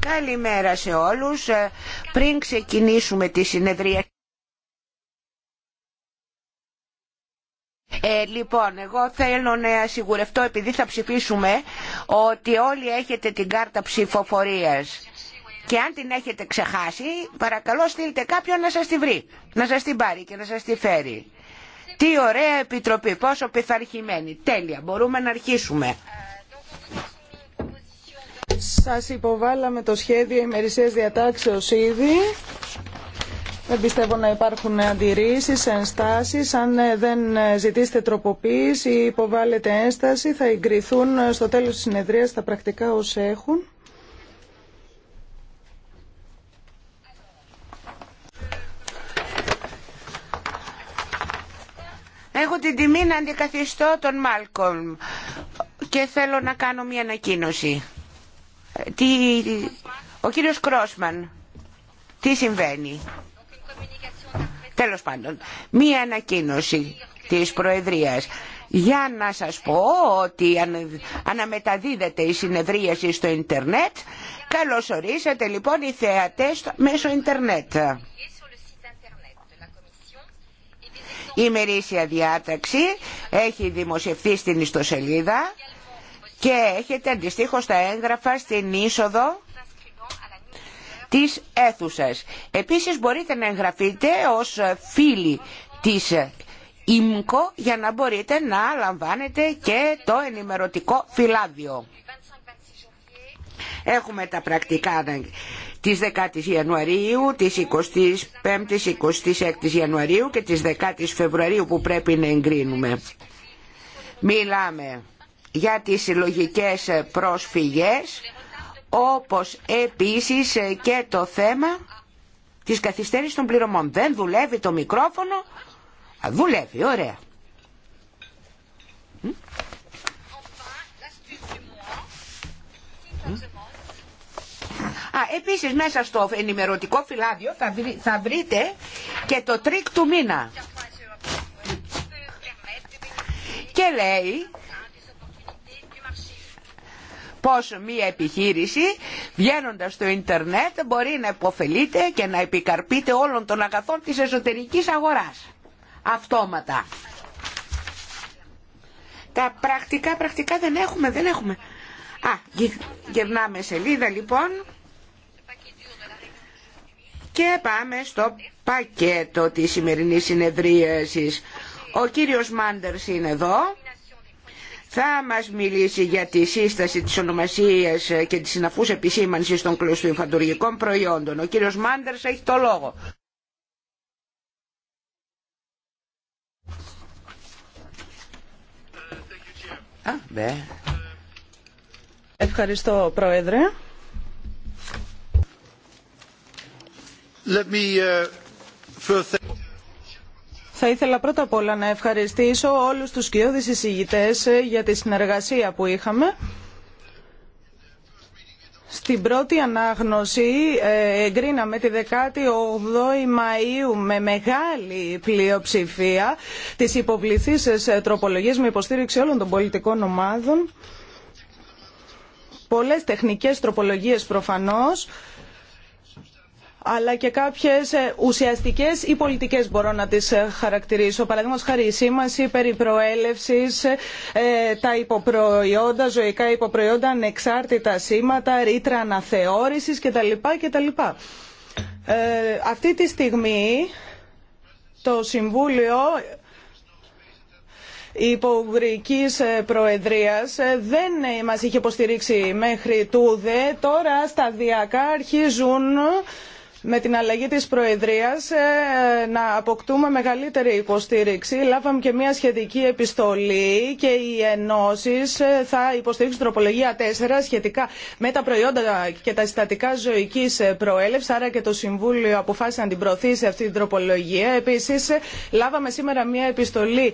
Καλημέρα σε όλους. Ε, πριν ξεκινήσουμε τη συνεδρία... Ε, λοιπόν, εγώ θέλω να σιγουρευτώ επειδή θα ψηφίσουμε ότι όλοι έχετε την κάρτα ψηφοφορίας και αν την έχετε ξεχάσει παρακαλώ στείλτε κάποιον να σας τη βρει, να σας την πάρει και να σας τη φέρει. Τι ωραία επιτροπή, πόσο πειθαρχημένη. Τέλεια, μπορούμε να αρχίσουμε. Σας υποβάλαμε το σχέδιο ημερησίας διατάξεως ήδη. Δεν πιστεύω να υπάρχουν αντιρρήσεις, ενστάσεις. Αν ε, δεν ε, ζητήσετε τροποποίηση ή υποβάλλετε ένσταση, θα εγκριθούν ε, στο τέλος της συνεδρίας τα πρακτικά όσα έχουν. Έχω την τιμή να αντικαθιστώ τον Μάλκολμ και θέλω να κάνω μια ανακοίνωση. Τι... Ο κύριος Κρόσμαν, τι συμβαίνει. Τέλος πάντων, μία ανακοίνωση της Προεδρίας για να σας πω ότι αναμεταδίδεται η συνεδρίαση στο ίντερνετ. Καλώς ορίσατε λοιπόν οι θεατές μέσω ίντερνετ. Η ημερήσια διάταξη έχει δημοσιευθεί στην ιστοσελίδα και έχετε αντιστοίχως τα έγγραφα στην είσοδο της αίθουσας. Επίσης μπορείτε να εγγραφείτε ως φίλοι της ΙΜΚΟ για να μπορείτε να λαμβάνετε και το ενημερωτικό φυλάδιο. Έχουμε τα πρακτικά της 10ης Ιανουαρίου, της 25ης, 26ης Ιανουαρίου και της 10ης Φεβρουαρίου που πρέπει να εγκρίνουμε. Μιλάμε για τις συλλογικές πρόσφυγες όπως επίσης και το θέμα της καθυστέρησης των πληρωμών. Δεν δουλεύει το μικρόφωνο, Α, δουλεύει, ωραία. Α, επίσης μέσα στο ενημερωτικό φυλάδιο θα, θα βρείτε και το τρίκ του μήνα. Και λέει πως μία επιχείρηση βγαίνοντας στο ίντερνετ μπορεί να υποφελείται και να επικαρπείται όλων των αγαθών της εσωτερικής αγοράς. Αυτόματα. Τα πρακτικά, πρακτικά δεν έχουμε, δεν έχουμε. Α, γυρνάμε σελίδα λοιπόν. Και πάμε στο πακέτο της σημερινής συνεδρίασης. Ο κύριος Μάντερς είναι εδώ θα μας μιλήσει για τη σύσταση της ονομασίας και της συναφούς επισήμανσης των κλωστοϊφαντουργικών προϊόντων. Ο κύριος Μάντερ, έχει το λόγο. Ευχαριστώ, Πρόεδρε. Let me, uh, first... Θα ήθελα πρώτα απ' όλα να ευχαριστήσω όλους τους κοιόδης εισηγητές ε, για τη συνεργασία που είχαμε. Στην πρώτη ανάγνωση ε, εγκρίναμε τη 18η Μαΐου με μεγάλη πλειοψηφία τις υποβληθής ε, τροπολογίες με υποστήριξη όλων των πολιτικών ομάδων. Πολλές τεχνικές τροπολογίες προφανώς αλλά και κάποιες ε, ουσιαστικές ή πολιτικές μπορώ να τις ε, χαρακτηρίσω. παραδείγματο χάρη η σήμαση περί προέλευση, ε, τα υποπροϊόντα, ζωικά υποπροϊόντα, ανεξάρτητα σήματα, ρήτρα αναθεώρηση κτλ. κτλ. Ε, αυτή τη στιγμή το Συμβούλιο Υπουργική προεδρίας δεν μα είχε υποστηρίξει μέχρι τούδε. Τώρα σταδιακά αρχίζουν με την αλλαγή της Προεδρίας ε, να αποκτούμε μεγαλύτερη υποστήριξη. Λάβαμε και μια σχετική επιστολή και οι ενώσεις ε, θα υποστηρίξουν τροπολογία 4 σχετικά με τα προϊόντα και τα συστατικά ζωικής ε, προέλευσης. Άρα και το Συμβούλιο αποφάσισε να την προωθήσει αυτή την τροπολογία. Επίσης λάβαμε σήμερα μια επιστολή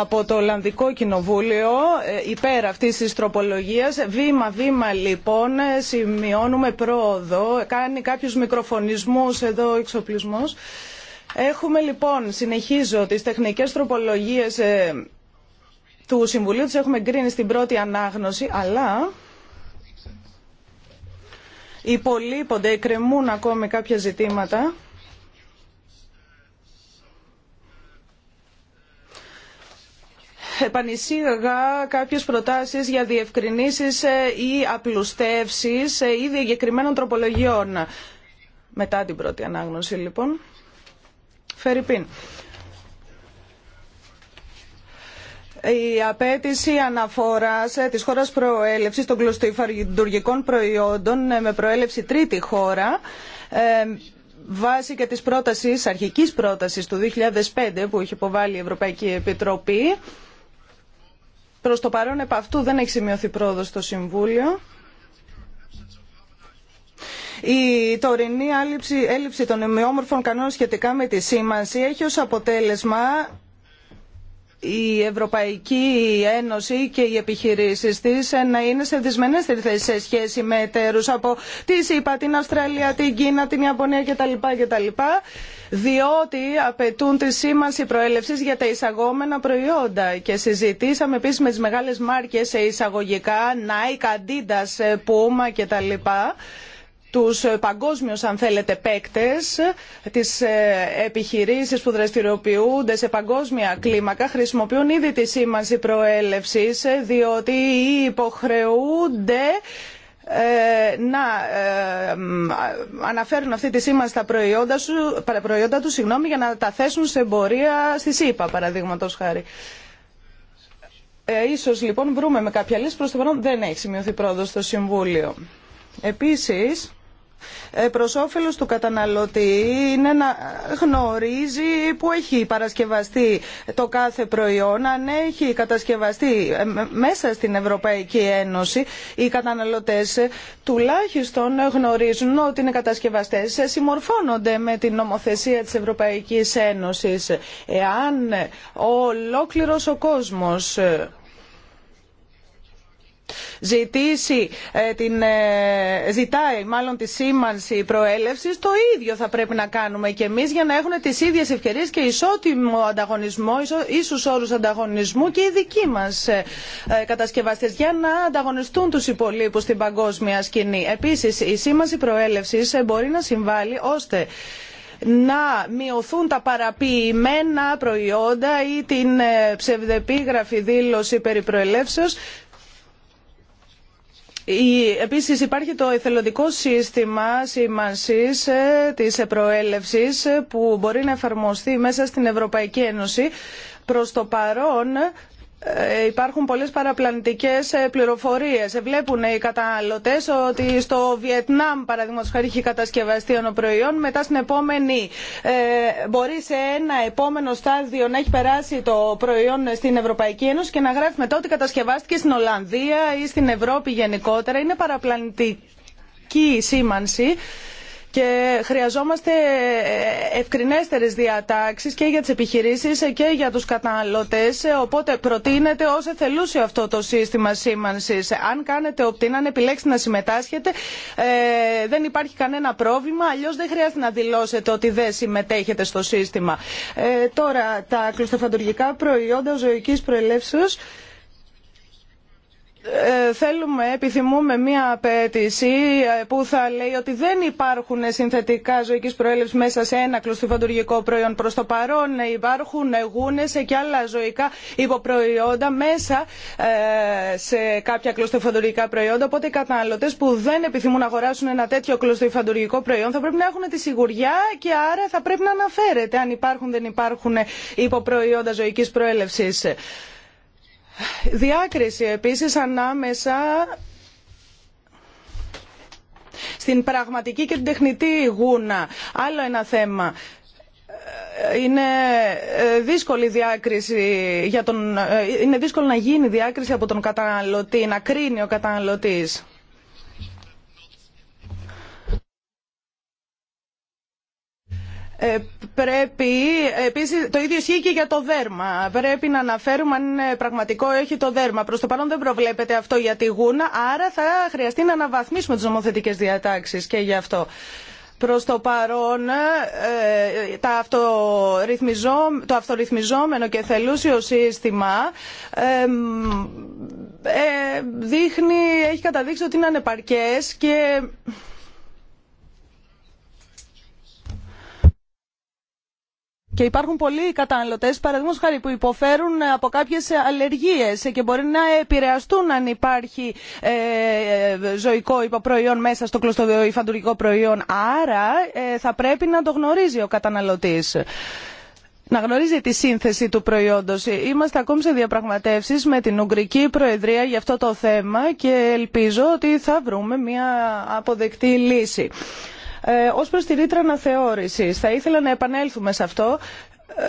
από το Ολλανδικό Κοινοβούλιο υπέρ αυτής της τροπολογίας. Βήμα-βήμα λοιπόν σημειώνουμε πρόοδο. Κάνει κάποιους μικροφωνισμούς εδώ ο εξοπλισμός. Έχουμε λοιπόν, συνεχίζω, τις τεχνικές τροπολογίες ε, του Συμβουλίου, τις έχουμε γκρίνει στην πρώτη ανάγνωση, αλλά υπολείπονται, εκκρεμούν ακόμη κάποια ζητήματα. Επανησύγαγα κάποιες προτάσεις για διευκρινήσεις ε, ή απλουστεύσεις ε, ήδη εγκεκριμένων τροπολογιών. Μετά την πρώτη ανάγνωση λοιπόν. Φερρυπίν. η απέτηση αναφοράς ε, τη χώρα προέλευση των κλωστοϊφαντουργικών προϊόντων ε, με προέλευση τρίτη χώρα ε, βάσει και της πρότασης, αρχικής πρότασης του 2005 που είχε υποβάλει η Ευρωπαϊκή Επιτροπή. Προς το παρόν επ' αυτού δεν έχει σημειωθεί πρόοδος στο Συμβούλιο. Η τωρινή έλλειψη των ομοιόμορφων κανόνων σχετικά με τη σήμανση έχει ως αποτέλεσμα η Ευρωπαϊκή Ένωση και οι επιχειρήσει τη να είναι σε δυσμενέστερη θέση σε σχέση με εταίρου από τη ΣΥΠΑ, την Αυστραλία, την Κίνα, την Ιαπωνία κτλ. κτλ διότι απαιτούν τη σήμανση προέλευση για τα εισαγόμενα προϊόντα. Και συζητήσαμε επίση με τι μεγάλε μάρκε εισαγωγικά, Nike, Adidas, Puma κτλ τους ε, παγκόσμιους αν θέλετε παίκτες, ε, τις ε, επιχειρήσεις που δραστηριοποιούνται σε παγκόσμια κλίμακα χρησιμοποιούν ήδη τη σήμανση προέλευσης διότι υποχρεούνται να αναφέρουν αυτή τη σήμανση στα προϊόντα, σου, προϊόντα τους συγγνώμη, για να τα θέσουν σε εμπορία στη ΣΥΠΑ παραδείγματος χάρη. Ε, ίσως λοιπόν βρούμε με κάποια λύση, προς το παρόν δεν έχει σημειωθεί πρόοδος στο Συμβούλιο. Επίσης, ε, Προ όφελο του καταναλωτή είναι να γνωρίζει που έχει παρασκευαστεί το κάθε προϊόν, αν έχει κατασκευαστεί ε, μέσα στην Ευρωπαϊκή Ένωση. Οι καταναλωτές ε, τουλάχιστον γνωρίζουν ότι είναι κατασκευαστές, συμμορφώνονται με την νομοθεσία της Ευρωπαϊκής Ένωσης. Εάν ολόκληρο ο κόσμος ζητήσει, ε, την, ε, ζητάει μάλλον τη σήμανση προέλευση. το ίδιο θα πρέπει να κάνουμε και εμείς για να έχουν τις ίδιες ευκαιρίες και ισότιμο ανταγωνισμό, ίσους όρους ανταγωνισμού και οι δικοί μας ε, κατασκευαστές για να ανταγωνιστούν τους υπολείπους στην παγκόσμια σκηνή. Επίσης, η σήμανση προέλευση μπορεί να συμβάλλει ώστε να μειωθούν τα παραποιημένα προϊόντα ή την ψευδεπίγραφη δήλωση περί προελεύσεως Επίση, υπάρχει το εθελοντικό σύστημα σήμανση ε, της προέλευση ε, που μπορεί να εφαρμοστεί μέσα στην Ευρωπαϊκή Ένωση. Προς το παρόν ε, υπάρχουν πολλές παραπλανητικές ε, πληροφορίες. Ε, βλέπουν οι καταναλωτέ ότι στο Βιετνάμ παραδείγματος χάρη έχει κατασκευαστεί ένα προϊόν, μετά στην επόμενη μπορεί σε ένα επόμενο στάδιο να έχει περάσει το προϊόν στην Ευρωπαϊκή Ένωση και να γράφει μετά ότι κατασκευάστηκε στην Ολλανδία ή στην Ευρώπη γενικότερα. Είναι παραπλανητική σήμανση και χρειαζόμαστε ε, ευκρινέστερες διατάξεις και για τις επιχειρήσεις ε, και για τους καταναλωτές ε, οπότε προτείνεται ως εθελούσιο αυτό το σύστημα σήμανσης. Αν κάνετε οπτήν, αν επιλέξετε να συμμετάσχετε δεν υπάρχει κανένα πρόβλημα αλλιώς δεν χρειάζεται να δηλώσετε ότι δεν συμμετέχετε στο σύστημα. τώρα τα κλωστοφαντουργικά προϊόντα ζωικής προελεύσεως ε, θέλουμε, επιθυμούμε μία απέτηση ε, που θα λέει ότι δεν υπάρχουν συνθετικά ζωικής προέλευσης μέσα σε ένα κλωστιφαντουργικό προϊόν. Προς το παρόν υπάρχουν γούνες και άλλα ζωικά υποπροϊόντα μέσα ε, σε κάποια κλωστιφαντουργικά προϊόντα. Οπότε οι καταναλωτές που δεν επιθυμούν να αγοράσουν ένα τέτοιο κλωστιφαντουργικό προϊόν θα πρέπει να έχουν τη σιγουριά και άρα θα πρέπει να αναφέρεται αν υπάρχουν δεν υπάρχουν υποπροϊόντα ζωικής προέλευσης. Διάκριση επίσης ανάμεσα στην πραγματική και την τεχνητή γούνα. Άλλο ένα θέμα. Είναι ε, δύσκολη διάκριση για τον... Ε, είναι δύσκολο να γίνει διάκριση από τον καταναλωτή, να κρίνει ο καταναλωτής. Ε, πρέπει, επίσης, το ίδιο ισχύει και για το δέρμα. Πρέπει να αναφέρουμε αν είναι πραγματικό ή όχι το δέρμα. Προς το παρόν δεν προβλέπεται αυτό για τη γούνα, άρα θα χρειαστεί να αναβαθμίσουμε τις νομοθετικές διατάξεις και γι' αυτό. Προς το παρόν, ε, τα αυτορυθμιζό, το αυτορυθμιζόμενο και θελούσιο σύστημα ε, δείχνει, έχει καταδείξει ότι είναι ανεπαρκές και Και υπάρχουν πολλοί καταναλωτέ, παραδείγματο χάρη, που υποφέρουν ε, από κάποιε αλλεργίε και μπορεί να επηρεαστούν αν υπάρχει ε, ζωικό υποπροϊόν μέσα στο κλωστοβιοϊφαντουργικό προϊόν. Άρα ε, θα πρέπει να το γνωρίζει ο καταναλωτή να γνωρίζει τη σύνθεση του προϊόντο. Είμαστε ακόμη σε διαπραγματεύσει με την Ουγγρική Προεδρία για αυτό το θέμα και ελπίζω ότι θα βρούμε μια αποδεκτή λύση. Ε, ως προς τη ρήτρα αναθεώρησης, θα ήθελα να επανέλθουμε σε αυτό ε,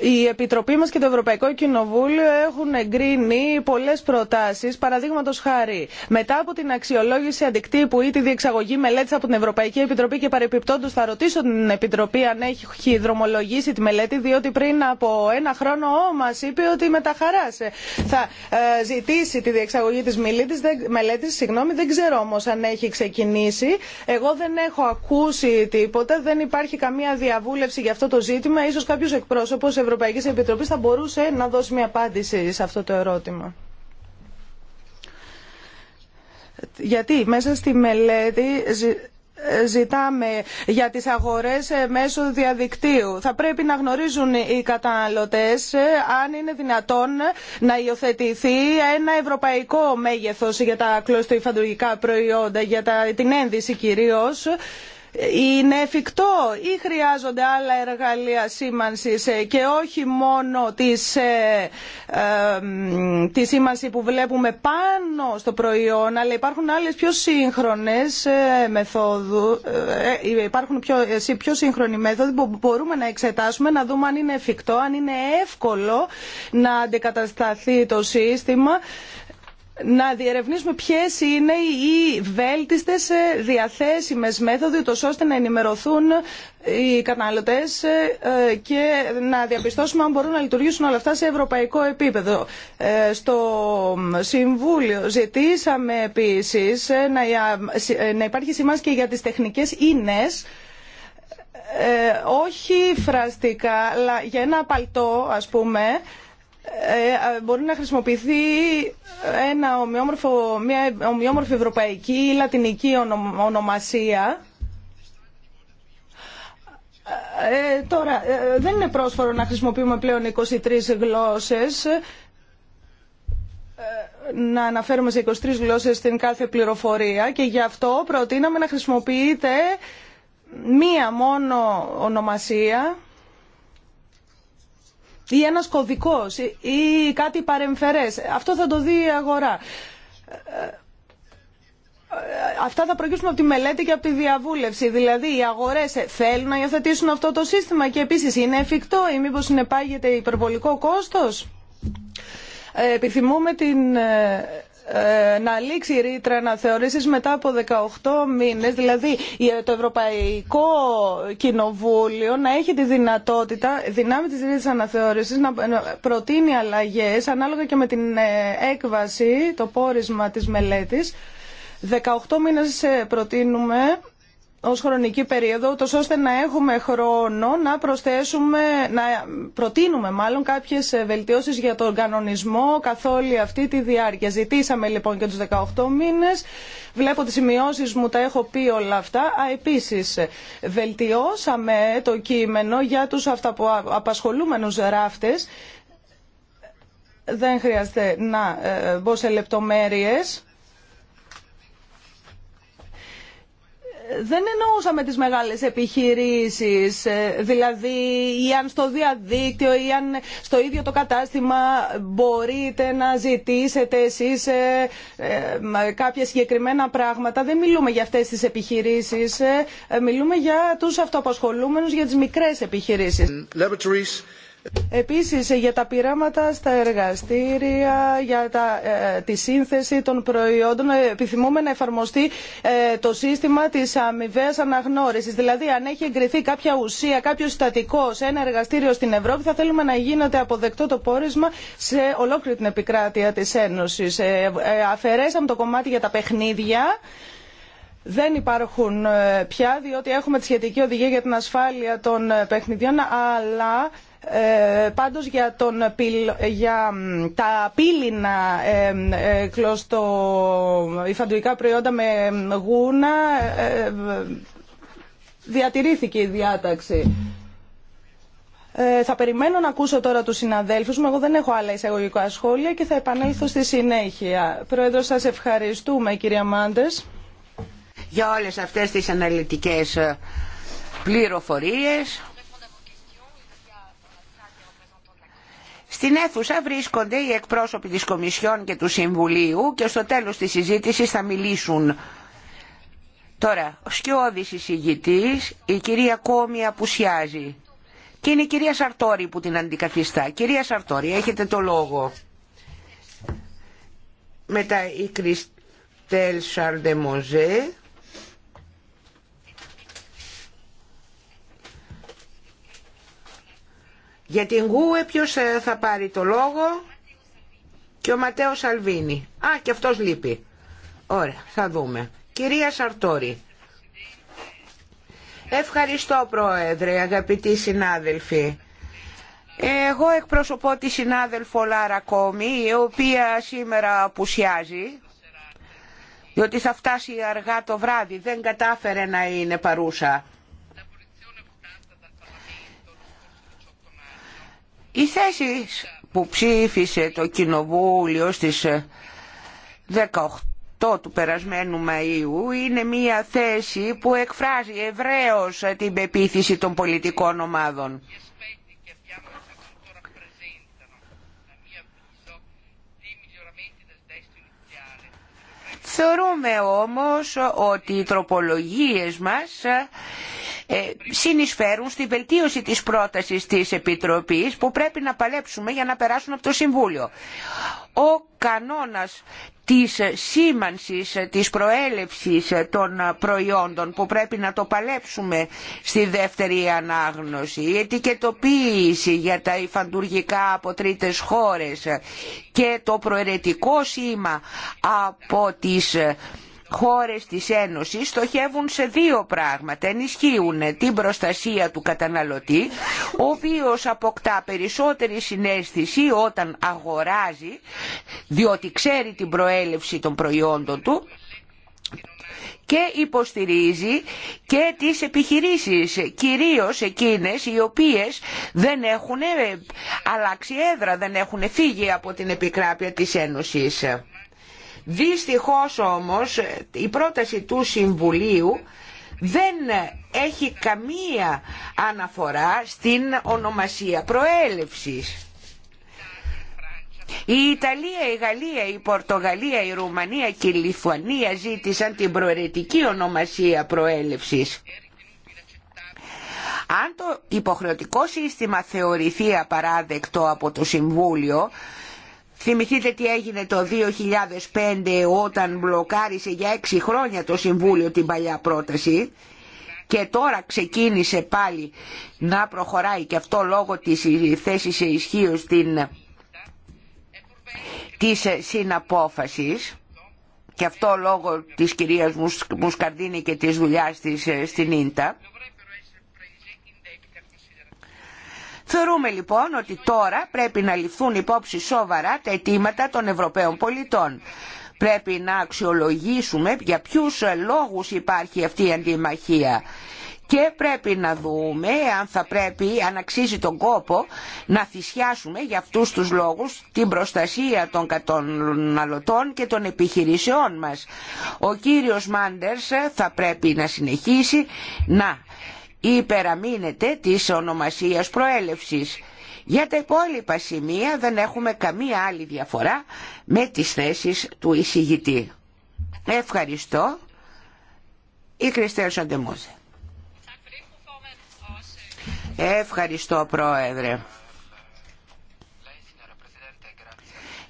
η Επιτροπή μας και το Ευρωπαϊκό Κοινοβούλιο έχουν εγκρίνει πολλές προτάσεις, παραδείγματος χάρη. Μετά από την αξιολόγηση αντικτύπου ή τη διεξαγωγή μελέτης από την Ευρωπαϊκή Επιτροπή και παρεπιπτόντως θα ρωτήσω την Επιτροπή αν έχει δρομολογήσει τη μελέτη, διότι πριν από ένα χρόνο μας είπε ότι με τα ε, θα ε, ζητήσει τη διεξαγωγή της μελέτης, μελέτης συγγνώμη, δεν ξέρω όμως αν έχει ξεκινήσει. Εγώ δεν έχω ακούσει τίποτα, δεν υπάρχει καμία διαβούλευση για αυτό το ζήτημα, ίσως κάποιος εκπρόσωπος Ευρωπαϊκή Επιτροπή θα μπορούσε να δώσει μια απάντηση σε αυτό το ερώτημα. Γιατί μέσα στη μελέτη ζητάμε για τις αγορές ε, μέσω διαδικτύου. Θα πρέπει να γνωρίζουν οι καταναλωτές ε, αν είναι δυνατόν να υιοθετηθεί ένα ευρωπαϊκό μέγεθος για τα κλωστοϊφαντουργικά προϊόντα, για την ένδυση κυρίως είναι εφικτό ή χρειάζονται άλλα εργαλεία σήμανσης ε, και όχι μόνο ε, ε, τη σήμανση που βλέπουμε πάνω στο προϊόν αλλά υπάρχουν άλλες πιο σύγχρονες μεθόδου, υπάρχουν πιο, πιο σύγχρονοι μέθοδοι που μπορούμε να εξετάσουμε να δούμε αν είναι εφικτό, αν είναι εύκολο να αντικατασταθεί το σύστημα να διερευνήσουμε ποιε είναι οι βέλτιστες ε, διαθέσιμες μέθοδοι ώστε να ενημερωθούν οι καταναλωτέ ε, και να διαπιστώσουμε αν μπορούν να λειτουργήσουν όλα αυτά σε ευρωπαϊκό επίπεδο. Ε, στο Συμβούλιο ζητήσαμε επίσης να υπάρχει σημάδι και για τις τεχνικές ίνες όχι φραστικά, αλλά για ένα παλτό ας πούμε ε, μπορεί να χρησιμοποιηθεί ένα ομοιόμορφο, μια ομοιόμορφη ευρωπαϊκή ή λατινική ονομασία. Ε, τώρα, ε, δεν είναι πρόσφορο να χρησιμοποιούμε πλέον 23 γλώσσες να αναφέρουμε σε 23 γλώσσες την κάθε πληροφορία και γι' αυτό προτείναμε να χρησιμοποιείτε μία μόνο ονομασία ή ένας κωδικός ή κάτι παρεμφερές. Αυτό θα το δει η αγορά. Αυτά θα προκύψουν από τη μελέτη και από τη διαβούλευση. Δηλαδή, οι αγορέ θέλουν να υιοθετήσουν αυτό το σύστημα και επίση είναι εφικτό ή μήπω συνεπάγεται υπερβολικό κόστο. Ε, επιθυμούμε την ε, ε, να λήξει η ρήτρα θεωρήσει μετά από 18 μήνες, δηλαδή το Ευρωπαϊκό Κοινοβούλιο να έχει τη δυνατότητα, δυνάμει της ρήτρας αναθεώρησης, να προτείνει αλλαγές ανάλογα και με την ε, έκβαση, το πόρισμα της μελέτης. 18 μήνες ε, προτείνουμε ως χρονική περίοδο, ώστε να έχουμε χρόνο να προσθέσουμε, να προτείνουμε μάλλον κάποιες ε, βελτιώσεις για τον κανονισμό καθ' όλη αυτή τη διάρκεια. Ζητήσαμε λοιπόν και τους 18 μήνες, βλέπω τις σημειώσεις μου, τα έχω πει όλα αυτά. Α, επίσης, ε, βελτιώσαμε το κείμενο για τους απασχολούμενους ράφτες. Δεν χρειάζεται να ε, μπω σε λεπτομέρειες δεν εννοούσαμε τις μεγάλες επιχειρήσεις, ε, δηλαδή ή αν στο διαδίκτυο ή αν στο ίδιο το κατάστημα μπορείτε να ζητήσετε εσείς ε, ε, κάποια συγκεκριμένα πράγματα. Δεν μιλούμε για αυτές τις επιχειρήσεις, μιλούμε για τους αυτοαπασχολούμενους, για τις μικρές επιχειρήσεις. Επίσης για τα πειράματα στα εργαστήρια, για ε, τη σύνθεση των προϊόντων επιθυμούμε να εφαρμοστεί ε, το σύστημα της αμοιβαία αναγνώρισης. Δηλαδή αν έχει εγκριθεί κάποια ουσία, κάποιο συστατικό σε ένα εργαστήριο στην Ευρώπη θα θέλουμε να γίνεται αποδεκτό το πόρισμα σε ολόκληρη την επικράτεια της Ένωσης. Ε, αφαιρέσαμε το κομμάτι για τα παιχνίδια δεν υπάρχουν πια διότι έχουμε τη σχετική οδηγία για την ασφάλεια των παιχνιδιών αλλά ε, πάντως για, τον, για τα πύληνα ε, ε, κλωστοϊφαντουργικά προϊόντα με γούνα διατηρήθηκε η διάταξη. Θα περιμένω να ακούσω τώρα τους συναδέλφους μου. Εγώ δεν έχω άλλα εισαγωγικά σχόλια και θα επανέλθω στη συνέχεια. Πρόεδρο, σας ευχαριστούμε κυρία Μάντες. Για όλες αυτές τις αναλυτικές πληροφορίες. Στην αίθουσα βρίσκονται οι εκπρόσωποι της Κομισιόν και του Συμβουλίου και στο τέλος της συζήτησης θα μιλήσουν. Τώρα, ο σκιώδης εισηγητής, η κυρία Κόμη απουσιάζει. Και είναι η κυρία Σαρτόρη που την αντικαθιστά. Κυρία Σαρτόρη, έχετε το λόγο. Μετά η Κριστέλ Σαρδεμοζέ. Για την Γκουε ποιος ε, θα πάρει το λόγο και ο Ματέο Σαλβίνη. Α, και αυτός λείπει. Ωραία, θα δούμε. Κυρία Σαρτόρη. Ευχαριστώ Πρόεδρε, αγαπητοί συνάδελφοι. Εγώ εκπροσωπώ τη συνάδελφο Λάρα Κόμη, η οποία σήμερα απουσιάζει, διότι θα φτάσει αργά το βράδυ, δεν κατάφερε να είναι παρούσα. Η θέση που ψήφισε το Κοινοβούλιο στις 18 ε, του περασμένου Μαΐου είναι μια θέση που εκφράζει ευρέως ε, την πεποίθηση των πολιτικών ομάδων. Θεωρούμε όμως ότι οι τροπολογίες μας ε, ε, συνεισφέρουν στη βελτίωση της πρότασης της Επιτροπής που πρέπει να παλέψουμε για να περάσουν από το Συμβούλιο. Ο κανόνας της σήμανσης, της προέλευσης των προϊόντων που πρέπει να το παλέψουμε στη δεύτερη ανάγνωση, η ετικετοποίηση για τα υφαντουργικά από τρίτες χώρες και το προαιρετικό σήμα από τις χώρες της Ένωσης στοχεύουν σε δύο πράγματα. Ενισχύουν την προστασία του καταναλωτή, ο οποίος αποκτά περισσότερη συνέστηση όταν αγοράζει, διότι ξέρει την προέλευση των προϊόντων του, και υποστηρίζει και τις επιχειρήσεις, κυρίως εκείνες οι οποίες δεν έχουν ε, αλλάξει έδρα, δεν έχουν φύγει από την επικράτεια της Ένωσης. Δυστυχώς όμως η πρόταση του Συμβουλίου δεν έχει καμία αναφορά στην ονομασία προέλευσης. Η Ιταλία, η Γαλλία, η Πορτογαλία, η Ρουμανία και η Λιθουανία ζήτησαν την προαιρετική ονομασία προέλευσης. Αν το υποχρεωτικό σύστημα θεωρηθεί απαράδεκτο από το Συμβούλιο, Θυμηθείτε τι έγινε το 2005 όταν μπλοκάρισε για έξι χρόνια το Συμβούλιο την παλιά πρόταση και τώρα ξεκίνησε πάλι να προχωράει και αυτό λόγω της θέσης σε ισχύω την... της συναπόφασης και αυτό λόγω της κυρίας Μουσκαρδίνη και της δουλειάς της ε, στην Ίντα. Θεωρούμε λοιπόν ότι τώρα πρέπει να ληφθούν υπόψη σοβαρά τα αιτήματα των Ευρωπαίων πολιτών. Πρέπει να αξιολογήσουμε για ποιους λόγους υπάρχει αυτή η αντιμαχία και πρέπει να δούμε αν θα πρέπει, αν αξίζει τον κόπο να θυσιάσουμε για αυτούς τους λόγους την προστασία των καταναλωτών και των επιχειρήσεών μας. Ο κύριος Μάντερς θα πρέπει να συνεχίσει να υπεραμείνεται της ονομασίας προέλευσης. Για τα υπόλοιπα σημεία δεν έχουμε καμία άλλη διαφορά με τις θέσεις του εισηγητή. Ευχαριστώ. Η Κριστέλ Σαντεμόζε. Ευχαριστώ Πρόεδρε.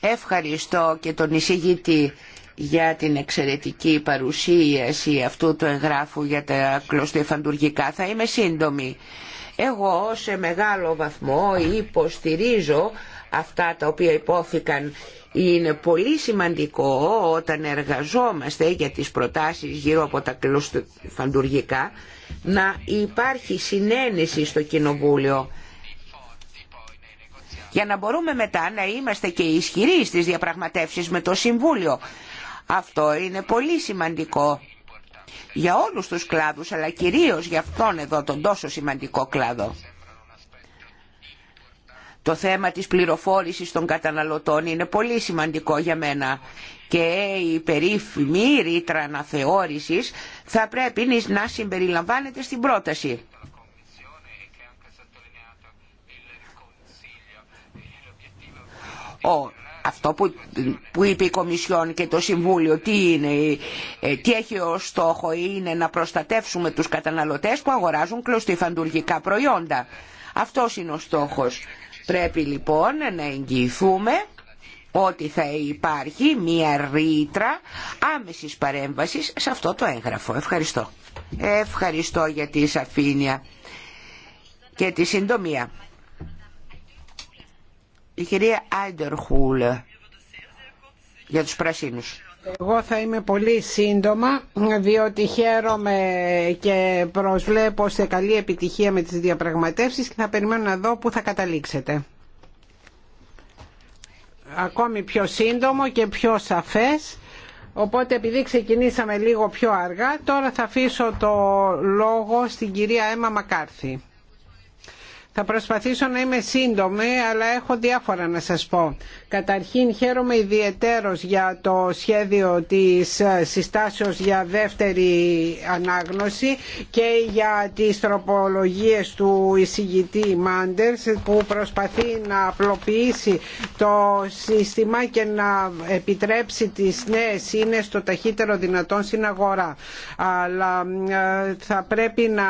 Ευχαριστώ και τον εισηγητή για την εξαιρετική παρουσίαση αυτού του εγγράφου για τα κλωστεφαντουργικά. Θα είμαι σύντομη. Εγώ σε μεγάλο βαθμό υποστηρίζω αυτά τα οποία υπόθηκαν. Είναι πολύ σημαντικό όταν εργαζόμαστε για τις προτάσεις γύρω από τα κλωστεφαντουργικά να υπάρχει συνένεση στο Κοινοβούλιο για να μπορούμε μετά να είμαστε και ισχυροί στις διαπραγματεύσεις με το Συμβούλιο. Αυτό είναι πολύ σημαντικό για όλους τους κλάδους, αλλά κυρίως για αυτόν εδώ τον τόσο σημαντικό κλάδο. Το θέμα της πληροφόρησης των καταναλωτών είναι πολύ σημαντικό για μένα και η περίφημη ρήτρα αναθεώρησης θα πρέπει να συμπεριλαμβάνεται στην πρόταση. Ο αυτό που, που είπε η Κομισιόν και το Συμβούλιο τι, είναι, ε, τι έχει ως στόχο είναι να προστατεύσουμε τους καταναλωτές που αγοράζουν κλωστιφαντουργικά προϊόντα. Αυτός είναι ο στόχος. Πρέπει λοιπόν να εγγυηθούμε ότι θα υπάρχει μία ρήτρα άμεσης παρέμβασης σε αυτό το έγγραφο. Ευχαριστώ. Ευχαριστώ για τη σαφήνεια και τη συντομία. Η κυρία Άιντερχουλ για τους πρασίνους. Εγώ θα είμαι πολύ σύντομα διότι χαίρομαι και προσβλέπω σε καλή επιτυχία με τις διαπραγματεύσεις και θα περιμένω να δω που θα καταλήξετε. Ακόμη πιο σύντομο και πιο σαφές. Οπότε επειδή ξεκινήσαμε λίγο πιο αργά, τώρα θα αφήσω το λόγο στην κυρία Έμα Μακάρθη. Θα προσπαθήσω να είμαι σύντομη, αλλά έχω διάφορα να σας πω. Καταρχήν χαίρομαι ιδιαιτέρως για το σχέδιο της συστάσεως για δεύτερη ανάγνωση και για τις τροπολογίες του εισηγητή Μάντερς που προσπαθεί να απλοποιήσει το σύστημα και να επιτρέψει τις νέες σύνες στο ταχύτερο δυνατόν στην αγορά. Αλλά ε, θα πρέπει να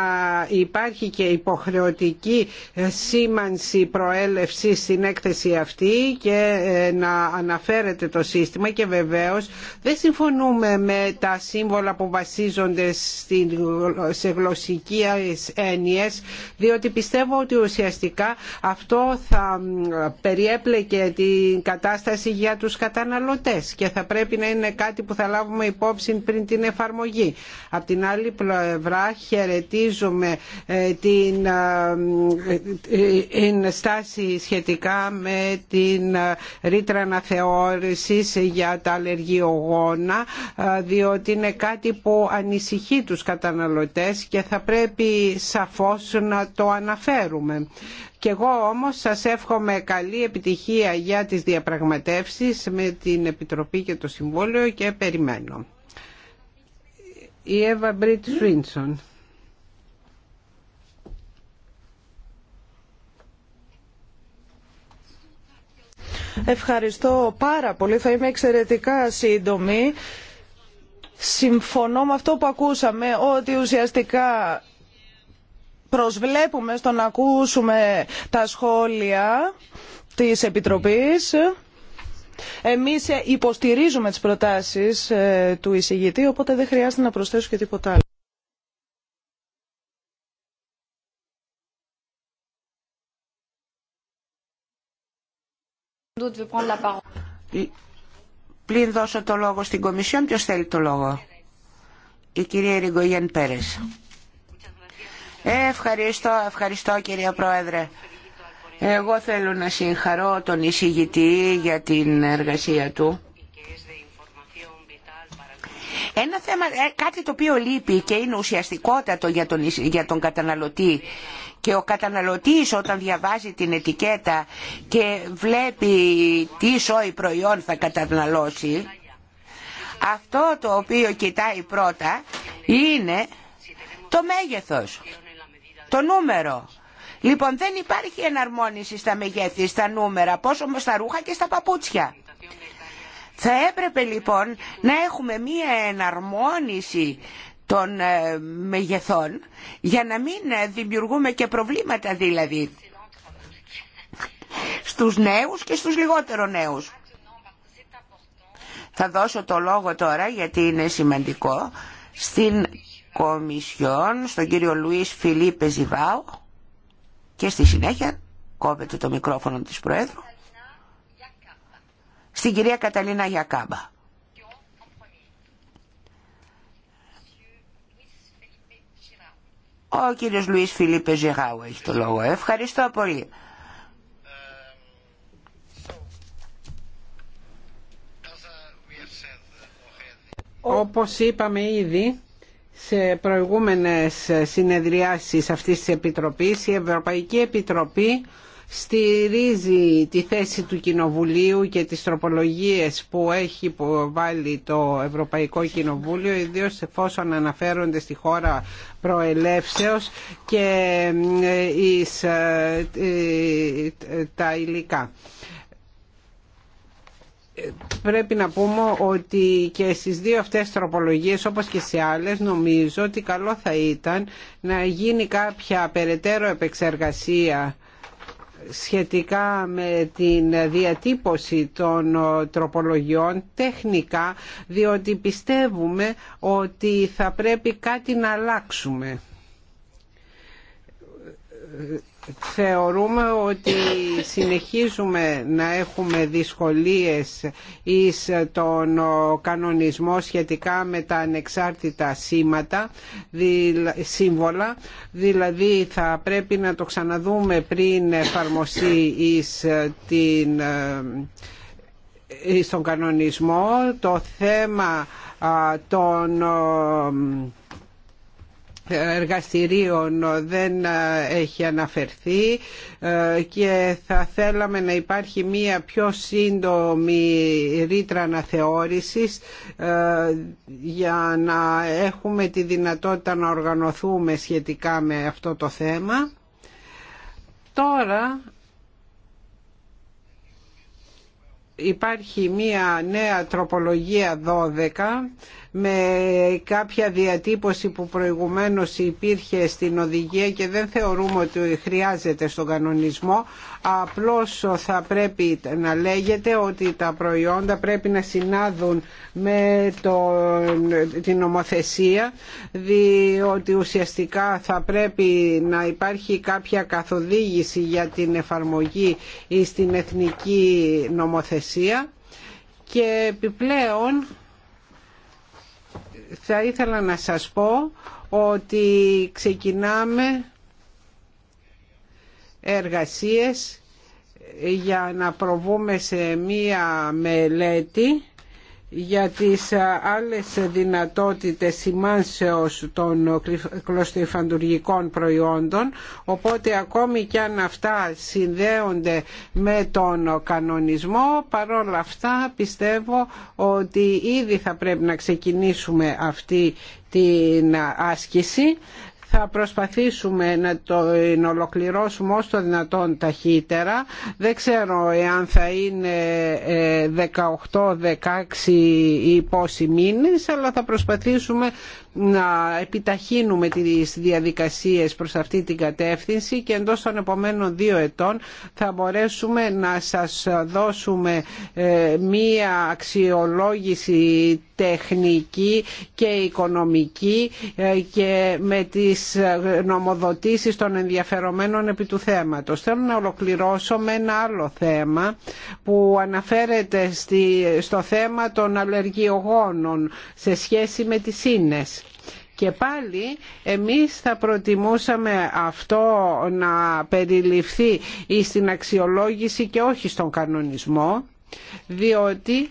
υπάρχει και υποχρεωτική σήμανση προέλευση στην έκθεση αυτή και ε, να αναφέρεται το σύστημα και βεβαίως δεν συμφωνούμε με τα σύμβολα που βασίζονται σε γλωσσικές έννοιες διότι πιστεύω ότι ουσιαστικά αυτό θα περιέπλεκε την κατάσταση για τους καταναλωτές και θα πρέπει να είναι κάτι που θα λάβουμε υπόψη πριν την εφαρμογή. Απ' την άλλη πλευρά χαιρετίζουμε ε, την ε, είναι στάση σχετικά με την ρήτρα αναθεώρησης για τα αλλεργιογόνα διότι είναι κάτι που ανησυχεί τους καταναλωτές και θα πρέπει σαφώς να το αναφέρουμε. Κι εγώ όμως σας εύχομαι καλή επιτυχία για τις διαπραγματεύσεις με την Επιτροπή και το Συμβόλαιο και περιμένω. Η Εύα Μπρίτ Σουίνσον. Ευχαριστώ πάρα πολύ. Θα είμαι εξαιρετικά σύντομη. Συμφωνώ με αυτό που ακούσαμε, ότι ουσιαστικά προσβλέπουμε στο να ακούσουμε τα σχόλια της Επιτροπής. Εμείς υποστηρίζουμε τις προτάσεις ε, του εισηγητή, οπότε δεν χρειάζεται να προσθέσω και τίποτα άλλο. Πλην δώσω το λόγο στην Κομισιόν, ποιος θέλει το λόγο. Η κυρία Ριγκογέν Πέρες. Ευχαριστώ, ευχαριστώ κυρία Πρόεδρε. Εγώ θέλω να συγχαρώ τον εισηγητή για την εργασία του. Ένα θέμα, ε, κάτι το οποίο λείπει και είναι ουσιαστικότατο για τον καταναλωτή και ο καταναλωτής όταν διαβάζει την ετικέτα και βλέπει τι σόι προϊόν θα καταναλώσει αυτό το οποίο κοιτάει πρώτα είναι το μέγεθος, το νούμερο. Λοιπόν δεν υπάρχει εναρμόνιση στα μεγέθη, στα νούμερα, πόσο στα ρούχα και στα παπούτσια. Θα έπρεπε λοιπόν να έχουμε μία εναρμόνιση των ε, μεγεθών για να μην ε, δημιουργούμε και προβλήματα δηλαδή στους νέους και στους λιγότερο νέους. Θα δώσω το λόγο τώρα γιατί είναι σημαντικό στην Κομισιόν, στον κύριο Λουίς Φιλίπε Ζιβάου και στη συνέχεια κόβεται το μικρόφωνο της Προέδρου στην κυρία Καταλίνα Γιακάμπα. Ο κύριος Λουίς Φιλίπε Ζεγάου έχει το λόγο. Ευχαριστώ πολύ. Όπως είπαμε ήδη, σε προηγούμενες συνεδριάσεις αυτής της Επιτροπής, η Ευρωπαϊκή Επιτροπή στηρίζει τη θέση του Κοινοβουλίου και τις τροπολογίες που έχει βάλει το Ευρωπαϊκό Κοινοβούλιο ιδίως εφόσον αναφέρονται στη χώρα προελεύσεως και ε, ε, ε, τα υλικά πρέπει να πούμε ότι και στις δύο αυτές τροπολογίες όπως και σε άλλες νομίζω ότι καλό θα ήταν να γίνει κάποια περαιτέρω επεξεργασία σχετικά με την διατύπωση των ε, τροπολογιών τεχνικά διότι πιστεύουμε ότι θα πρέπει κάτι να αλλάξουμε θεωρούμε ότι συνεχίζουμε να έχουμε δυσκολίες εις τον κανονισμό σχετικά με τα ανεξάρτητα σήματα, σύμβολα, δηλαδή θα πρέπει να το ξαναδούμε πριν εφαρμοστεί εις την στον ε, κανονισμό το θέμα των εργαστηρίων δεν έχει αναφερθεί ε, και θα θέλαμε να υπάρχει μία πιο σύντομη ρήτρα αναθεώρησης ε, για να έχουμε τη δυνατότητα να οργανωθούμε σχετικά με αυτό το θέμα. Τώρα υπάρχει μία νέα τροπολογία 12 με κάποια διατύπωση που προηγουμένως υπήρχε στην οδηγία και δεν θεωρούμε ότι χρειάζεται στον κανονισμό απλώς θα πρέπει να λέγεται ότι τα προϊόντα πρέπει να συνάδουν με το, την νομοθεσία διότι ουσιαστικά θα πρέπει να υπάρχει κάποια καθοδήγηση για την εφαρμογή στην εθνική νομοθεσία και επιπλέον θα ήθελα να σας πω ότι ξεκινάμε εργασίες για να προβούμε σε μία μελέτη για τις ε, άλλες δυνατότητες σημάνσεως των κλωστοϊφαντουργικών προϊόντων οπότε ακόμη και αν αυτά συνδέονται με τον κανονισμό παρόλα αυτά πιστεύω ότι ήδη θα πρέπει να ξεκινήσουμε αυτή την άσκηση θα προσπαθήσουμε να το ολοκληρώσουμε όσο δυνατόν ταχύτερα. Δεν ξέρω εάν θα είναι 18-16 ε, ή πόσοι μήνες, αλλά θα προσπαθήσουμε να επιταχύνουμε τις διαδικασίες προς αυτή την κατεύθυνση και εντός των επόμενων δύο ετών θα μπορέσουμε να σας δώσουμε ε, μία αξιολόγηση τεχνική και οικονομική ε, και με τις τις νομοδοτήσεις των ενδιαφερομένων επί του θέματος. Θέλω να ολοκληρώσω με ένα άλλο θέμα που αναφέρεται στο θέμα των αλλεργιογόνων σε σχέση με τις ίνες. Και πάλι εμείς θα προτιμούσαμε αυτό να περιληφθεί στην αξιολόγηση και όχι στον κανονισμό, διότι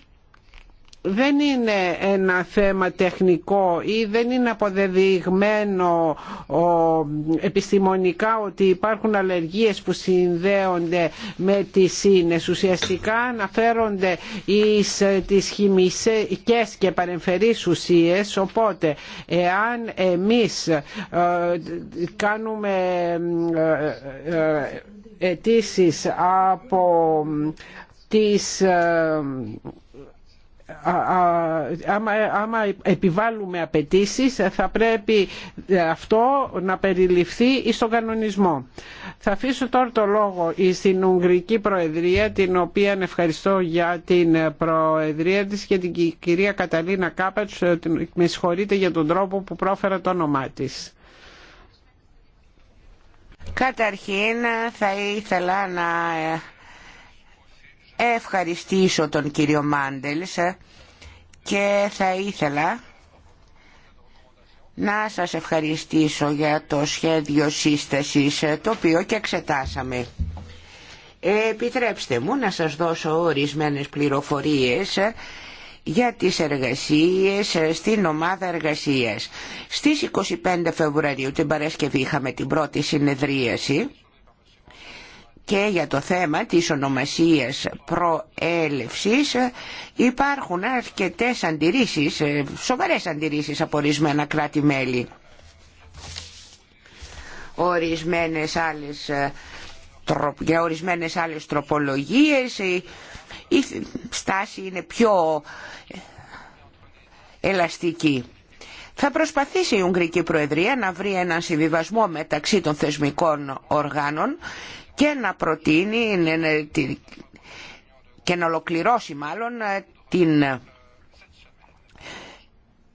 δεν είναι ένα θέμα τεχνικό ή δεν είναι αποδεδειγμένο επιστημονικά ότι υπάρχουν αλλεργίες που συνδέονται με τις ίνες. Ουσιαστικά αναφέρονται εις τις χημικές και παρεμφερείς ουσίες, οπότε εάν εμείς κάνουμε αιτήσει από τις άμα, άμα επιβάλλουμε απαιτήσει θα πρέπει αυτό να περιληφθεί στον κανονισμό. Θα αφήσω τώρα το λόγο στην Ουγγρική Προεδρία την οποία ευχαριστώ για την Προεδρία της και την κυρία Καταλίνα Κάπατς ε, με συγχωρείτε για τον τρόπο που πρόφερα το όνομά της. Καταρχήν θα ήθελα να ε, ευχαριστήσω τον κύριο Μάντελς και θα ήθελα να σας ευχαριστήσω για το σχέδιο σύστασης το οποίο και εξετάσαμε. Επιτρέψτε μου να σας δώσω ορισμένες πληροφορίες για τις εργασίες στην ομάδα εργασίας. Στις 25 Φεβρουαρίου την Παρασκευή είχαμε την πρώτη συνεδρίαση και για το θέμα της ονομασίας προέλευσης υπάρχουν αρκετές αντιρρήσεις, ε, σοβαρές αντιρρήσεις από ορισμένα κράτη-μέλη. Ορισμένες άλλες, ε, για ορισμένες άλλες τροπολογίες ε, η στάση είναι πιο ελαστική. Θα προσπαθήσει η Ουγγρική Προεδρία να βρει έναν συμβιβασμό μεταξύ των θεσμικών οργάνων και να προτείνει και να ολοκληρώσει μάλλον ε, την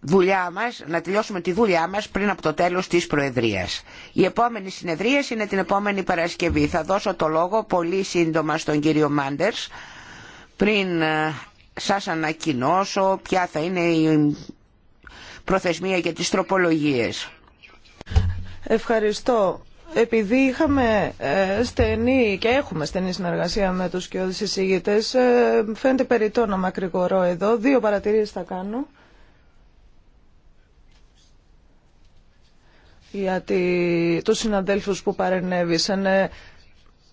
δουλειά μας, να τελειώσουμε τη δουλειά μας πριν από το τέλος της Προεδρίας. Η επόμενη συνεδρία είναι την επόμενη Παρασκευή. Θα δώσω το λόγο πολύ σύντομα στον κύριο Μάντερς πριν ε, σας ανακοινώσω ποια θα είναι η προθεσμία για τις τροπολογίες. Ευχαριστώ επειδή είχαμε ε, στενή και έχουμε στενή συνεργασία με τους κοιόδης εισηγητές, ε, φαίνεται περιττό να μακρηγορώ εδώ. Δύο παρατηρήσεις θα κάνω. Γιατί τους συναδέλφους που παρενέβησαν ε,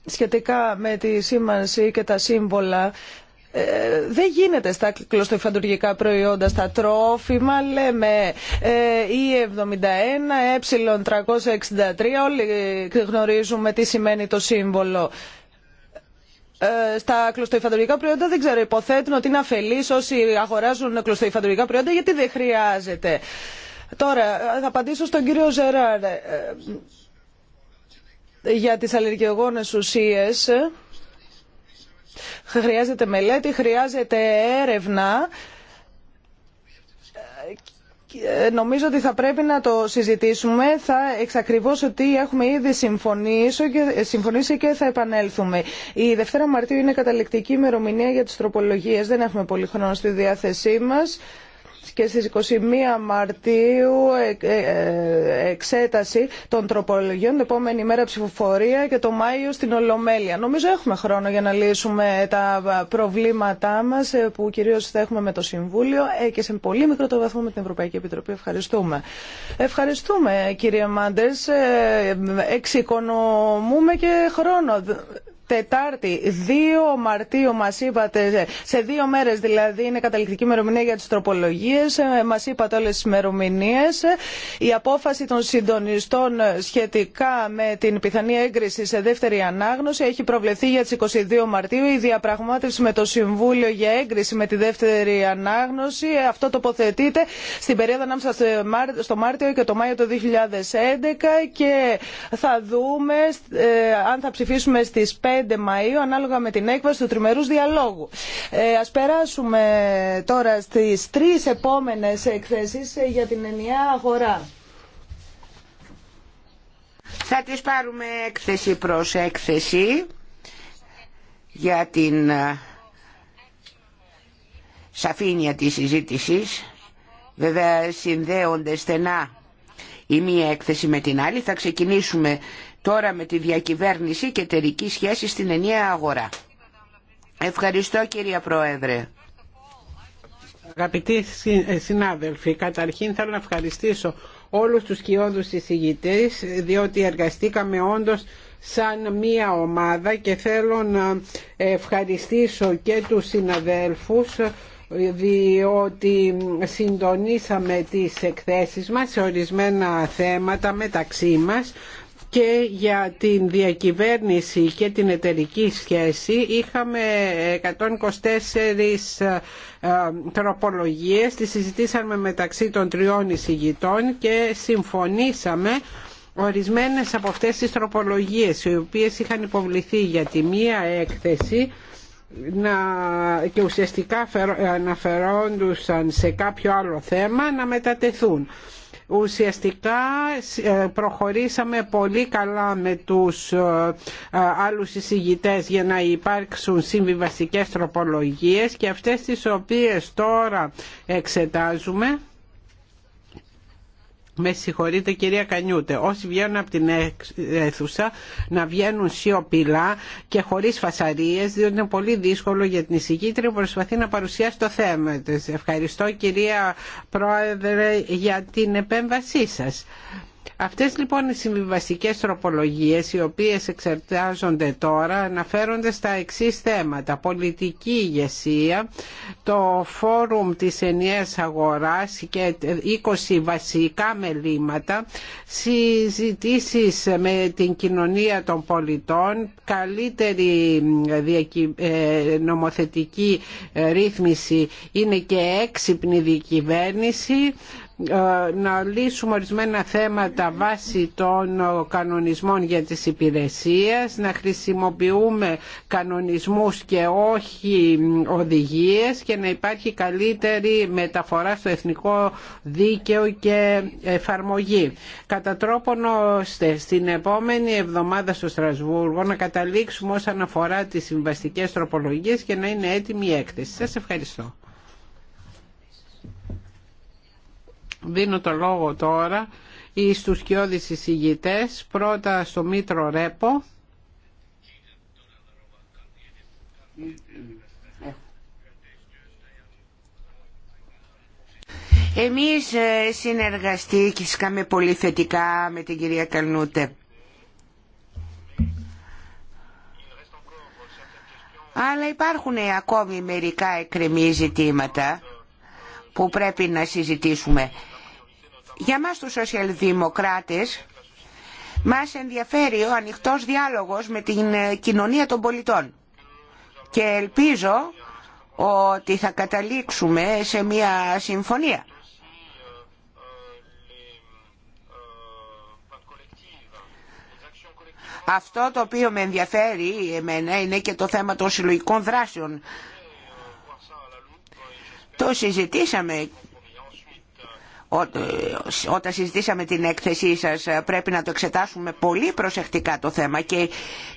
σχετικά με τη σήμανση και τα σύμβολα ε, δεν γίνεται στα κλωστοϊφαντουργικά προϊόντα, στα τρόφιμα, λέμε E71, ε, E363, ε, όλοι γνωρίζουμε τι σημαίνει το σύμβολο στα κλωστοϊφαντουργικά προϊόντα δεν ξέρω υποθέτουν ότι είναι αφελείς όσοι αγοράζουν κλωστοϊφαντουργικά προϊόντα γιατί δεν χρειάζεται. Τώρα θα απαντήσω στον κύριο Ζεράρ για τις αλλεργιογόνες ουσίες. Χρειάζεται μελέτη, χρειάζεται έρευνα νομίζω ότι θα πρέπει να το συζητήσουμε. Θα εξακριβώσω ότι έχουμε ήδη συμφωνήσει και, συμφωνήσει και θα επανέλθουμε. Η Δευτέρα Μαρτίου είναι καταληκτική ημερομηνία για τις τροπολογίες. Δεν έχουμε πολύ χρόνο στη διάθεσή μας και στις 21 Μαρτίου ε, ε, ε, εξέταση των τροπολογιών, την επόμενη μέρα ψηφοφορία και το Μάιο στην Ολομέλεια. Νομίζω έχουμε χρόνο για να λύσουμε τα προβλήματά μας που κυρίως θα έχουμε με το Συμβούλιο και σε πολύ μικρό το βαθμό με την Ευρωπαϊκή Επιτροπή. Ευχαριστούμε. Ευχαριστούμε κύριε Μάντες. Εξοικονομούμε και χρόνο. Τετάρτη, 2 Μαρτίου μας είπατε, σε δύο μέρες δηλαδή είναι καταληκτική ημερομηνία για τις τροπολογίες, ε, μας είπατε όλες τι ημερομηνίε. Η απόφαση των συντονιστών σχετικά με την πιθανή έγκριση σε δεύτερη ανάγνωση έχει προβλεφθεί για τι 22 Μαρτίου. Η διαπραγμάτευση με το Συμβούλιο για έγκριση με τη δεύτερη ανάγνωση, ε, αυτό τοποθετείται στην περίοδο ανάμεσα στο Μάρτιο και το Μάιο του 2011 και θα δούμε ε, αν θα ψηφίσουμε στι Μαΐου ανάλογα με την έκβαση του τριμερούς διαλόγου. Ε, ας περάσουμε τώρα στις τρεις επόμενες εκθέσεις ε, για την ενιαία αγορά. Θα τις πάρουμε έκθεση προς έκθεση για την ε, σαφήνεια της συζήτησης. Βέβαια συνδέονται στενά η μία έκθεση με την άλλη. Θα ξεκινήσουμε τώρα με τη διακυβέρνηση και εταιρική σχέση στην ενιαία αγορά. Ευχαριστώ κυρία Πρόεδρε. Αγαπητοί ε, συνάδελφοι, καταρχήν θέλω να ευχαριστήσω όλους τους κοιόδους εισηγητές διότι εργαστήκαμε όντως σαν μία ομάδα και θέλω να ευχαριστήσω και τους συναδέλφους διότι συντονίσαμε τις εκθέσεις μας σε ορισμένα θέματα μεταξύ μας και για την διακυβέρνηση και την εταιρική σχέση είχαμε 124 ε, ε, τροπολογίες, τις συζητήσαμε μεταξύ των τριών εισηγητών και συμφωνήσαμε ορισμένες από αυτές τις τροπολογίες οι οποίες είχαν υποβληθεί για τη μία έκθεση να, και ουσιαστικά αναφερόντουσαν σε κάποιο άλλο θέμα να μετατεθούν. Ουσιαστικά ε, προχωρήσαμε πολύ καλά με τους ε, ε, άλλους εισηγητές για να υπάρξουν συμβιβαστικές τροπολογίες και αυτές τις οποίες τώρα εξετάζουμε με συγχωρείτε κυρία Κανιούτε, όσοι βγαίνουν από την αίθουσα να βγαίνουν σιωπηλά και χωρίς φασαρίες, διότι είναι πολύ δύσκολο για την εισηγήτρια που προσπαθεί να παρουσιάσει το θέμα της. Ευχαριστώ κυρία Πρόεδρε για την επέμβασή σας. Αυτές λοιπόν οι συμβιβαστικές τροπολογίες οι οποίες εξετάζονται τώρα αναφέρονται στα εξής θέματα. Πολιτική ηγεσία, το φόρουμ της ενιαίας αγοράς και 20 βασικά μελήματα, συζητήσεις με την κοινωνία των πολιτών, καλύτερη ε, νομοθετική ρύθμιση είναι και έξυπνη διακυβέρνηση, ε, να λύσουμε ορισμένα θέματα βάσει των κανονισμών για τις υπηρεσίες, να χρησιμοποιούμε κανονισμούς και όχι οδηγίες και να υπάρχει καλύτερη μεταφορά στο εθνικό δίκαιο και εφαρμογή. Κατά τρόπον ώστε στην επόμενη εβδομάδα στο Στρασβούργο να καταλήξουμε όσον αφορά τις συμβαστικές τροπολογίες και να είναι έτοιμη η έκθεση. Σας ευχαριστώ. Δίνω το λόγο τώρα στους κοιόδης εισηγητές, πρώτα στο Μήτρο Ρέπο. Εμείς ε, συνεργαστήκαμε πολύ θετικά με την κυρία Καλνούτε. Αλλά υπάρχουν ακόμη μερικά εκκρεμή ζητήματα που πρέπει να συζητήσουμε. Για μας τους σοσιαλδημοκράτες μας ενδιαφέρει ο ανοιχτός διάλογος με την ε, κοινωνία των πολιτών και ελπίζω ότι θα καταλήξουμε σε μια συμφωνία. Αυτό το οποίο με ενδιαφέρει εμένα είναι και το θέμα των συλλογικών δράσεων το συζητήσαμε όταν συζητήσαμε την έκθεσή σας πρέπει να το εξετάσουμε πολύ προσεκτικά το θέμα και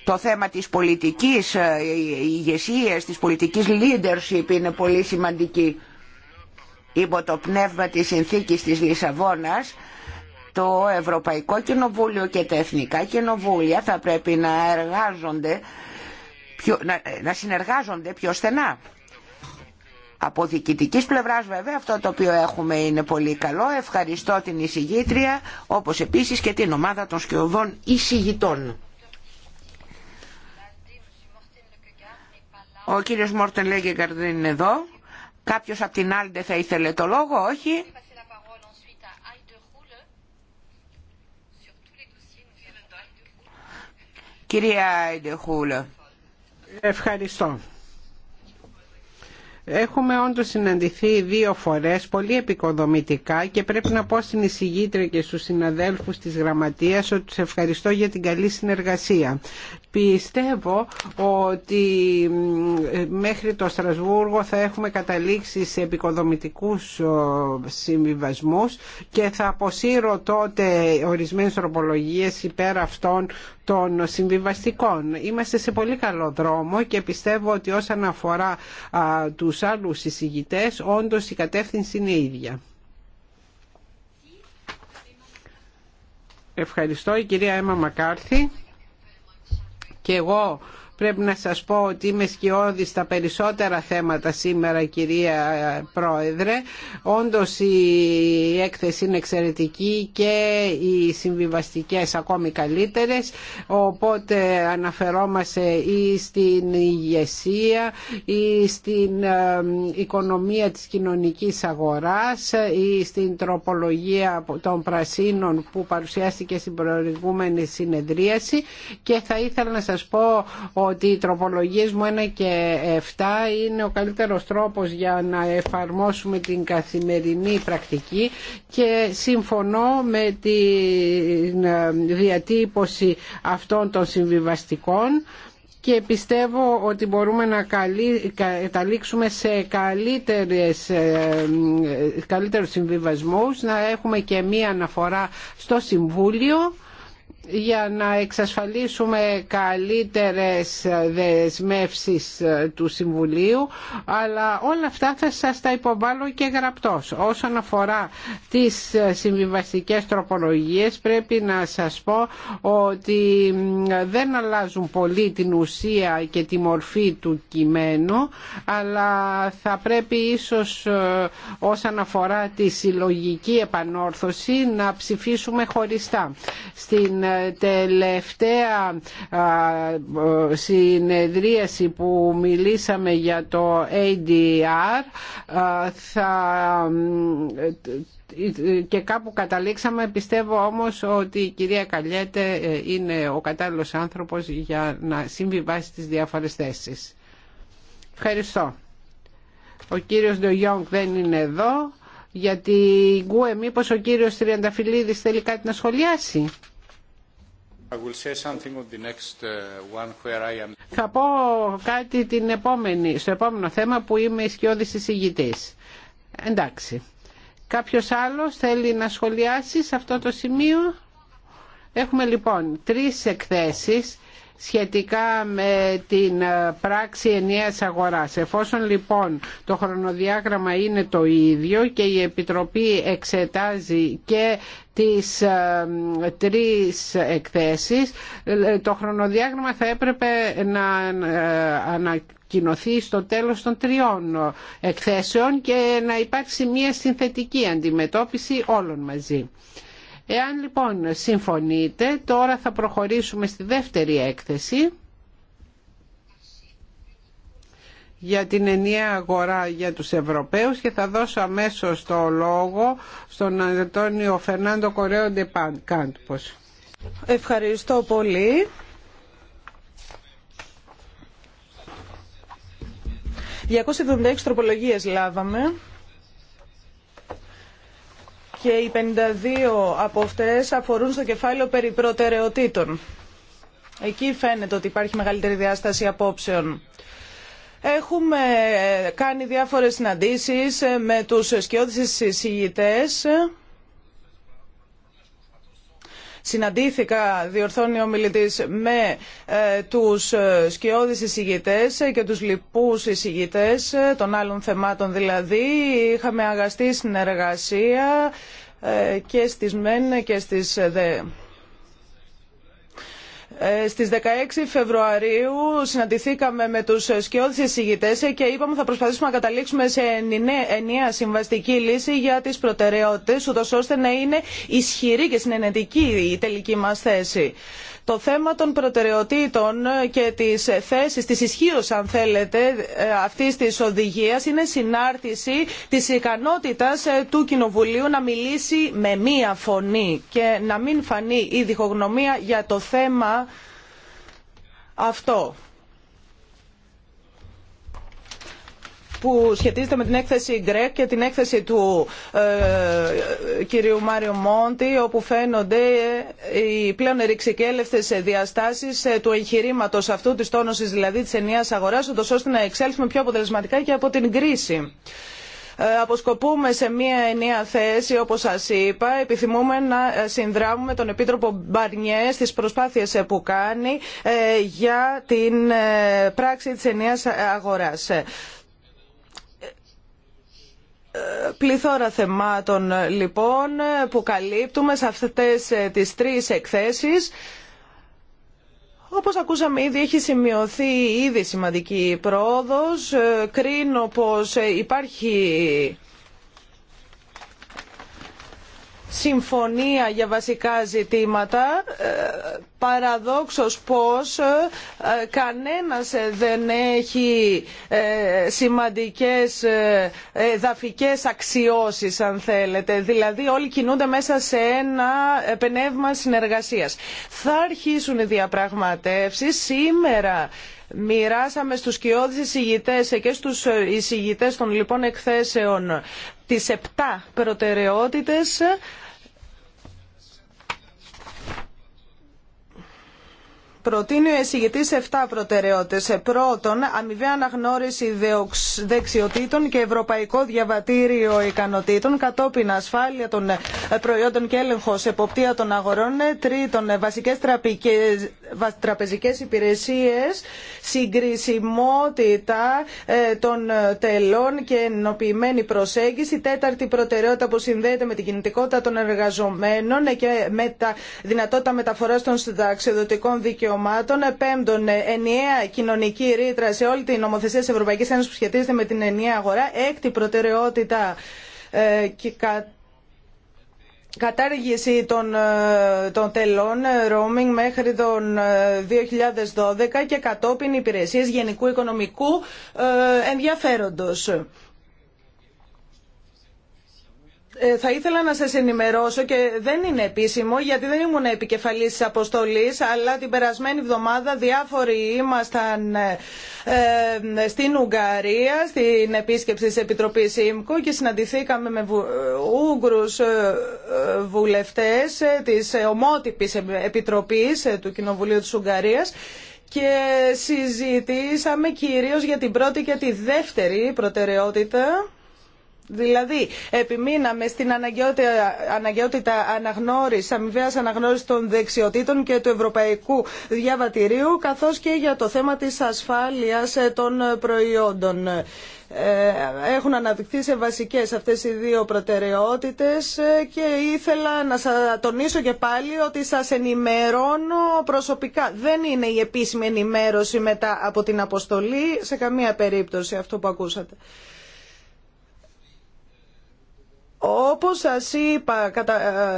το θέμα της πολιτικής ε, ηγεσία, της πολιτικής leadership είναι πολύ σημαντική. Υπό το πνεύμα της συνθήκης της Λισαβόνας το Ευρωπαϊκό Κοινοβούλιο και τα Εθνικά Κοινοβούλια θα πρέπει να, εργάζονται, να, να συνεργάζονται πιο στενά. Από διοικητικής πλευράς βέβαια αυτό το οποίο έχουμε είναι πολύ καλό. Ευχαριστώ την εισηγήτρια όπως επίσης και την ομάδα των σκιωδών εισηγητών. Ο κύριος Μόρτεν λέγει δεν είναι εδώ. Κάποιος από την Άλντε θα ήθελε το λόγο, όχι. Κυρία Αιντεχούλε. Ευχαριστώ. Έχουμε όντως συναντηθεί δύο φορές πολύ επικοδομητικά και πρέπει να πω στην εισηγήτρια και στους συναδέλφους της Γραμματείας ότι τους ευχαριστώ για την καλή συνεργασία Πιστεύω ότι μέχρι το Στρασβούργο θα έχουμε καταλήξει σε επικοδομητικούς συμβιβασμούς και θα αποσύρω τότε ορισμένες τροπολογίες υπέρ αυτών των συμβιβαστικών. Είμαστε σε πολύ καλό δρόμο και πιστεύω ότι όσον αφορά τους άλλους συζητητές όντως η κατεύθυνση είναι η ίδια. Ευχαριστώ η κυρία Έμα Μακάρθη και εγώ Πρέπει να σας πω ότι είμαι σκιώδη στα περισσότερα θέματα σήμερα κυρία Πρόεδρε. Όντως η έκθεση είναι εξαιρετική και οι συμβιβαστικές ακόμη καλύτερες. Οπότε αναφερόμαστε ή στην ηγεσία ή στην ε, οικονομία της κοινωνικής αγοράς ή στην τροπολογία των πρασίνων που παρουσιάστηκε στην προηγούμενη συνεδρίαση και θα ήθελα να σας πω ότι οι τροπολογίε μου 1 και 7 είναι ο καλύτερος τρόπος για να εφαρμόσουμε την καθημερινή πρακτική και συμφωνώ με τη ε, διατύπωση αυτών των συμβιβαστικών και πιστεύω ότι μπορούμε να καταλήξουμε σε καλύτερες, ε, ε, καλύτερους συμβιβασμούς, να έχουμε και μία αναφορά στο Συμβούλιο για να εξασφαλίσουμε καλύτερες δεσμεύσεις του Συμβουλίου αλλά όλα αυτά θα σας τα υποβάλω και γραπτός. Όσον αφορά τις συμβιβαστικές τροπολογίες πρέπει να σας πω ότι δεν αλλάζουν πολύ την ουσία και τη μορφή του κειμένου αλλά θα πρέπει ίσως ε, όσον αφορά τη συλλογική επανόρθωση να ψηφίσουμε χωριστά. Στην ε, τελευταία συνεδρίαση που μιλήσαμε για το ADR θα και κάπου καταλήξαμε πιστεύω όμως ότι η κυρία Καλιέτε ε, είναι ο κατάλληλος άνθρωπος για να συμβιβάσει τις διάφορες θέσεις. Ευχαριστώ. Ο κύριος Ντογιόγκ δεν είναι εδώ γιατί γκουε μήπως ο κύριος Τριανταφυλλίδης θέλει κάτι να σχολιάσει. Θα πω κάτι την επόμενη, στο επόμενο θέμα που είμαι ισχυώδης εισηγητής. Εντάξει. Κάποιος άλλος θέλει να σχολιάσει σε αυτό το σημείο. Έχουμε λοιπόν τρεις εκθέσεις σχετικά με την ε, πράξη ενιαίας αγοράς. Εφόσον λοιπόν το χρονοδιάγραμμα είναι το ίδιο και η Επιτροπή εξετάζει και τις ε, τρεις εκθέσεις, ε, το χρονοδιάγραμμα θα έπρεπε να ανακοινωθεί στο τέλος των τριών εκθέσεων και να υπάρξει μια συνθετική αντιμετώπιση όλων μαζί. Εάν λοιπόν συμφωνείτε, τώρα θα προχωρήσουμε στη δεύτερη έκθεση για την ενιαία αγορά για τους Ευρωπαίους και θα δώσω αμέσως το λόγο στον Αντώνιο Φερνάντο Κορέοντε Ντεπάντκάντπος. Ευχαριστώ πολύ. «276 τροπολογίες λάβαμε και οι 52 από αυτές αφορούν στο κεφάλαιο περί προτεραιοτήτων. Εκεί φαίνεται ότι υπάρχει μεγαλύτερη διάσταση απόψεων. Έχουμε ε, κάνει διάφορες συναντήσεις ε, με τους σκιώδεις συζητητές... Συναντήθηκα, διορθώνει ο με ε, τους ε, σκιώδεις και τους λοιπούς εισηγητέ, ε, των άλλων θεμάτων δηλαδή. Είχαμε αγαστή συνεργασία και στις μεν και στις δε. Ε, στις 16 Φεβρουαρίου συναντηθήκαμε με τους σκιώδεις εισηγητές και είπαμε θα προσπαθήσουμε να καταλήξουμε σε ενιαία συμβαστική λύση για τις προτεραιότητες, ούτως ώστε να είναι ισχυρή και συνενετική η τελική μας θέση το θέμα των προτεραιοτήτων και της θέσης, της ισχύω αν θέλετε, αυτής της οδηγίας είναι συνάρτηση της ικανότητας του Κοινοβουλίου να μιλήσει με μία φωνή και να μην φανεί η διχογνωμία για το θέμα αυτό. που σχετίζεται με την έκθεση Γκρέκ και την έκθεση του ε, κυρίου Μάριο Μόντι όπου φαίνονται ε, οι πλέον ρηξικέλευτε διαστάσει ε, του εγχειρήματο αυτού τη τόνωση δηλαδή τη ενιαία αγορά, ούτω ώστε να εξέλθουμε πιο αποτελεσματικά και από την κρίση ε, αποσκοπούμε σε μια ενιαία θέση όπως σας είπα επιθυμούμε να συνδράμουμε τον επίτροπο Μπαρνιέ στις προσπάθειες που κάνει για την πράξη της ενιαίας αγοράς. Πληθώρα θεμάτων λοιπόν που καλύπτουμε σε αυτές ε, τις τρεις εκθέσεις. Όπως ακούσαμε ήδη έχει σημειωθεί ήδη σημαντική πρόοδος. Ε, κρίνω πως ε, υπάρχει συμφωνία για βασικά ζητήματα παραδόξως πως ε, κανένας ε, δεν έχει ε, σημαντικές δαφικές αξιώσεις αν θέλετε. Δηλαδή όλοι κινούνται μέσα σε ένα πνεύμα συνεργασίας. Θα αρχίσουν οι διαπραγματεύσεις σήμερα μοιράσαμε στους κοιόδης εισηγητές και στους εισηγητές των λοιπόν εκθέσεων τις επτά προτεραιότητες Προτείνει ο εισηγητή 7 προτεραιότητε. Πρώτον, αμοιβή αναγνώριση δεξιοτήτων και ευρωπαϊκό διαβατήριο ικανοτήτων. Κατόπιν, ασφάλεια των ε, προϊόντων και έλεγχο εποπτεία των αγορών. Τρίτον, ε, βασικέ τραπεζικέ υπηρεσίε. Συγκρισιμότητα ε, των τελών και ενοποιημένη προσέγγιση. Τέταρτη προτεραιότητα που συνδέεται με την κινητικότητα των εργαζομένων και με τα δυνατότητα μεταφορά των συνταξιδοτικών δικαιωμάτων δικαιωμάτων. Πέμπτον, ενιαία κοινωνική ρήτρα σε όλη την νομοθεσία της Ευρωπαϊκής Ένωσης που σχετίζεται με την ενιαία αγορά. Έκτη προτεραιότητα ε, και Κατάργηση των, ε, των τελών ε, roaming μέχρι τον 2012 και κατόπιν υπηρεσίες γενικού οικονομικού ενδιαφέροντος. Ε, θα ήθελα να σας ενημερώσω και δεν είναι επίσημο γιατί δεν ήμουν επικεφαλής της αποστολής αλλά την περασμένη εβδομάδα διάφοροι ήμασταν ε, ε, στην Ουγγαρία στην επίσκεψη της Επιτροπής ΥΜΚΟ και συναντηθήκαμε με Ούγγρους βουλευτές της ομότυπης Επιτροπής του Κοινοβουλίου της Ουγγαρίας και συζητήσαμε κυρίως για την πρώτη και τη δεύτερη προτεραιότητα Δηλαδή, επιμείναμε στην αναγκαιότητα, αναγνώριση, αμοιβαία αναγνώριση των δεξιοτήτων και του Ευρωπαϊκού Διαβατηρίου, καθώς και για το θέμα τη ασφάλεια ε, των προϊόντων. Ε, έχουν αναδειχθεί σε βασικές αυτές οι δύο προτεραιότητες ε, και ήθελα να σας τονίσω και πάλι ότι σας ενημερώνω προσωπικά. Δεν είναι η επίσημη ενημέρωση μετά από την αποστολή, σε καμία περίπτωση αυτό που ακούσατε. Όπως σας είπα,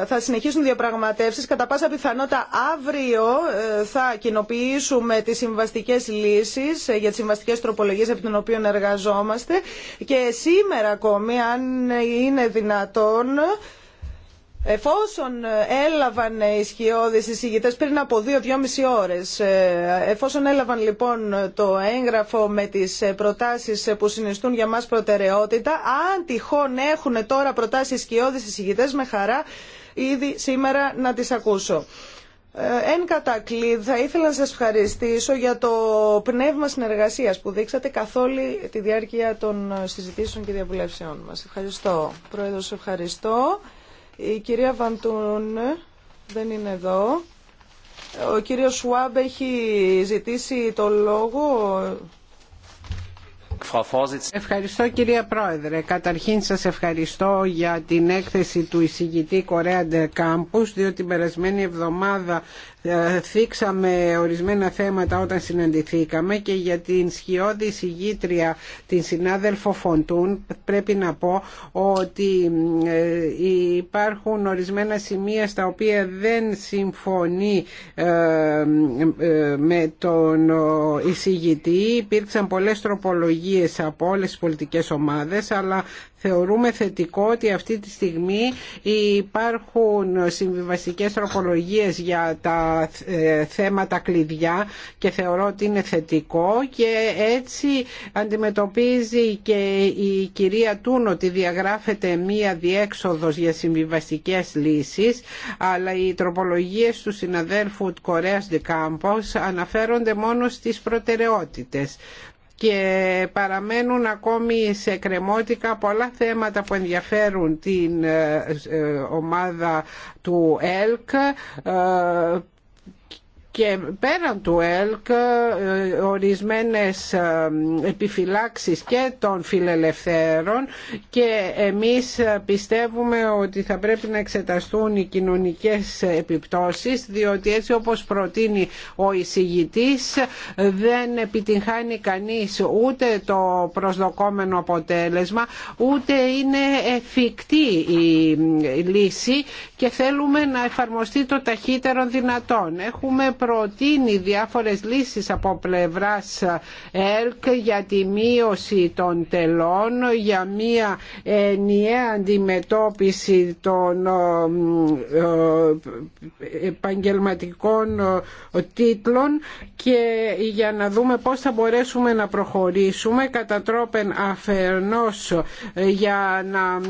ε, θα συνεχίσουν διαπραγματεύσεις. Κατά πάσα πιθανότητα αύριο ε, θα κοινοποιήσουμε τις συμβαστικές λύσεις ε, για τις συμβαστικές τροπολογίες από των οποίων εργαζόμαστε. Και σήμερα ακόμη, αν είναι δυνατόν, Εφόσον ε, έλαβαν ε, ισχυώδεις εισηγητές πριν από δύο-δυόμιση ώρες, ε, εφόσον έλαβαν λοιπόν το έγγραφο με τις προτάσεις που συνιστούν για μας προτεραιότητα, αν τυχόν έχουν τώρα προτάσεις ισχυώδεις εισηγητές, με χαρά ήδη σήμερα να τις ακούσω. Εν κατακλείδη, θα ήθελα να σας ευχαριστήσω για το πνεύμα συνεργασίας που δείξατε καθ' όλη τη διάρκεια των συζητήσεων και διαβουλεύσεών μας. Ευχαριστώ. Πρόεδρος, ευχαριστώ. Η κυρία Βαντούν δεν είναι εδώ. Ο κύριος Σουάμπ έχει ζητήσει το λόγο. Ευχαριστώ κυρία Πρόεδρε. Καταρχήν σας ευχαριστώ για την έκθεση του εισηγητή Κορέαντε Κάμπους διότι την περασμένη εβδομάδα ε, θίξαμε ορισμένα θέματα όταν συναντηθήκαμε και για την σκιώδη συγγήτρια την συνάδελφο Φοντούν πρέπει να πω ότι ε, υπάρχουν ορισμένα σημεία στα οποία δεν συμφωνεί ε, με τον εισηγητή υπήρξαν πολλές τροπολογίες από όλες τις πολιτικές ομάδες αλλά Θεωρούμε θετικό ότι αυτή τη στιγμή υπάρχουν συμβιβαστικές τροπολογίες για τα ε, θέματα κλειδιά και θεωρώ ότι είναι θετικό και έτσι αντιμετωπίζει και η κυρία Τούν ότι διαγράφεται μία διέξοδος για συμβιβαστικές λύσεις αλλά οι τροπολογίες του συναδέλφου Κορέας Δικάμπος αναφέρονται μόνο στις προτεραιότητες και παραμένουν ακόμη σε κρεμότικα πολλά θέματα που ενδιαφέρουν την ε, ε, ομάδα του ΕΛΚ ε, και πέραν του ΕΛΚ ε, ορισμένες ε, επιφυλάξεις και των φιλελευθέρων και εμείς πιστεύουμε ότι θα πρέπει να εξεταστούν οι κοινωνικές επιπτώσεις διότι έτσι όπως προτείνει ο εισηγητής δεν επιτυγχάνει κανείς ούτε το προσδοκόμενο αποτέλεσμα ούτε είναι εφικτή η λύση και θέλουμε να εφαρμοστεί το ταχύτερο δυνατόν. Έχουμε προτείνει διάφορες λύσεις από πλευράς ΕΡΚ για τη μείωση των τελών, για μία ενιαία αντιμετώπιση των ε, ε, επαγγελματικών ε, τίτλων και για να δούμε πώς θα μπορέσουμε να προχωρήσουμε κατά τρόπεν αφενός για να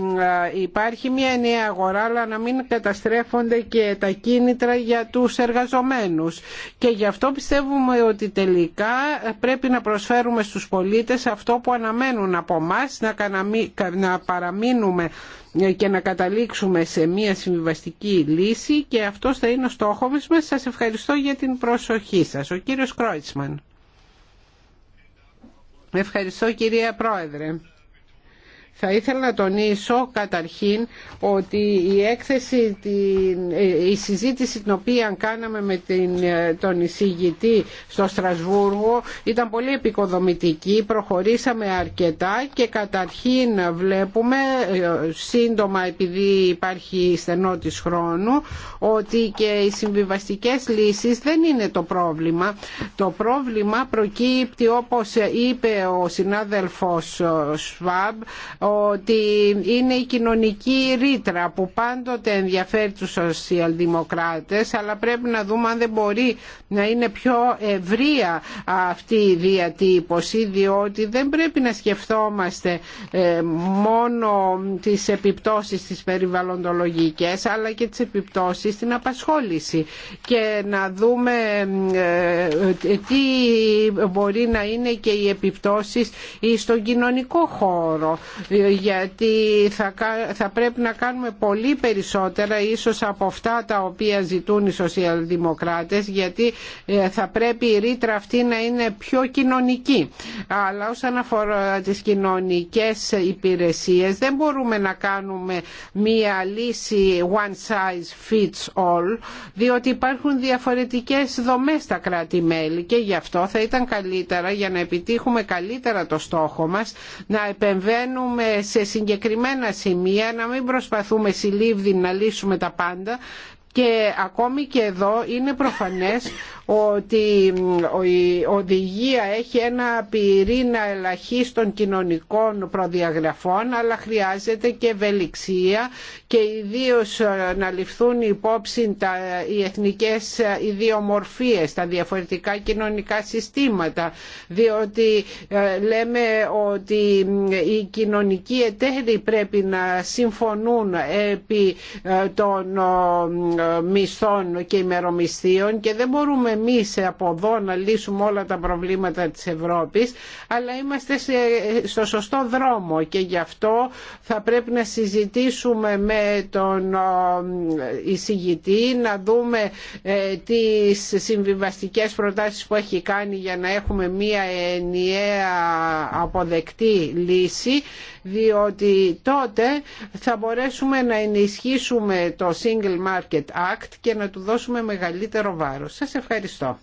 υπάρχει μια ενιαία αγορά αλλά να μην καταστρέφονται και τα κίνητρα για τους εργαζομένους και γι' αυτό πιστεύουμε ότι τελικά πρέπει να προσφέρουμε στους πολίτες αυτό που αναμένουν από μας να παραμείνουμε και να καταλήξουμε σε μια συμβιβαστική λύση και αυτό θα είναι ο στόχος μας. Σας ευχαριστώ για την προσοχή σας. Ο κύριος Κρόιτσμαν. Ευχαριστώ κυρία Πρόεδρε. Θα ήθελα να τονίσω καταρχήν ότι η έκθεση, ε, η συζήτηση την οποία κάναμε με ε, τον εισηγητή στο Στρασβούργο ήταν πολύ επικοδομητική, προχωρήσαμε αρκετά και καταρχήν βλέπουμε ε, σύντομα επειδή υπάρχει στενό της χρόνου ότι και οι συμβιβαστικές λύσεις δεν είναι το πρόβλημα. Το πρόβλημα προκύπτει όπως είπε ο συνάδελφος Σβάμπ ότι είναι η κοινωνική ρήτρα που πάντοτε ενδιαφέρει τους σοσιαλδημοκράτες αλλά πρέπει να δούμε αν δεν μπορεί να είναι πιο ευρία αυτή η διατύπωση διότι δεν πρέπει να σκεφτόμαστε ε, μόνο τις επιπτώσεις της περιβαλλοντολογικές αλλά και τις επιπτώσεις στην απασχόληση και να δούμε ε, τι μπορεί να είναι και οι επιπτώσεις στον κοινωνικό χώρο γιατί θα, θα πρέπει να κάνουμε πολύ περισσότερα ίσως από αυτά τα οποία ζητούν οι σοσιαλδημοκράτες γιατί ε, θα πρέπει η ρήτρα αυτή να είναι πιο κοινωνική. Αλλά όσον αφορά τις κοινωνικές υπηρεσίες δεν μπορούμε να κάνουμε μία λύση one size fits all διότι υπάρχουν διαφορετικές δομές στα κράτη-μέλη και γι' αυτό θα ήταν καλύτερα για να επιτύχουμε καλύτερα το στόχο μας να επεμβαίνουμε σε συγκεκριμένα σημεία, να μην προσπαθούμε συλλήβδη να λύσουμε τα πάντα και ακόμη και εδώ είναι προφανές ότι η οδηγία έχει ένα πυρήνα ελαχίστων κοινωνικών προδιαγραφών αλλά χρειάζεται και ευελιξία και ιδίως ε, να ληφθούν υπόψη τα, οι εθνικές ε, ιδιομορφίες, τα διαφορετικά κοινωνικά συστήματα διότι ε, λέμε ότι οι κοινωνικοί εταίροι πρέπει να συμφωνούν επί των μισθών και ημερομισθείων και δεν μπορούμε εμείς από εδώ να λύσουμε όλα τα προβλήματα της Ευρώπης αλλά είμαστε στο σωστό δρόμο και γι' αυτό θα πρέπει να συζητήσουμε με τον εισηγητή να δούμε ε, τις συμβιβαστικές προτάσεις που έχει κάνει για να έχουμε μία ενιαία αποδεκτή λύση διότι τότε θα μπορέσουμε να ενισχύσουμε το Single Market Act και να του δώσουμε μεγαλύτερο βάρος. Σας ευχαριστώ.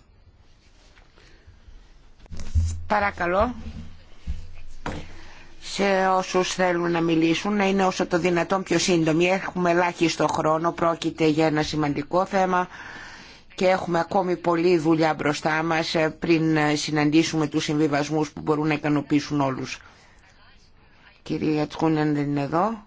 Παρακαλώ σε όσους θέλουν να μιλήσουν να είναι όσο το δυνατόν πιο σύντομοι. Έχουμε ελάχιστο χρόνο, πρόκειται για ένα σημαντικό θέμα και έχουμε ακόμη πολλή δουλειά μπροστά μας ε, πριν συναντήσουμε τους συμβιβασμούς που μπορούν να ικανοποιήσουν όλους κυρία Τσχούνεν δεν είναι εδώ.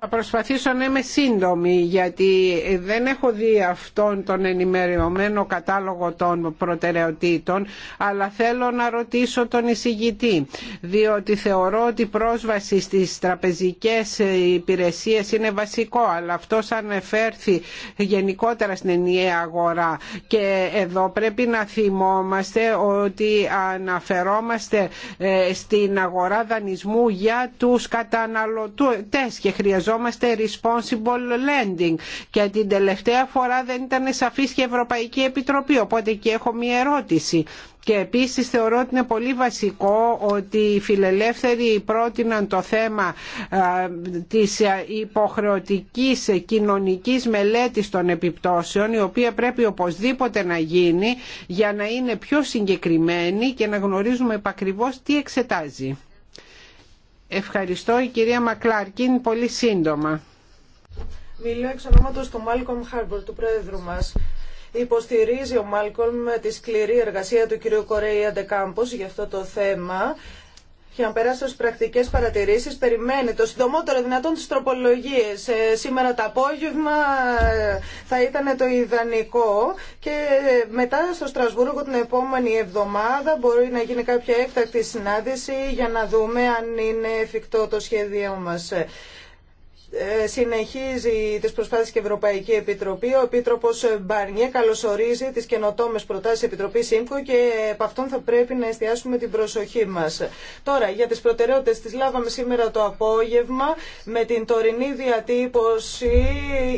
Θα προσπαθήσω να είμαι σύντομη γιατί δεν έχω δει αυτόν τον ενημερωμένο κατάλογο των προτεραιοτήτων αλλά θέλω να ρωτήσω τον εισηγητή διότι θεωρώ ότι η πρόσβαση στις τραπεζικές υπηρεσίες είναι βασικό αλλά αυτός ανεφέρθη γενικότερα στην ενιαία αγορά και εδώ πρέπει να θυμόμαστε ότι αναφερόμαστε ε, στην αγορά δανεισμού για τους καταναλωτές και χρειαζόμαστε χρειαζόμαστε responsible lending και την τελευταία φορά δεν ήταν σαφής και η Ευρωπαϊκή Επιτροπή οπότε και έχω μία ερώτηση και επίσης θεωρώ ότι είναι πολύ βασικό ότι οι φιλελεύθεροι πρότειναν το θέμα της υποχρεωτικής κοινωνικής μελέτης των επιπτώσεων η οποία πρέπει οπωσδήποτε να γίνει για να είναι πιο συγκεκριμένη και να γνωρίζουμε επακριβώς τι εξετάζει. Ευχαριστώ. Η κυρία Μακλάρκιν, πολύ σύντομα. Μιλώ εξ ονόματος του Μάλκομ Χάρμπορ, του πρόεδρου μας. Υποστηρίζει ο Μάλκομ τη σκληρή εργασία του κυρίου Κορέι Αντεκάμπος για αυτό το θέμα και να περάσετε ως πρακτικές παρατηρήσεις. Περιμένει το συντομότερο δυνατόν τις τροπολογίες. Ε, σήμερα το απόγευμα ε, θα ήταν το ιδανικό και ε, μετά στο Στρασβούργο την επόμενη εβδομάδα μπορεί να γίνει κάποια έκτακτη συνάντηση για να δούμε αν είναι εφικτό το σχέδιό μας. Ε, συνεχίζει τις προσπάθειες και η Ευρωπαϊκή Επιτροπή. Ο Επίτροπος Μπαρνιέ καλωσορίζει τις καινοτόμες προτάσεις της Επιτροπής ΣΥΜΚΟ και από αυτόν θα πρέπει να εστιάσουμε την προσοχή μας. Τώρα, για τις προτεραιότητες τις λάβαμε σήμερα το απόγευμα. Με την τωρινή διατύπωση,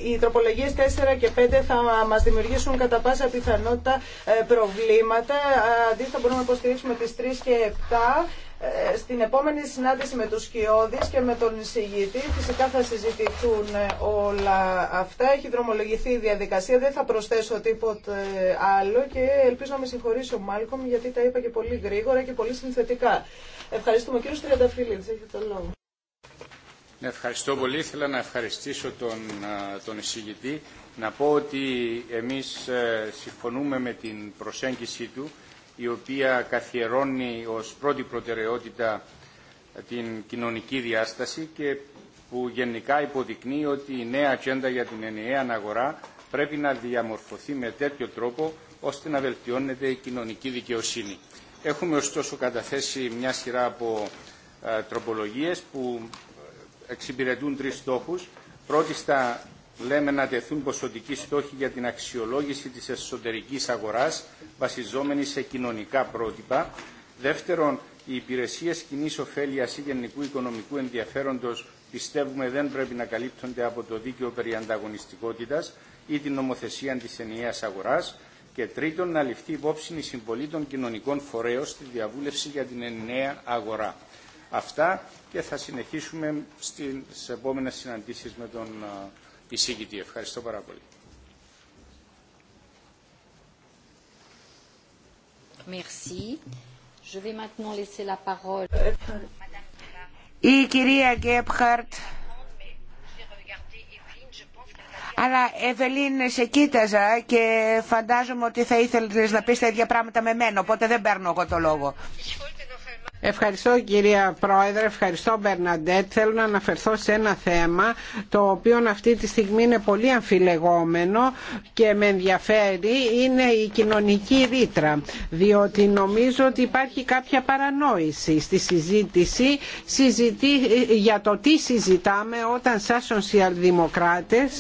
οι τροπολογίες 4 και 5 θα μας δημιουργήσουν κατά πάσα πιθανότητα ε, προβλήματα. Αντίθετα μπορούμε να υποστηρίξουμε τις 3 και 7 ε, στην επόμενη συνάντηση με τους Σκιώδης και με τον εισηγητή φυσικά θα συζητηθούν ε, όλα αυτά. Έχει δρομολογηθεί η διαδικασία, δεν θα προσθέσω τίποτε άλλο και ελπίζω να με συγχωρήσει ο Μάλκομ γιατί τα είπα και πολύ γρήγορα και πολύ συνθετικά. Ευχαριστούμε. Κύριο Τριανταφύλλης, έχετε το λόγο. Ευχαριστώ πολύ. Ήθελα να ευχαριστήσω τον, τον εισηγητή. Να πω ότι εμείς ε, συμφωνούμε με την προσέγγιση του η οποία καθιερώνει ως πρώτη προτεραιότητα την κοινωνική διάσταση και που γενικά υποδεικνύει ότι η νέα ατζέντα για την ενιαία αναγορά πρέπει να διαμορφωθεί με τέτοιο τρόπο ώστε να βελτιώνεται η κοινωνική δικαιοσύνη. Έχουμε ωστόσο καταθέσει μια σειρά από ε, τροπολογίες που ε, εξυπηρετούν τρεις στόχους. Πρώτη λέμε να τεθούν ποσοτικοί στόχοι για την αξιολόγηση της εσωτερικής αγοράς βασιζόμενη σε κοινωνικά πρότυπα. Δεύτερον, οι υπηρεσίε κοινή ωφέλεια ή γενικού οικονομικού ενδιαφέροντο πιστεύουμε δεν πρέπει να καλύπτονται από το δίκαιο περί ανταγωνιστικότητα ή την νομοθεσία τη ενιαία αγορά. Και τρίτον, να ληφθεί υπόψη η συμβολή των κοινωνικών φορέων στη διαβούλευση για την ενιαία αγορά. Αυτά και θα συνεχίσουμε στι επόμενε συναντήσει με τον ε, εισηγητή. Ευχαριστώ πάρα πολύ. Merci. Je vais maintenant laisser la parole. Η κυρία Γκέπχαρτ. Αλλά Εβελίν, σε κοίταζα και φαντάζομαι ότι θα ήθελες να πεις τα ίδια πράγματα με μένα, οπότε δεν παίρνω εγώ το λόγο. Ευχαριστώ κυρία Πρόεδρε, ευχαριστώ Μπερναντέτ. Θέλω να αναφερθώ σε ένα θέμα το οποίο αυτή τη στιγμή είναι πολύ αμφιλεγόμενο και με ενδιαφέρει είναι η κοινωνική ρήτρα διότι νομίζω ότι υπάρχει κάποια παρανόηση στη συζήτηση για το τι συζητάμε όταν σαν σοσιαλδημοκράτες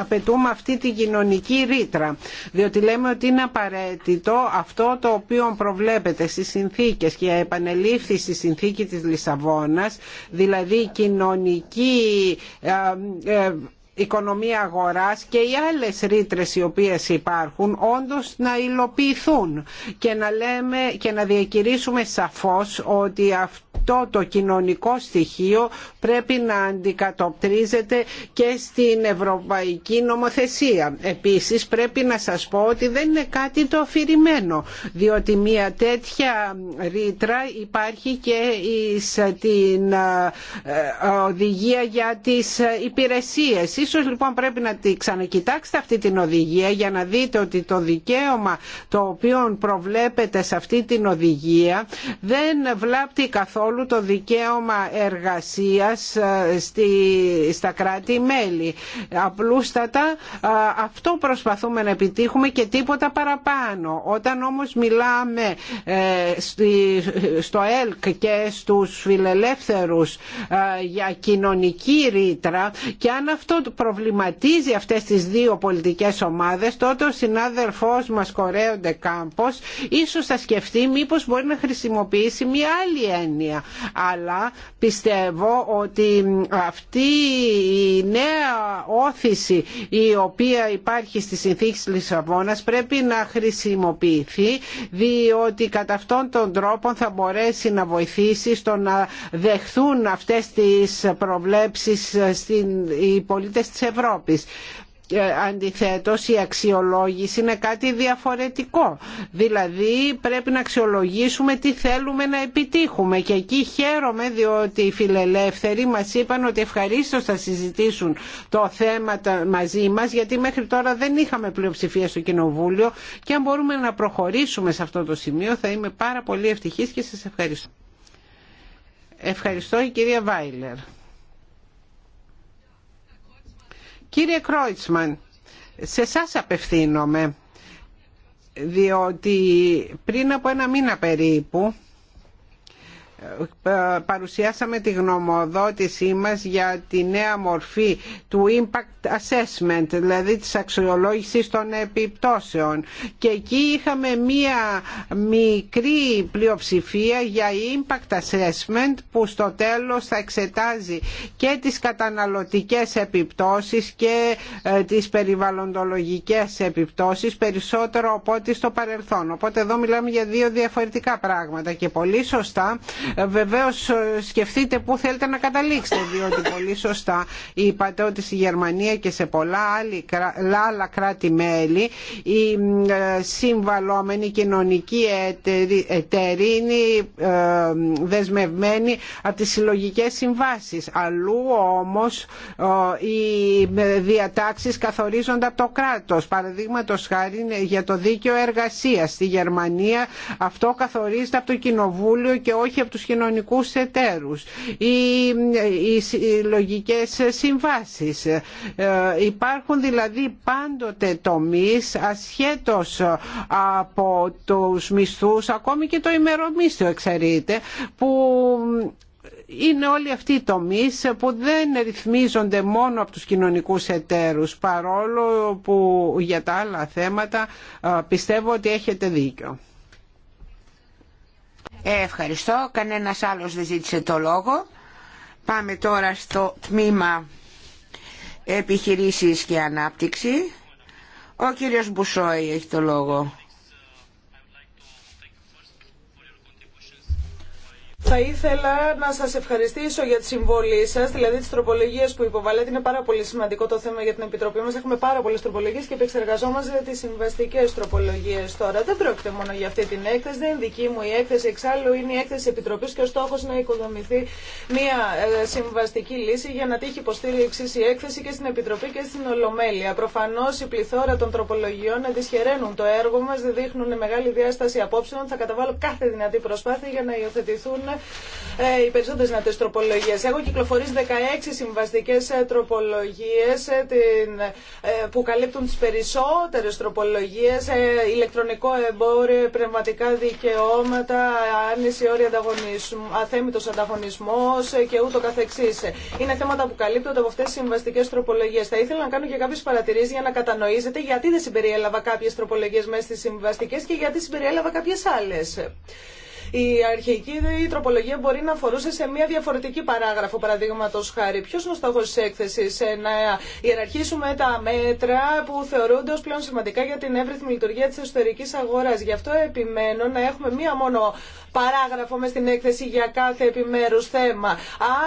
απαιτούμε αυτή τη κοινωνική ρήτρα διότι λέμε ότι είναι απαραίτητο αυτό το οποίο προβλέπεται στις συνθήκες επανελήφθη στη συνθήκη της Λισαβόνας, δηλαδή κοινωνική ε, ε, οικονομία αγοράς και οι άλλες ρήτρε οι οποίες υπάρχουν όντως να υλοποιηθούν και να, λέμε, και να διακηρύσουμε σαφώς ότι αυτό το κοινωνικό στοιχείο πρέπει να αντικατοπτρίζεται και στην ευρωπαϊκή νομοθεσία. Επίσης πρέπει να σας πω ότι δεν είναι κάτι το αφηρημένο διότι μια τέτοια ρήτρα υπάρχει και στην ε, ε, οδηγία για τις υπηρεσίες. Ίσως λοιπόν πρέπει να τη ξανακοιτάξετε αυτή την οδηγία για να δείτε ότι το δικαίωμα το οποίο προβλέπεται σε αυτή την οδηγία δεν βλάπτει καθόλου καθόλου το δικαίωμα εργασίας ε, στη, στα κράτη-μέλη. Απλούστατα ε, αυτό προσπαθούμε να επιτύχουμε και τίποτα παραπάνω. Όταν όμως μιλάμε ε, στο ΕΛΚ και στους φιλελεύθερους για κοινωνική ρήτρα και αν αυτό προβληματίζει αυτές τις δύο πολιτικές ομάδες τότε ο συνάδελφός μας Κορέοντε Κάμπος ίσως θα σκεφτεί μήπως μπορεί να χρησιμοποιήσει μια άλλη έννοια αλλά πιστεύω ότι αυτή η νέα όθηση η οποία υπάρχει στη συνθήκη της Λισαβόνας πρέπει να χρησιμοποιηθεί διότι κατά αυτόν τον τρόπο θα μπορέσει να βοηθήσει στο να δεχθούν αυτές τις προβλέψεις οι πολίτες της Ευρώπης. Ε, αντιθέτως η αξιολόγηση είναι κάτι διαφορετικό δηλαδή πρέπει να αξιολογήσουμε τι θέλουμε να επιτύχουμε και εκεί χαίρομαι διότι οι φιλελεύθεροι μας είπαν ότι ευχαρίστως θα συζητήσουν το θέμα μαζί μας γιατί μέχρι τώρα δεν είχαμε πλειοψηφία στο Κοινοβούλιο και αν μπορούμε να προχωρήσουμε σε αυτό το σημείο θα είμαι πάρα πολύ ευτυχής και σας ευχαριστώ. Ευχαριστώ η κυρία Βάιλερ. Κύριε Κρόιτσμαν, σε εσά απευθύνομαι, διότι πριν από ένα μήνα περίπου παρουσιάσαμε τη γνωμοδότησή μας για τη νέα μορφή του impact assessment, δηλαδή της αξιολόγησης των επιπτώσεων. Και εκεί είχαμε μία μικρή πλειοψηφία για impact assessment που στο τέλος θα εξετάζει και τις καταναλωτικές επιπτώσεις και ε, τις περιβαλλοντολογικές επιπτώσεις περισσότερο από ό,τι στο παρελθόν. Οπότε εδώ μιλάμε για δύο διαφορετικά πράγματα και πολύ σωστά Βεβαίω ε, σκεφτείτε πού θέλετε να καταλήξετε διότι πολύ σωστά είπατε ότι στη Γερμανία και σε πολλά άλλα κράτη-μέλη οι ε, συμβαλόμενοι κοινωνικοί εταιροί είναι ε, δεσμευμένοι από τις συλλογικέ συμβάσεις. Αλλού όμως οι διατάξεις καθορίζονται από το κράτος. Παραδείγματο χάρη για το δίκαιο εργασία. στη Γερμανία αυτό καθορίζεται από το Κοινοβούλιο και όχι από τους κοινωνικούς εταίρους ή οι λογικές συμβάσεις. Ε, υπάρχουν δηλαδή πάντοτε τομείς ασχέτως από τους μισθούς, ακόμη και το ημερομίσθιο εξαιρείται, που είναι όλοι αυτοί οι τομείς που δεν ρυθμίζονται μόνο από τους κοινωνικούς εταίρους παρόλο που για τα άλλα θέματα ε, πιστεύω ότι έχετε δίκιο. Ε, ευχαριστώ. Κανένας άλλος δεν ζήτησε το λόγο. Πάμε τώρα στο τμήμα επιχειρήσεις και ανάπτυξη. Ο κύριος Μπουσόη έχει το λόγο. Θα ήθελα να σας ευχαριστήσω για τη συμβολή σας, δηλαδή τις τροπολογίες που υποβάλλετε. Είναι πάρα πολύ σημαντικό το θέμα για την Επιτροπή μας. Έχουμε πάρα πολλές τροπολογίες και επεξεργαζόμαστε τις συμβαστικές τροπολογίες τώρα. Δεν πρόκειται μόνο για αυτή την έκθεση, δεν είναι δική μου η έκθεση. Εξάλλου είναι η έκθεση της Επιτροπής και ο στόχος να οικοδομηθεί μια ε, συμβαστική λύση για να τύχει υποστήριξη η έκθεση και στην Επιτροπή και στην Ολομέλεια. Προφανώς η πληθώρα των τροπολογιών αντισχεραίνουν το έργο μας, δείχνουν μεγάλη διάσταση απόψεων. Θα καταβάλω κάθε δυνατή προσπάθεια για να υιοθετηθούν ε, οι περισσότερε δυνατέ τροπολογίε. Έχω κυκλοφορήσει 16 συμβαστικέ ε, τροπολογίε ε, ε, που καλύπτουν τι περισσότερε τροπολογίε. Ε, ηλεκτρονικό εμπόριο, πνευματικά δικαιώματα, άρνηση, όρια ανταγωνισμού, αθέμητο ανταγωνισμό ε, και ούτω καθεξή. Είναι θέματα που καλύπτονται από αυτέ τι συμβαστικέ τροπολογίε. Θα ήθελα να κάνω και κάποιε παρατηρήσει για να κατανοήσετε γιατί δεν συμπεριέλαβα κάποιε τροπολογίε μέσα στι συμβαστικέ και γιατί συμπεριέλαβα κάποιε άλλε. Η αρχική τροπολογία μπορεί να αφορούσε σε μια διαφορετική παράγραφο, παραδείγματο χάρη. Ποιο είναι ο στόχο τη έκθεση, ε, να ιεραρχήσουμε τα μέτρα που θεωρούνται ω πλέον σημαντικά για την εύρυθμη λειτουργία τη εσωτερική αγορά. Γι' αυτό επιμένω να έχουμε μία μόνο παράγραφο με στην έκθεση για κάθε επιμέρους θέμα.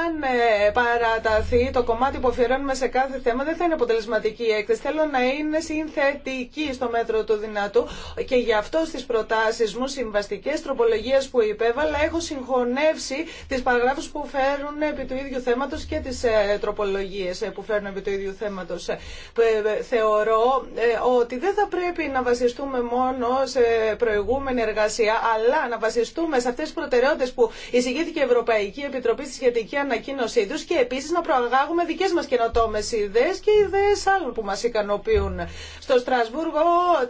Αν ε, παραταθεί το κομμάτι που αφιερώνουμε σε κάθε θέμα δεν θα είναι αποτελεσματική η έκθεση. Θέλω να είναι συνθετική στο μέτρο του δυνατού και γι' αυτό στις προτάσεις μου συμβαστικές τροπολογίες που υπέβαλα έχω συγχωνεύσει τις παραγράφους που φέρουν επί του ίδιου θέματος και τις ε, τροπολογίες ε, που φέρουν επί του ίδιου θέματος. Θεωρώ ότι δεν θα πρέπει να βασιστούμε μόνο σε προηγούμενη εργασία αλλά να βασιστούμε σε αυτέ τι προτεραιότητε που εισηγήθηκε η Ευρωπαϊκή Επιτροπή στη σχετική ανακοίνωσή του και επίση να προαγάγουμε δικέ μα καινοτόμε ιδέε και ιδέε άλλων που μα ικανοποιούν. Στο Στρασβούργο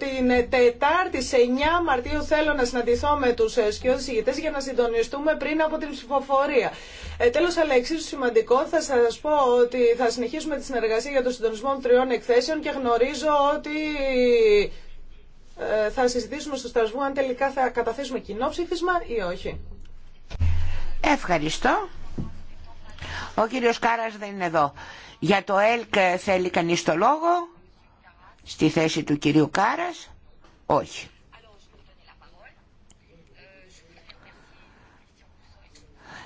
την Τετάρτη σε 9 Μαρτίου θέλω να συναντηθώ με του ε, σκιώδει ηγητέ για να συντονιστούμε πριν από την ψηφοφορία. Ε, Τέλο, αλλά εξίσου σημαντικό, θα σα πω ότι θα συνεχίσουμε τη συνεργασία για το συντονισμό τριών εκθέσεων και γνωρίζω ότι ε, θα συζητήσουμε στο Στρασβού αν τελικά θα καταθέσουμε κοινό ψήφισμα ή όχι. Ευχαριστώ. Ο κύριος Κάρας δεν είναι εδώ. Για το ΕΛΚ θέλει κανείς το λόγο. Στη θέση του κυρίου Κάρας. Όχι.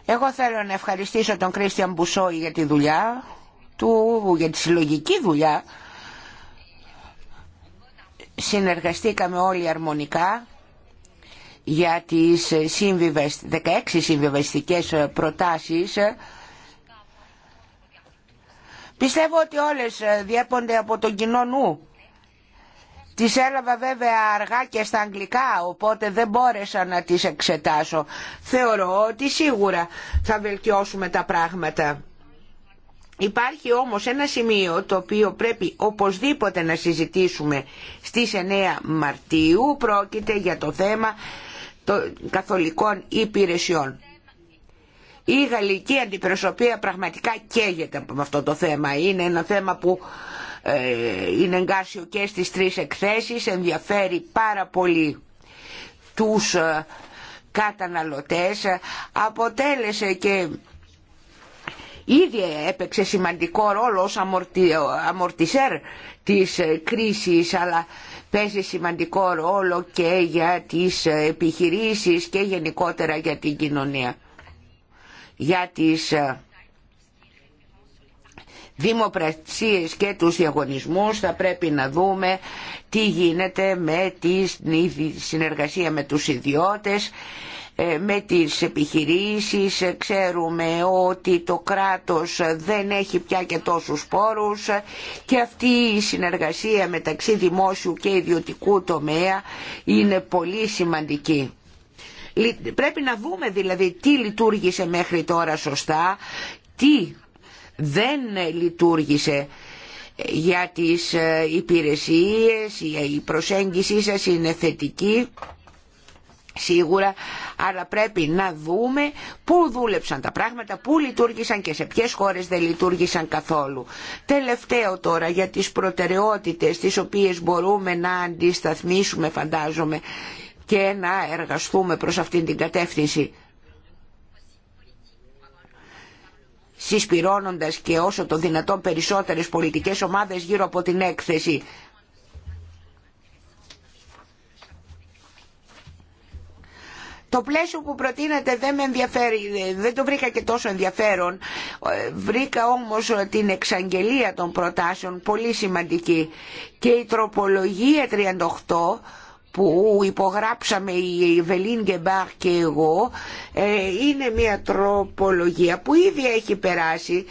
Εγώ θέλω να ευχαριστήσω τον Κρίστιαν Μπουσόη για τη δουλειά του, για τη συλλογική δουλειά συνεργαστήκαμε όλοι αρμονικά για τις 16 συμβιβαστικές προτάσεις Πιστεύω ότι όλες διέπονται από τον κοινό νου. Τις έλαβα βέβαια αργά και στα αγγλικά, οπότε δεν μπόρεσα να τις εξετάσω. Θεωρώ ότι σίγουρα θα βελτιώσουμε τα πράγματα. Υπάρχει όμως ένα σημείο το οποίο πρέπει οπωσδήποτε να συζητήσουμε στις 9 Μαρτίου. Πρόκειται για το θέμα των καθολικών υπηρεσιών. Η γαλλική αντιπροσωπεία πραγματικά καίγεται με αυτό το θέμα. Είναι ένα θέμα που ε, είναι εγκάσιο και στις τρεις εκθέσεις, ενδιαφέρει πάρα πολύ τους ε, καταναλωτές, αποτέλεσε και ήδη έπαιξε σημαντικό ρόλο ως αμορτισέρ της ε, κρίσης αλλά παίζει σημαντικό ρόλο και για τις ε, επιχειρήσεις και γενικότερα για την κοινωνία. Για τις ε, δημοπρασίες και τους διαγωνισμούς θα πρέπει να δούμε τι γίνεται με τη συνεργασία με τους ιδιώτες ε, με τις επιχειρήσεις, ε, ξέρουμε ότι το κράτος ε, δεν έχει πια και τόσους πόρους και αυτή η συνεργασία μεταξύ δημόσιου και ιδιωτικού τομέα είναι πολύ σημαντική. Πρέπει να δούμε δηλαδή τι λειτουργήσε μέχρι τώρα σωστά, τι δεν λειτουργήσε για τις υπηρεσίες, η προσέγγιση σας είναι θετική σίγουρα, αλλά πρέπει να δούμε πού δούλεψαν τα πράγματα, πού λειτουργήσαν και σε ποιες χώρες δεν λειτουργήσαν καθόλου. Τελευταίο τώρα για τις προτεραιότητες τις οποίες μπορούμε να αντισταθμίσουμε φαντάζομαι και να εργαστούμε προς αυτήν την κατεύθυνση. Συσπυρώνοντας και όσο το δυνατόν περισσότερες πολιτικές ομάδες γύρω από την έκθεση Το πλαίσιο που προτείνετε δεν με ενδιαφέρει, δεν το βρήκα και τόσο ενδιαφέρον. Βρήκα όμως την εξαγγελία των προτάσεων πολύ σημαντική και η τροπολογία 38 που υπογράψαμε η Βελίν Γκεμπάρ και εγώ ε, είναι μια τροπολογία που ήδη έχει περάσει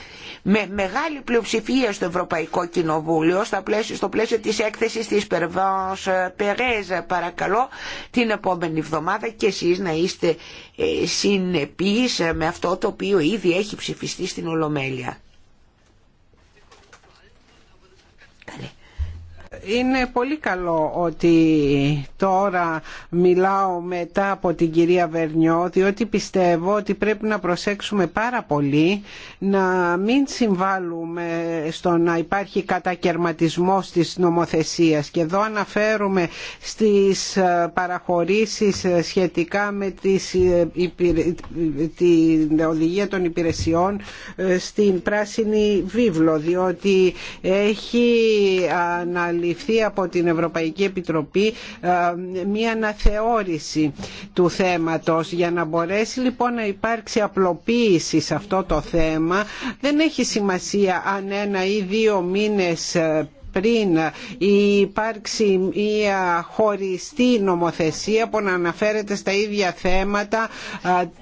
με μεγάλη πλειοψηφία στο Ευρωπαϊκό Κοινοβούλιο στα στο πλαίσιο της έκθεσης της Περβάνς ε, Περέζα. Παρακαλώ την επόμενη εβδομάδα και εσείς να είστε ε, συνεπείς με αυτό το οποίο ήδη έχει ψηφιστεί στην Ολομέλεια. είναι πολύ καλό ότι τώρα μιλάω μετά από την κυρία Βερνιό διότι πιστεύω ότι πρέπει να προσέξουμε πάρα πολύ να μην συμβάλλουμε στο να υπάρχει κατακαιρματισμός της νομοθεσίας και εδώ αναφέρουμε στις ε, παραχωρήσεις ε, σχετικά με τις, ε, την οδηγία των υπηρεσιών στην πράσινη βίβλο διότι έχει αναλυθεί από την Ευρωπαϊκή Επιτροπή ε, μια αναθεώρηση του θέματος. Για να μπορέσει λοιπόν να υπάρξει απλοποίηση σε αυτό το θέμα δεν έχει σημασία αν ένα ή δύο μήνες ε, πριν υπάρξει μια χωριστή νομοθεσία που να αναφέρεται στα ίδια θέματα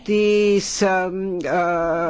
της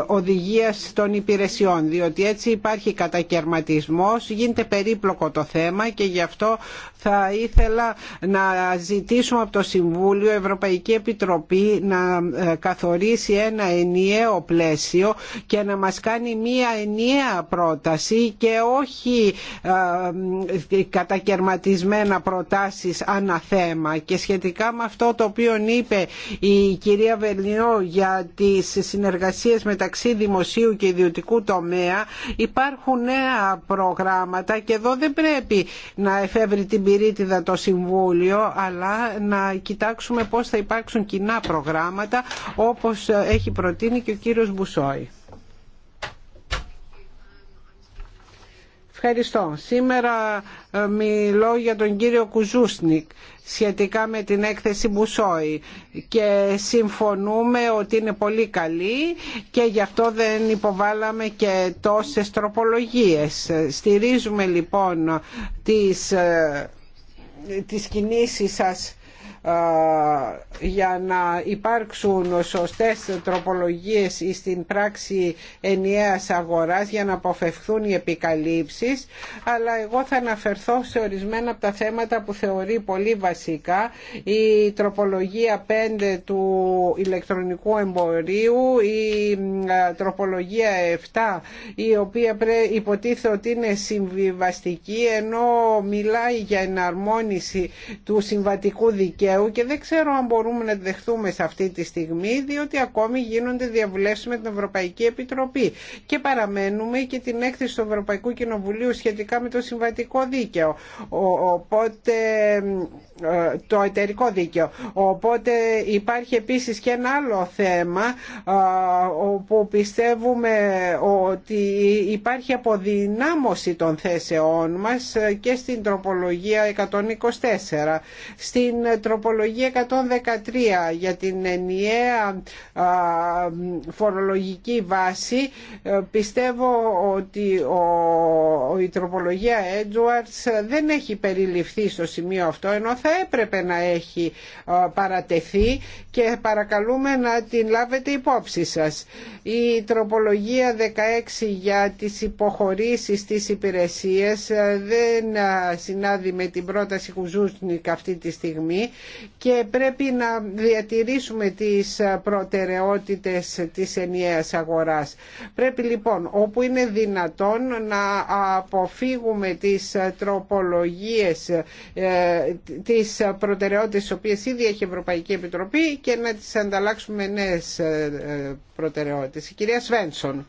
οδηγίας των υπηρεσιών διότι έτσι υπάρχει κατακαιρματισμός γίνεται περίπλοκο το θέμα και γι' αυτό θα ήθελα να ζητήσουμε από το Συμβούλιο Ευρωπαϊκή Επιτροπή να ε, καθορίσει ένα ενιαίο πλαίσιο και να μας κάνει μία ενιαία πρόταση και όχι ε, κατακαιρματισμένα προτάσεις θέμα. και σχετικά με αυτό το οποίο είπε η κυρία Βελνιό για τις συνεργασίες μεταξύ δημοσίου και ιδιωτικού τομέα υπάρχουν νέα προγράμματα και εδώ δεν πρέπει να εφεύρει την πυρίτιδα το Συμβούλιο αλλά να κοιτάξουμε πώς θα υπάρξουν κοινά προγράμματα όπως έχει προτείνει και ο κύριος Μπουσόη. Ευχαριστώ. Σήμερα ε, μιλώ για τον κύριο Κουζούσνικ σχετικά με την έκθεση Μπουσόη και συμφωνούμε ότι είναι πολύ καλή και γι' αυτό δεν υποβάλαμε και τόσες τροπολογίες. Στηρίζουμε λοιπόν τις ε, τις κινήσεις σας για να υπάρξουν σωστές τροπολογίες στην πράξη ενιαίας αγοράς για να αποφευχθούν οι επικαλύψεις αλλά εγώ θα αναφερθώ σε ορισμένα από τα θέματα που θεωρεί πολύ βασικά η τροπολογία 5 του ηλεκτρονικού εμπορίου η τροπολογία 7 η οποία υποτίθεται ότι είναι συμβιβαστική ενώ μιλάει για εναρμόνιση του συμβατικού δικαίου και δεν ξέρω αν μπορούμε να δεχθούμε σε αυτή τη στιγμή διότι ακόμη γίνονται διαβουλεύσεις με την Ευρωπαϊκή Επιτροπή και παραμένουμε και την έκθεση του Ευρωπαϊκού Κοινοβουλίου σχετικά με το συμβατικό δίκαιο. Οπότε ε, το εταιρικό δίκαιο. Οπότε υπάρχει επίσης και ένα άλλο θέμα ε, όπου πιστεύουμε ότι υπάρχει αποδυνάμωση των θέσεών μας ε, και στην τροπολογία 124. Στην τροπολογία τροπολογία 113 για την ενιαία φορολογική βάση ε, πιστεύω ότι η τροπολογία Edwards δεν έχει περιληφθεί στο σημείο αυτό ενώ θα έπρεπε να έχει παρατεθεί και παρακαλούμε να την λάβετε υπόψη σας. Η τροπολογία 16 για τις υποχωρήσεις στις υπηρεσίες ε, δεν συνάδει με την πρόταση Κουζούσνικ αυτή τη στιγμή και πρέπει να διατηρήσουμε τις προτεραιότητες της ενιαίας αγοράς. Πρέπει λοιπόν όπου είναι δυνατόν να αποφύγουμε τις τροπολογίες ε, τις προτεραιότητες τις οποίες ήδη έχει η Ευρωπαϊκή Επιτροπή και να τις ανταλλάξουμε νέες ε, προτεραιότητες. Η κυρία Σβένσον.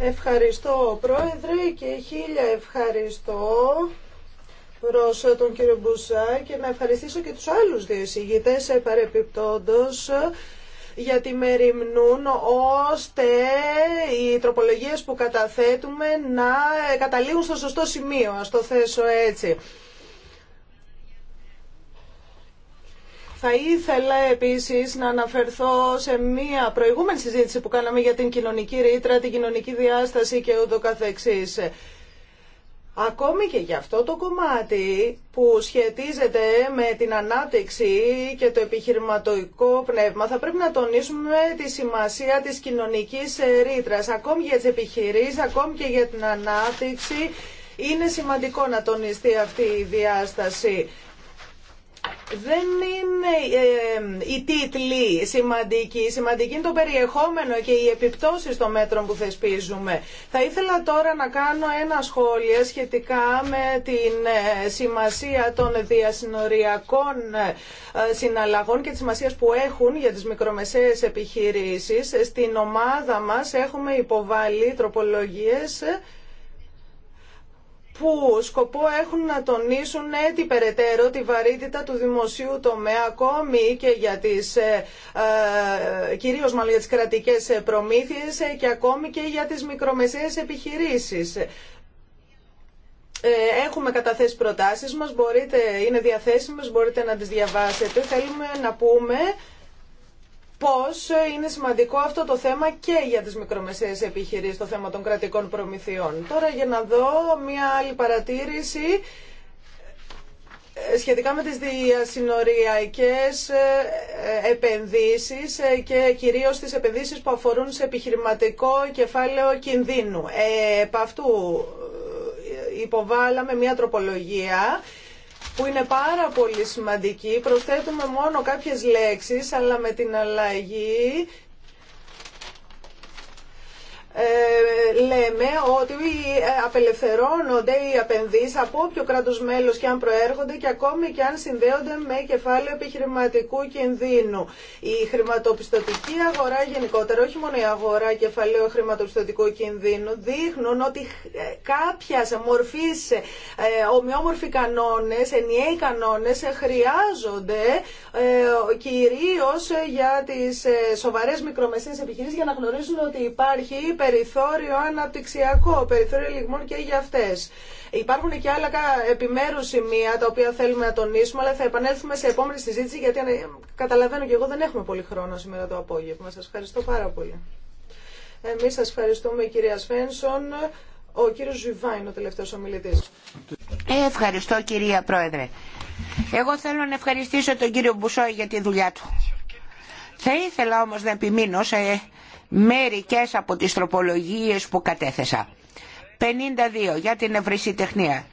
Ευχαριστώ πρόεδρε και χίλια ευχαριστώ προς τον κύριο Μπουσά και να ευχαριστήσω και τους άλλους δύο εισηγητές ε, παρεπιπτόντος γιατί με ρημνούν ώστε οι τροπολογίες που καταθέτουμε να ε, καταλήγουν στο σωστό σημείο, ας το θέσω έτσι. Θα ήθελα επίσης να αναφερθώ σε μία προηγούμενη συζήτηση που κάναμε για την κοινωνική ρήτρα, την κοινωνική διάσταση και ούτω καθεξής. Ακόμη και για αυτό το κομμάτι που σχετίζεται με την ανάπτυξη και το επιχειρηματοϊκό πνεύμα θα πρέπει να τονίσουμε τη σημασία της κοινωνικής ρήτρας. Ακόμη για τις επιχειρήσεις, ακόμη και για την ανάπτυξη είναι σημαντικό να τονιστεί αυτή η διάσταση δεν είναι ε, ε, οι τίτλοι σημαντικοί. Σημαντική είναι το περιεχόμενο και οι επιπτώσεις των μέτρων που θεσπίζουμε. Θα ήθελα τώρα να κάνω ένα σχόλιο σχετικά με την ε, σημασία των διασυνοριακών ε, συναλλαγών και τη σημασία που έχουν για τις μικρομεσαίες επιχειρήσεις. Στην ομάδα μας έχουμε υποβάλει τροπολογίες που σκοπό έχουν να τονίσουν έτσι ναι, περαιτέρω τη βαρύτητα του δημοσίου τομέα ακόμη και για τις, ε, ε, κυρίως μάλλον για κρατικές ε, και ακόμη και για τις μικρομεσαίες επιχειρήσεις. Έχουμε καταθέσει προτάσεις μας, μπορείτε, είναι διαθέσιμες, μπορείτε να τις διαβάσετε. Θέλουμε να πούμε πώς ε, είναι σημαντικό αυτό το θέμα και για τις μικρομεσαίες επιχειρήσεις, το θέμα των κρατικών προμηθειών. Τώρα για να δω μια άλλη παρατήρηση ε, σχετικά με τις διασυνοριακές ε, επενδύσεις και κυρίως τις επενδύσεις που αφορούν σε επιχειρηματικό κεφάλαιο κινδύνου. Ε, επ' αυτού υποβάλαμε μια τροπολογία που είναι πάρα πολύ σημαντική. Προσθέτουμε μόνο κάποιες λέξεις, αλλά με την αλλαγή ε, λέμε ότι ε, απελευθερώνονται οι επενδύσει από όποιο κράτος μέλος και αν προέρχονται και ακόμη και αν συνδέονται με κεφάλαιο επιχειρηματικού κινδύνου. Η χρηματοπιστωτική αγορά γενικότερα, όχι μόνο η αγορά κεφαλαίου χρηματοπιστωτικού κινδύνου, δείχνουν ότι ε, κάποια μορφή ομοιόμορφοι κανόνε, ενιαίοι κανόνες χρειάζονται κυρίω για τις σοβαρέ μικρομεσαίε επιχειρήσει για να γνωρίζουν ότι υπάρχει περιθώριο αναπτυξιακό, περιθώριο λιγμών και για αυτέ. Υπάρχουν και άλλα επιμέρους σημεία τα οποία θέλουμε να τονίσουμε, αλλά θα επανέλθουμε σε επόμενη συζήτηση, γιατί ε, καταλαβαίνω και εγώ δεν έχουμε πολύ χρόνο σήμερα το απόγευμα. Σα ευχαριστώ πάρα πολύ. Εμεί σα ευχαριστούμε κυρία Σφένσον. Ο κύριο Ζουβά είναι ο τελευταίος ομιλητής. Ε, ευχαριστώ κυρία Πρόεδρε. Εγώ θέλω να ευχαριστήσω τον κύριο Μπουσόη για τη δουλειά του. Θα ήθελα όμω να επιμείνω σε μερικές από τις τροπολογίες που κατέθεσα. 52 για την ευρυσιτεχνία.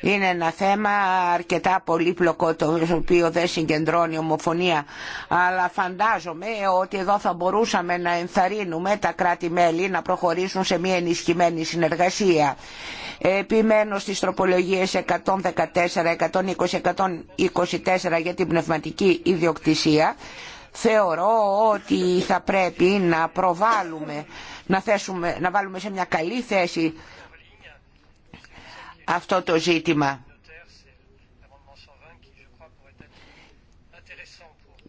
Είναι ένα θέμα αρκετά πολύπλοκο το οποίο δεν συγκεντρώνει ομοφωνία αλλά φαντάζομαι ότι εδώ θα μπορούσαμε να ενθαρρύνουμε τα κράτη-μέλη να προχωρήσουν σε μια ενισχυμένη συνεργασία. Επιμένω στις τροπολογίες 114, 120, 124 για την πνευματική ιδιοκτησία θεωρώ ότι θα πρέπει να προβάλλουμε, να, θέσουμε, να βάλουμε σε μια καλή θέση αυτό το ζήτημα.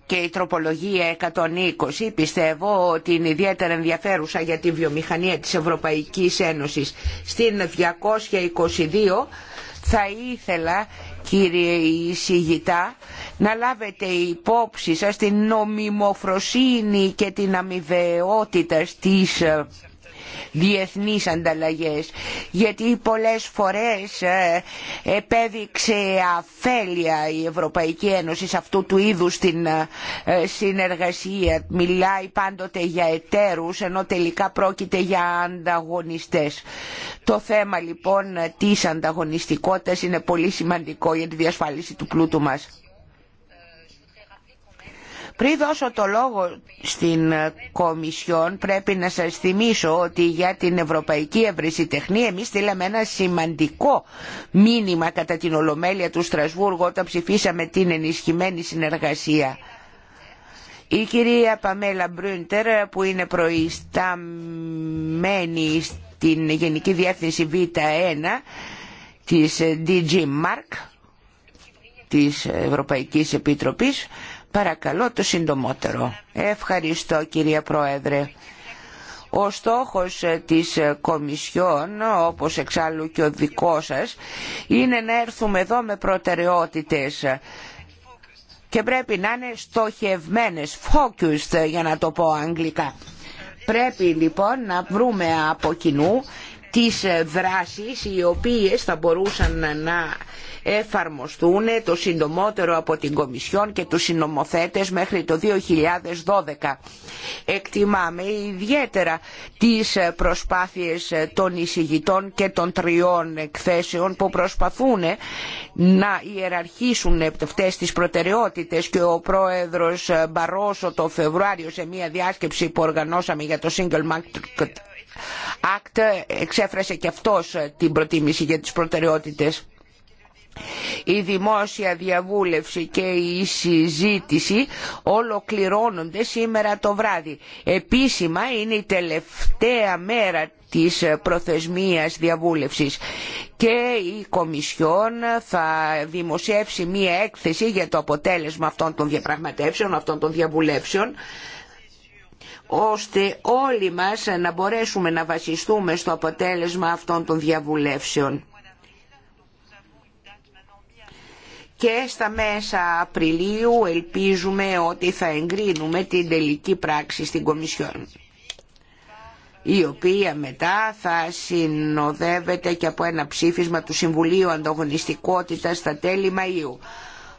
Και η τροπολογία 120 πιστεύω ότι είναι ιδιαίτερα ενδιαφέρουσα για τη βιομηχανία της Ευρωπαϊκής Ένωσης. Στην 222 θα ήθελα κύριε Ισηγητά να λάβετε υπόψη σας την νομιμοφροσύνη και την αμοιβαιότητα στις ε, διεθνείς ανταλλαγές γιατί πολλές φορές ε, επέδειξε αφέλεια η Ευρωπαϊκή Ένωση σε αυτού του είδους την ε, συνεργασία μιλάει πάντοτε για εταίρους ενώ τελικά πρόκειται για ανταγωνιστές το θέμα λοιπόν της ανταγωνιστικότητας είναι πολύ σημαντικό για τη διασφάλιση του πλούτου μας πριν δώσω το λόγο στην ε, Κομισιόν πρέπει να σας θυμίσω ότι για την Ευρωπαϊκή Ευρεσιτεχνία εμείς στείλαμε ένα σημαντικό μήνυμα κατά την Ολομέλεια του Στρασβούργου όταν ψηφίσαμε την ενισχυμένη συνεργασία. Η κυρία Παμέλα Μπρίντερ που είναι προϊσταμένη στην Γενική Διεύθυνση Β1 της ε, DG Mark της Ευρωπαϊκής Επιτροπής Παρακαλώ το συντομότερο. Ευχαριστώ κυρία Πρόεδρε. Ο στόχος της Κομισιόν, όπως εξάλλου και ο δικός σας, είναι να έρθουμε εδώ με προτεραιότητες και πρέπει να είναι στοχευμένες, focused για να το πω αγγλικά. Πρέπει λοιπόν να βρούμε από κοινού τις ε, δράσεις οι οποίες θα μπορούσαν να εφαρμοστούν το συντομότερο από την Κομισιόν και τους συνομοθέτες μέχρι το 2012. Εκτιμάμε ιδιαίτερα τις ε, προσπάθειες ε, των εισηγητών και των τριών εκθέσεων που προσπαθούν να ιεραρχήσουν αυτές τις προτεραιότητες και ο πρόεδρος Μπαρόσο το Φεβρουάριο σε μια διάσκεψη που οργανώσαμε για το Single Market Άκτ εξέφρασε και αυτός ε, την προτίμηση για τις προτεραιότητες. Η δημόσια διαβούλευση και η συζήτηση ολοκληρώνονται σήμερα το βράδυ. Επίσημα είναι η τελευταία μέρα της ε, προθεσμίας διαβούλευσης και η Κομισιόν θα δημοσιεύσει μία έκθεση για το αποτέλεσμα αυτών των διαπραγματεύσεων, αυτών των διαβουλεύσεων ώστε όλοι μας να μπορέσουμε να βασιστούμε στο αποτέλεσμα αυτών των διαβουλεύσεων. Και στα μέσα Απριλίου ελπίζουμε ότι θα εγκρίνουμε την τελική πράξη στην Κομισιόν η οποία μετά θα συνοδεύεται και από ένα ψήφισμα του Συμβουλίου Ανταγωνιστικότητας στα τέλη Μαΐου.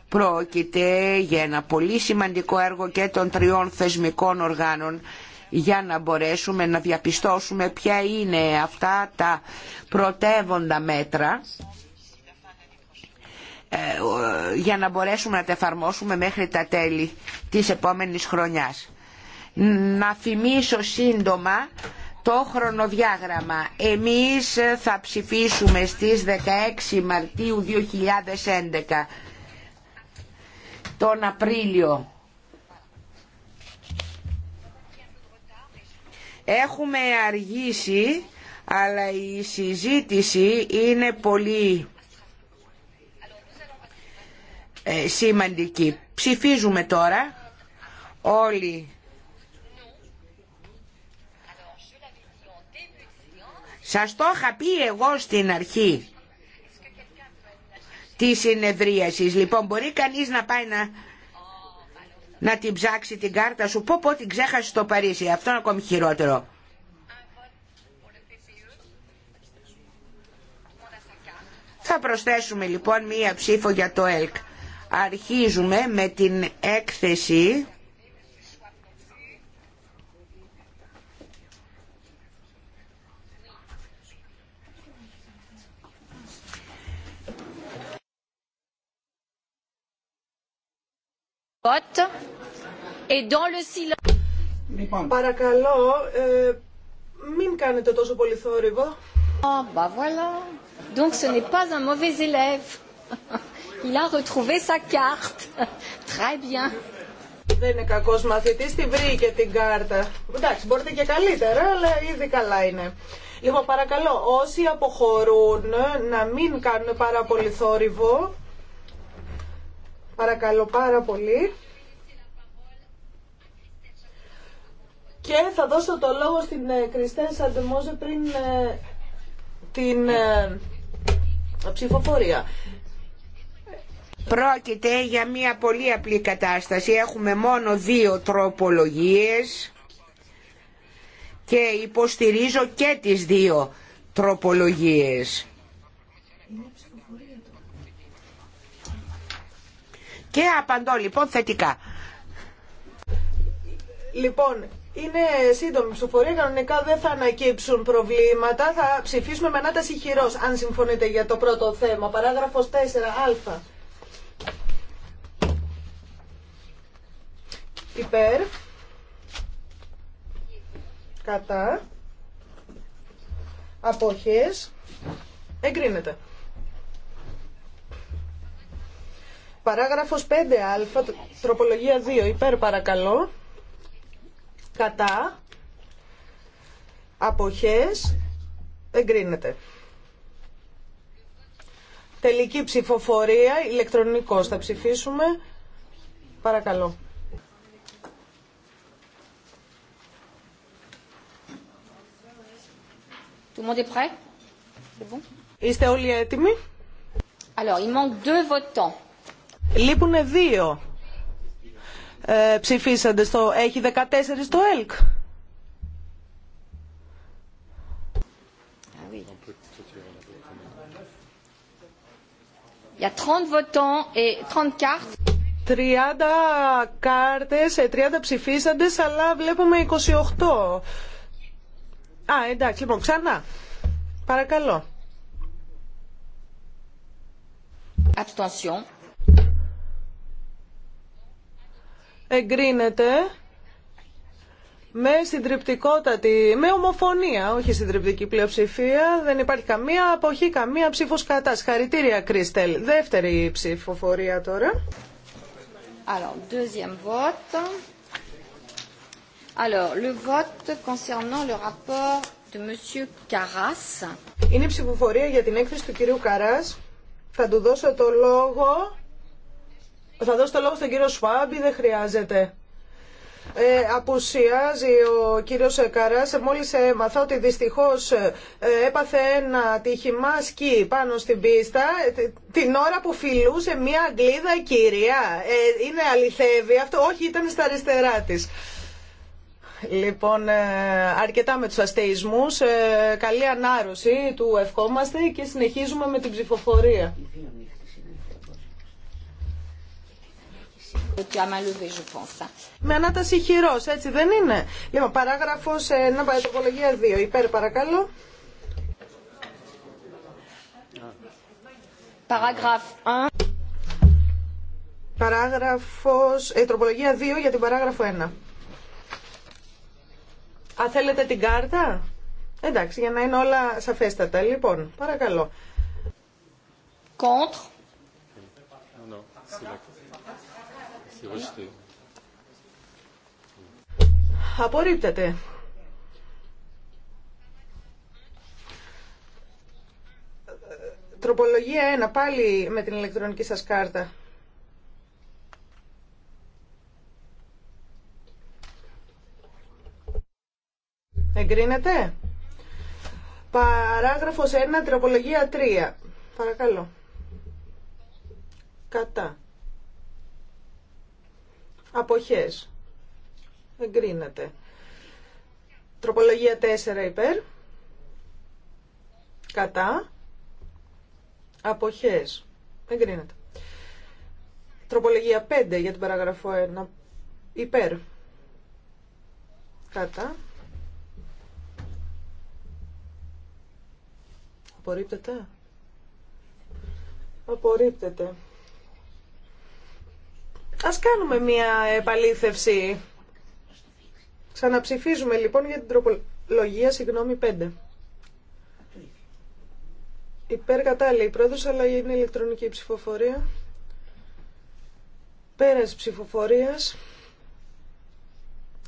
Πρόκειται για ένα πολύ σημαντικό έργο και των τριών θεσμικών οργάνων για να μπορέσουμε να διαπιστώσουμε ποια είναι αυτά τα πρωτεύοντα μέτρα ε, για να μπορέσουμε να τα εφαρμόσουμε μέχρι τα τέλη της επόμενης χρονιάς. Να θυμίσω σύντομα το χρονοδιάγραμμα. Εμείς θα ψηφίσουμε στις 16 Μαρτίου 2011 τον Απρίλιο. Έχουμε αργήσει, αλλά η συζήτηση είναι πολύ ε, σημαντική. Ψηφίζουμε τώρα όλοι. Σας το είχα πει εγώ στην αρχή τη συνεδρίασης. Λοιπόν, μπορεί κανείς να πάει να, να την ψάξει την κάρτα σου. Πω πω την ξέχασε στο Παρίσι. Αυτό είναι ακόμη χειρότερο. Θα προσθέσουμε λοιπόν μία ψήφο για το ΕΛΚ. Αρχίζουμε με την έκθεση et λοιπόν. Παρακαλώ, ε, μην κάνετε τόσο πολύ θόρυβο. Oh, bah voilà. Donc Δεν είναι κακό μαθήτη τη βρήκε την κάρτα. Εντάξει, μπορείτε και καλύτερα, αλλά ήδη καλά είναι. Λοιπόν, παρακαλώ, όσοι αποχωρούν να μην κάνουν πάρα πολύ θόρυβο. Παρακαλώ πάρα πολύ. Και θα δώσω το λόγο στην ε, Κριστέν Σαντεμόζε πριν ε, την ε, ψηφοφορία. Πρόκειται για μια πολύ απλή κατάσταση. Έχουμε μόνο δύο τροπολογίες και υποστηρίζω και τις δύο τροπολογίες. Και απαντώ λοιπόν θετικά. Λοιπόν, είναι σύντομη ψηφοφορία. Κανονικά δεν θα ανακύψουν προβλήματα. Θα ψηφίσουμε με ανάταση χειρό, αν συμφωνείτε για το πρώτο θέμα. Παράγραφο 4α. Υπέρ. Κατά. Αποχές. Εγκρίνεται. Παράγραφος 5α, τροπολογία 2, υπέρ παρακαλώ, κατά, αποχές, εγκρίνεται. Τελική ψηφοφορία, ηλεκτρονικός θα ψηφίσουμε. Παρακαλώ. Είστε όλοι έτοιμοι? Alors, il manque deux votants. Λείπουν δύο ε, ψηφίσαντε στο. Έχει 14 στο ΕΛΚ. Για ah 30 votants et 30 cartes. 30 κάρτες, 30 ε, ψηφίσαντες, αλλά βλέπουμε 28. Α, εντάξει, λοιπόν, ξανά. Παρακαλώ. Abstention. εγκρίνεται με συντριπτικότατη, με ομοφωνία, όχι συντριπτική πλειοψηφία. Δεν υπάρχει καμία αποχή, καμία ψήφος κατά. Συγχαρητήρια, Κρίστελ. Δεύτερη ψηφοφορία τώρα. Alors, deuxième vote. Alors, le vote concernant le rapport de Είναι η ψηφοφορία για την έκθεση του κυρίου Καράς. Θα του δώσω το λόγο θα δώσω το λόγο στον κύριο Σουάμπη. δεν χρειάζεται. Ε, απουσιάζει ο κύριος Καράς. Μόλις έμαθα ότι δυστυχώς ε, έπαθε ένα τύχημα σκι πάνω στην πίστα ε, την ώρα που φιλούσε μια Αγγλίδα κυρία. Ε, είναι αληθεύει αυτό. Όχι, ήταν στα αριστερά της. Λοιπόν, ε, αρκετά με τους αστεισμούς. Καλή ανάρρωση του ευχόμαστε και συνεχίζουμε με την ψηφοφορία. Με ανάταση χειρό, έτσι δεν είναι. Λοιπόν, παράγραφο 1, τροπολογία 2. Υπέρ, παρακαλώ. Παράγραφο 1. Παράγραφος, ε, τροπολογία 2 για την παράγραφο 1. Α, θέλετε την κάρτα. Εντάξει, για να είναι όλα σαφέστατα. Λοιπόν, παρακαλώ. Contre. Απορρίπτεται. Τροπολογία 1, πάλι με την ηλεκτρονική σας κάρτα. Εγκρίνεται. Παράγραφος 1, τροπολογία 3. Παρακαλώ. Κατά. Αποχές. Εγκρίνεται. Τροπολογία 4 υπέρ. Κατά. Αποχές. Εγκρίνεται. Τροπολογία 5 για την παραγραφό 1. Υπέρ. Κατά. Απορρίπτεται. Απορρίπτεται. Ας κάνουμε μια επαλήθευση. Ξαναψηφίζουμε λοιπόν για την τροπολογία, συγγνώμη, 5. Υπέρ κατάλληλη πρόεδρος, αλλά είναι ηλεκτρονική ψηφοφορία. Πέρας ψηφοφορίας.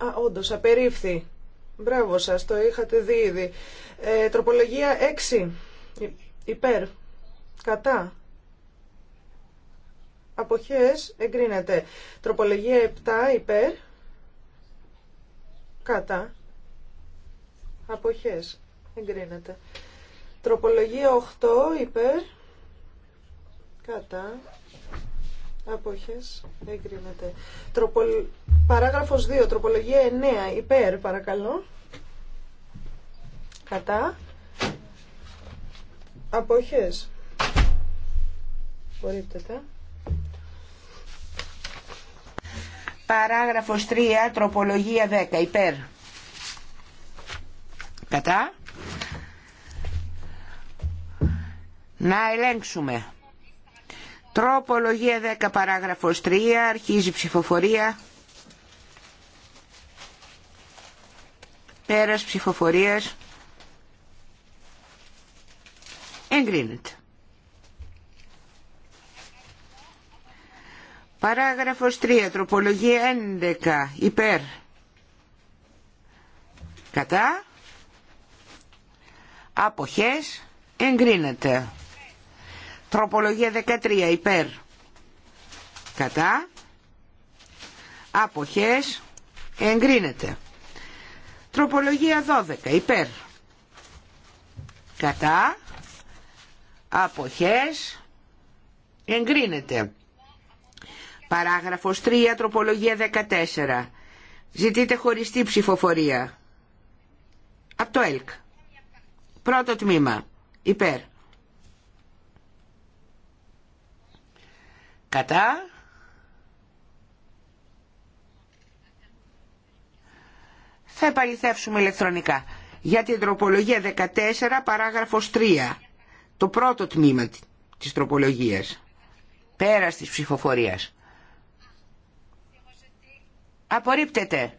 Α, όντως, απερίφθη. Μπράβο σας, το είχατε δει ήδη. Ε, τροπολογία 6. Υπέρ. Κατά αποχές εγκρίνεται. Τροπολογία 7 υπέρ κατά αποχές εγκρίνεται. Τροπολογία 8 υπέρ κατά αποχές εγκρίνεται. Τροπολ... Παράγραφος 2 τροπολογία 9 υπέρ παρακαλώ κατά αποχές. τα. Παράγραφος 3, τροπολογία 10, υπέρ. Κατά. Να ελέγξουμε. Τροπολογία 10 παράγραφος 3 αρχίζει ψηφοφορία. Πέρας ψηφοφορίας. Εγκρίνεται. Παράγραφος 3, τροπολογία 11, υπέρ. Κατά. Αποχές, εγκρίνεται. Τροπολογία 13, υπέρ. Κατά. Αποχές, εγκρίνεται. Τροπολογία 12, υπέρ. Κατά. Αποχές, εγκρίνεται. Παράγραφος 3, τροπολογία 14. Ζητείτε χωριστή ψηφοφορία. Από το ΕΛΚ. Πρώτο τμήμα. Υπέρ. Κατά. Θα επαληθεύσουμε ηλεκτρονικά. Για την τροπολογία 14, παράγραφος 3. Το πρώτο τμήμα της τροπολογίας. Πέρας της ψηφοφορίας. Απορρίπτεται.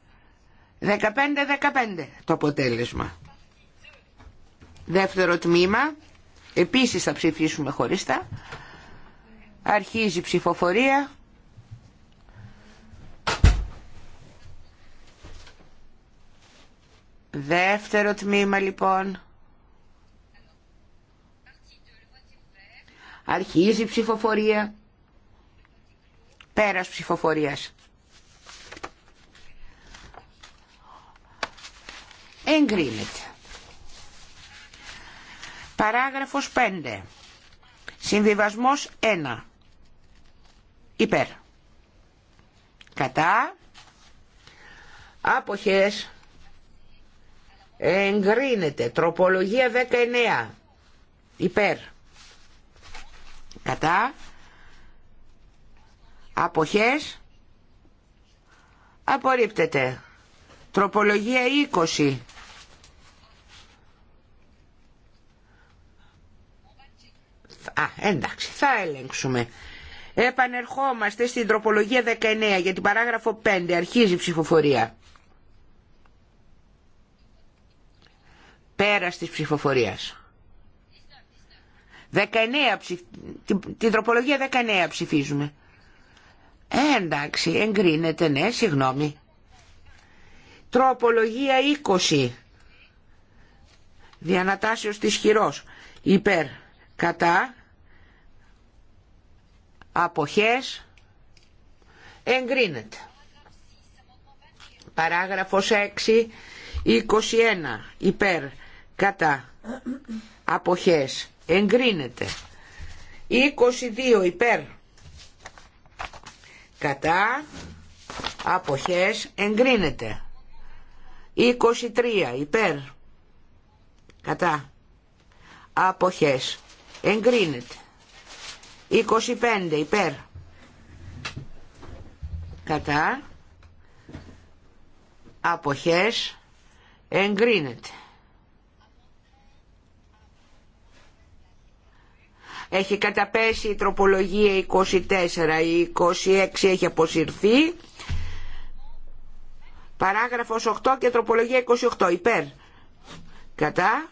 15-15 το αποτέλεσμα. Δεύτερο τμήμα. Επίσης θα ψηφίσουμε χωριστά. Αρχίζει η ψηφοφορία. Δεύτερο τμήμα λοιπόν. Αρχίζει η ψηφοφορία. Πέρας ψηφοφορίας. εγκρίνεται. Παράγραφος 5. Συμβιβασμός 1. Υπέρ. Κατά. Άποχες. Εγκρίνεται. Τροπολογία 19. Υπέρ. Κατά. Αποχές. Απορρίπτεται. Τροπολογία 20. Α, εντάξει, θα ελέγξουμε. Επανερχόμαστε στην τροπολογία 19 για την παράγραφο 5. Αρχίζει η ψηφοφορία. Πέρα της ψηφοφορίας. 19 ψηφ... την, τροπολογία 19 ψηφίζουμε. Ε, εντάξει, εγκρίνεται, ναι, συγγνώμη. Τροπολογία 20. Διανατάσεως της χειρός. Υπέρ. Κατά αποχές εγκρίνεται. Παράγραφος 6, 21 υπέρ κατά αποχές εγκρίνεται. 22 υπέρ κατά αποχές εγκρίνεται. 23 υπέρ κατά αποχές εγκρίνεται 25 υπέρ κατά αποχές εγκρίνεται. Έχει καταπέσει η τροπολογία 24, η 26 έχει αποσυρθεί. Παράγραφος 8 και τροπολογία 28 υπέρ. Κατά.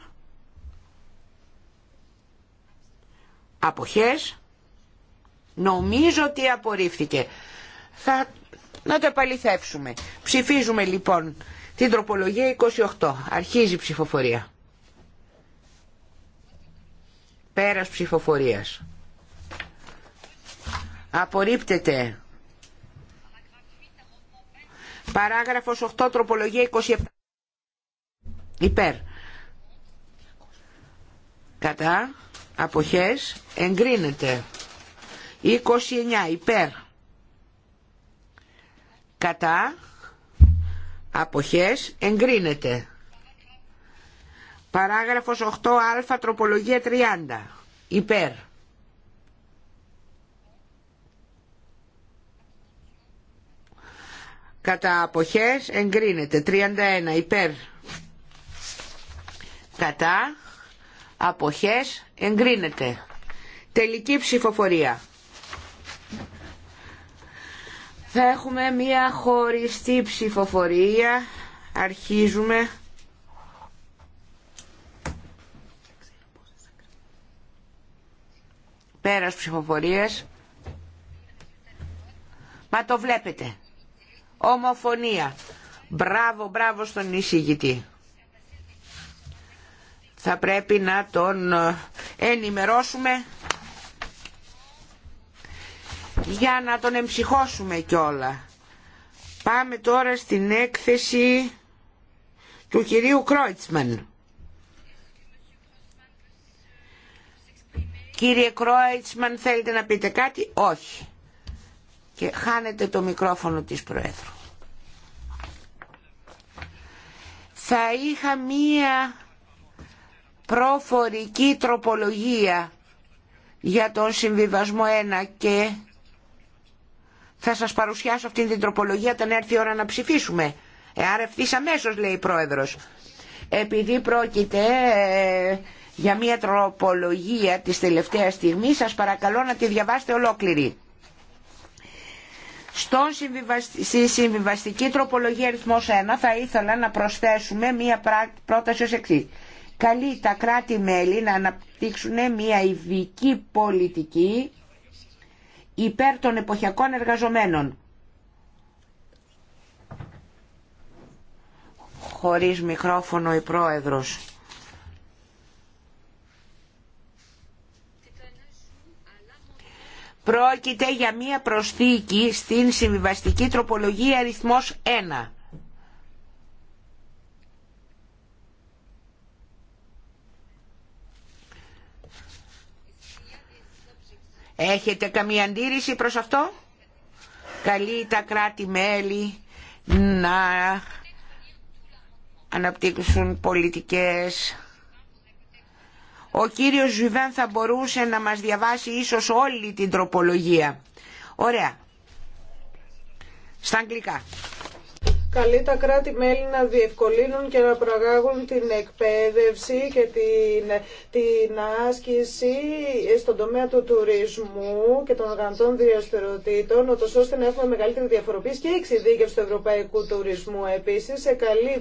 Αποχές. Νομίζω ότι απορρίφθηκε. Θα να το επαληθεύσουμε. Ψηφίζουμε λοιπόν την τροπολογία 28. Αρχίζει η ψηφοφορία. Πέρας ψηφοφορίας. Απορρίπτεται. Παράγραφος 8, τροπολογία 27. Υπέρ. Κατά. Αποχές. Εγκρίνεται. 29 υπέρ κατά αποχές εγκρίνεται παράγραφος 8α τροπολογία 30 υπέρ κατά αποχές εγκρίνεται 31 υπέρ κατά αποχές εγκρίνεται τελική ψηφοφορία Θα έχουμε μία χωριστή ψηφοφορία. Αρχίζουμε. Πέρας ψηφοφορίες. Μα το βλέπετε. Ομοφωνία. Μπράβο, μπράβο στον εισηγητή. Θα πρέπει να τον ε, ενημερώσουμε για να τον εμψυχώσουμε κιόλα. Πάμε τώρα στην έκθεση του κυρίου Κρόιτσμαν. Κύριε Κρόιτσμαν θέλετε να πείτε κάτι. Όχι. Και χάνετε το μικρόφωνο της Προέδρου. Θα είχα μία προφορική τροπολογία για τον συμβιβασμό 1 και θα σας παρουσιάσω αυτή την τροπολογία όταν έρθει η ώρα να ψηφίσουμε. Ε, άρα ευθύς αμέσως λέει η Πρόεδρος. Επειδή πρόκειται ε, για μια τροπολογία της τελευταίας στιγμής, σας παρακαλώ να τη διαβάσετε ολόκληρη. Στον Στη συμβιβαστική τροπολογία αριθμός 1 θα ήθελα να προσθέσουμε μία πρόταση ως εξής. Καλεί τα κράτη-μέλη να αναπτύξουν μία ειδική πολιτική υπέρ των εποχιακών εργαζομένων. Χωρίς μικρόφωνο η πρόεδρος. Πρόκειται για μία προσθήκη στην συμβιβαστική τροπολογία αριθμός 1. Έχετε καμία αντίρρηση προς αυτό? Καλεί τα κράτη-μέλη να αναπτύξουν πολιτικές. Ο κύριος Ζουβέν θα μπορούσε να μας διαβάσει ίσως όλη την τροπολογία. Ωραία. Στα αγγλικά καλεί τα κράτη-μέλη να διευκολύνουν και να προαγάγουν την εκπαίδευση και την, την άσκηση στον τομέα του τουρισμού και των οργανωτών διαστηριοτήτων, ώστε να έχουμε μεγαλύτερη διαφοροποίηση και εξειδίκευση του ευρωπαϊκού τουρισμού. Επίσης, σε καλή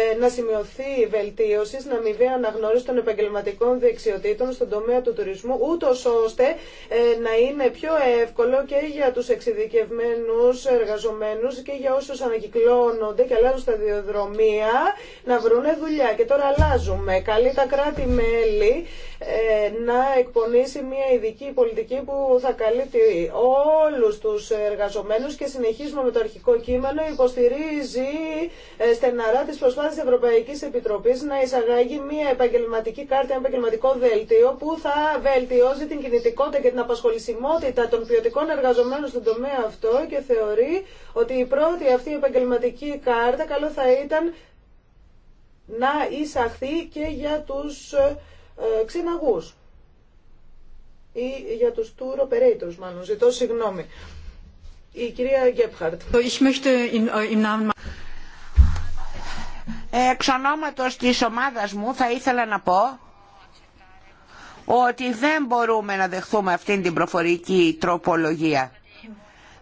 ε, να σημειωθεί η βελτίωση στην αμοιβή αναγνώριση των επαγγελματικών δεξιοτήτων στον τομέα του τουρισμού, ούτω ώστε ε, να είναι πιο εύκολο και για του εξειδικευμένου εργαζομένου και για όσου ανακυκλώνονται και αλλάζουν σταδιοδρομία να βρούνε δουλειά. Και τώρα αλλάζουμε. Καλεί τα κράτη-μέλη ε, να εκπονήσει μια ειδική πολιτική που θα καλύπτει όλου του εργαζομένου και συνεχίζουμε με το αρχικό κείμενο, υποστηρίζει στεναρά της τη Ευρωπαϊκή Επιτροπή να εισαγάγει μια επαγγελματική κάρτα, ένα επαγγελματικό δέλτιο που θα βελτιώσει την κινητικότητα και την απασχολησιμότητα των ποιοτικών εργαζομένων στον τομέα αυτό και θεωρεί ότι η πρώτη αυτή επαγγελματική κάρτα καλό θα ήταν να εισαχθεί και για τους ε, ξεναγούς ή για τους tour operators μάλλον. Ζητώ συγγνώμη. Η κυρία Γκέπχαρτ. Äh, Εξ ονόματος της ομάδας μου θα ήθελα να πω ότι δεν μπορούμε να δεχθούμε αυτήν την προφορική τροπολογία.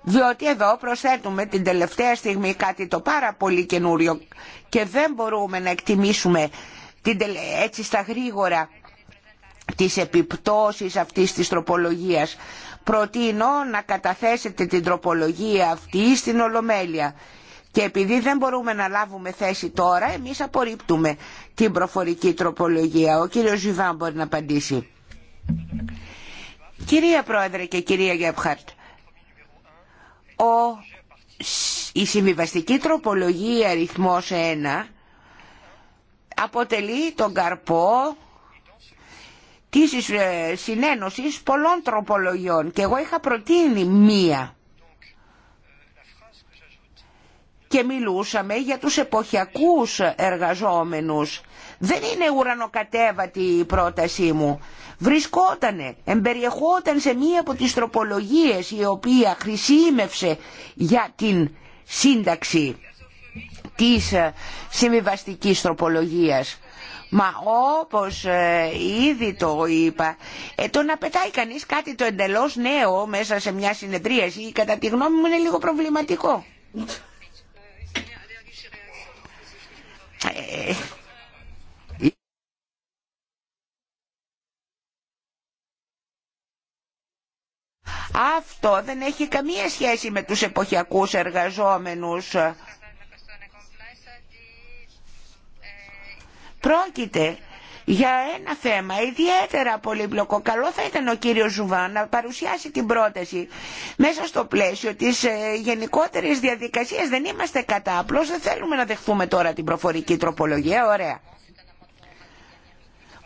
Διότι εδώ προσθέτουμε την τελευταία στιγμή κάτι το πάρα πολύ καινούριο και δεν μπορούμε να εκτιμήσουμε την, έτσι στα γρήγορα τις επιπτώσεις αυτής της τροπολογίας. Προτείνω να καταθέσετε την τροπολογία αυτή στην Ολομέλεια και επειδή δεν μπορούμε να λάβουμε θέση τώρα, εμείς απορρίπτουμε την προφορική τροπολογία. Ο κύριος Ζιβάν μπορεί να απαντήσει. Κυρία Πρόεδρε και κυρία Γεπχαρτ, ο, η συμβιβαστική τροπολογία αριθμός 1 αποτελεί τον καρπό της ε, συνένωσης πολλών τροπολογιών και εγώ είχα προτείνει μία. και μιλούσαμε για τους εποχιακούς εργαζόμενους. Δεν είναι ουρανοκατέβατη η πρότασή μου. Βρισκότανε, εμπεριεχόταν σε μία από τις τροπολογίες η οποία χρησιμεύσε για την σύνταξη της ε, συμβιβαστικής τροπολογίας. Μα όπως ε, ήδη το είπα, ε, το να πετάει κανείς κάτι το εντελώς νέο μέσα σε μια συνεδρίαση, κατά τη γνώμη μου είναι λίγο προβληματικό. Αυτό δεν έχει καμία σχέση με τους εποχιακούς εργαζόμενους. Πρόκειται για ένα θέμα ιδιαίτερα πολύπλοκο. Καλό θα ήταν ο κύριος Ζουβά να παρουσιάσει την πρόταση μέσα στο πλαίσιο της ε, γενικότερης διαδικασίας. Δεν είμαστε κατά, απλώς δεν θέλουμε να δεχθούμε τώρα την προφορική τροπολογία. Ωραία.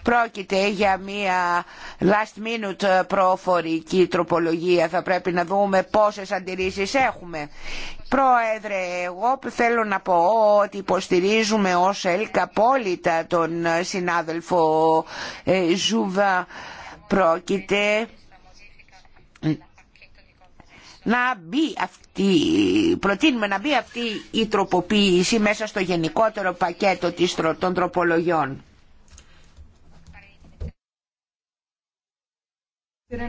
Πρόκειται για μία last minute προφορική τροπολογία. Θα πρέπει να δούμε πόσες αντιρρήσεις έχουμε. Πρόεδρε, εγώ θέλω να πω ότι υποστηρίζουμε ως έλκα απόλυτα τον συνάδελφο ε, Ζούβα. Πρόκειται να μπει αυτή, προτείνουμε να μπει αυτή η τροποποίηση μέσα στο γενικότερο πακέτο των τροπολογιών.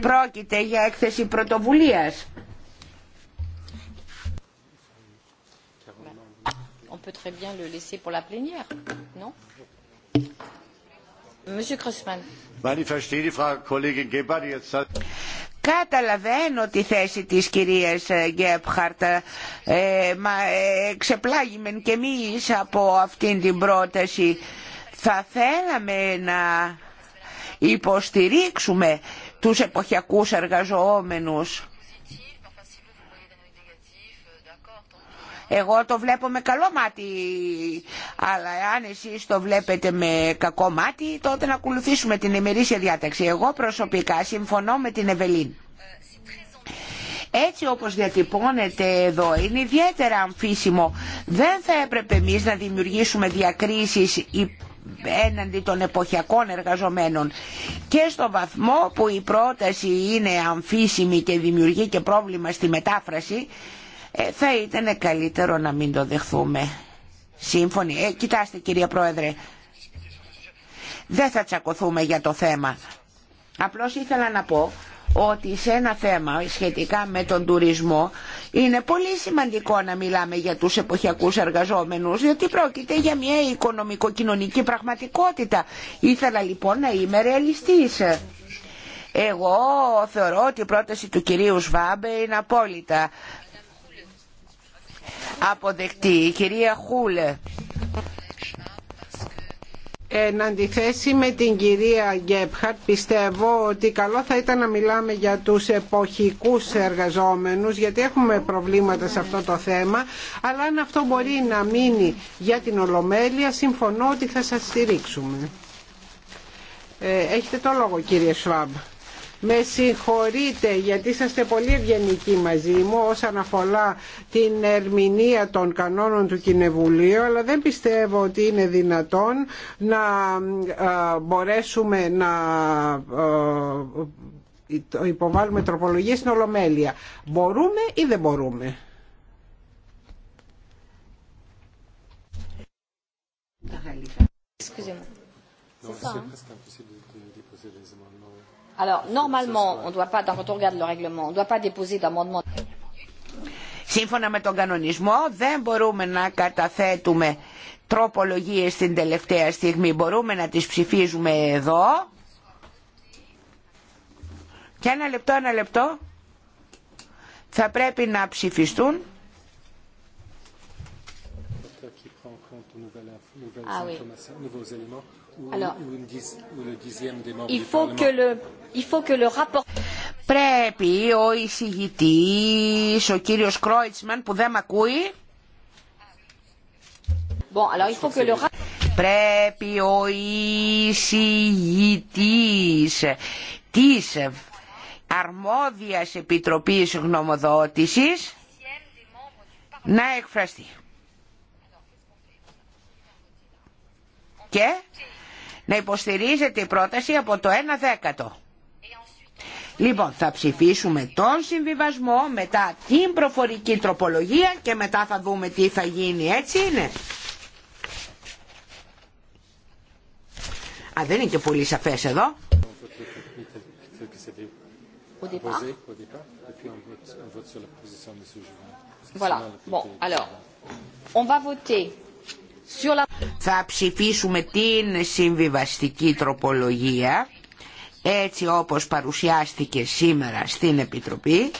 Πρόκειται για έκθεση πρωτοβουλίας. Καταλαβαίνω τη θέση της κυρίας Γκέπχαρτ, ε, ε, μα ε, εξεπλάγημεν και εμείς από αυτήν την πρόταση. Θα θέλαμε να υποστηρίξουμε τους εποχιακούς εργαζόμενους. Εγώ το βλέπω με καλό μάτι, αλλά αν εσείς το βλέπετε με κακό μάτι, τότε να ακολουθήσουμε την ημερήσια διάταξη. Εγώ προσωπικά συμφωνώ με την Ευελίν. Έτσι όπως διατυπώνεται εδώ είναι ιδιαίτερα αμφίσιμο. Δεν θα έπρεπε εμείς να δημιουργήσουμε διακρίσεις έναντι των εποχιακών εργαζομένων και στο βαθμό που η πρόταση είναι αμφίσιμη και δημιουργεί και πρόβλημα στη μετάφραση ε, θα ήταν καλύτερο να μην το δεχθούμε. Σύμφωνοι. Ε, κοιτάστε κυρία Πρόεδρε, δεν θα τσακωθούμε για το θέμα. Απλώς ήθελα να πω ότι σε ένα θέμα σχετικά με τον τουρισμό είναι πολύ σημαντικό να μιλάμε για τους εποχιακούς εργαζόμενους διότι πρόκειται για μια οικονομικοκοινωνική πραγματικότητα. Ήθελα λοιπόν να είμαι ρεαλιστής. Εγώ θεωρώ ότι η πρόταση του κυρίου Σβάμπε είναι απόλυτα αποδεκτή. Η κυρία Χούλε Εν αντιθέσει με την κυρία Γκέπχαρτ πιστεύω ότι καλό θα ήταν να μιλάμε για τους εποχικούς εργαζόμενους γιατί έχουμε προβλήματα σε αυτό το θέμα αλλά αν αυτό μπορεί να μείνει για την Ολομέλεια συμφωνώ ότι θα σας στηρίξουμε. Ε, έχετε το λόγο κύριε Σουάμπ. Με συγχωρείτε γιατί είσαστε πολύ ευγενικοί μαζί μου όσον αφορά την ερμηνεία των κανόνων του Κοινοβουλίου αλλά δεν πιστεύω ότι είναι δυνατόν να ε, μπορέσουμε να ε, υποβάλουμε τροπολογία στην Ολομέλεια. Μπορούμε ή δεν μπορούμε. Τα Alors, normalement, on doit pas, quand on regarde le règlement, on ne doit pas déposer d'amendement. Σύμφωνα με τον κανονισμό δεν μπορούμε να καταθέτουμε τροπολογίες στην τελευταία στιγμή. Μπορούμε να τις ψηφίζουμε εδώ. Και ένα λεπτό, ένα λεπτό. Θα πρέπει να ψηφιστούν. Ah, oui. Πρέπει ο εισηγητής, ο κύριος Κρόιτσμαν που δεν με ακούει, πρέπει ο εισηγητής της αρμόδιας επιτροπής γνωμοδότησης να εκφραστεί. Και να υποστηρίζεται η πρόταση από το 1 δέκατο. Λοιπόν, θα ψηφίσουμε τον συμβιβασμό, μετά την προφορική τροπολογία και μετά θα δούμε τι θα γίνει. Έτσι είναι. Α, δεν είναι και πολύ σαφές εδώ. Voilà. Bon, alors, on va voter θα ψηφίσουμε την συμβιβαστική τροπολογία έτσι όπως παρουσιάστηκε σήμερα στην Επιτροπή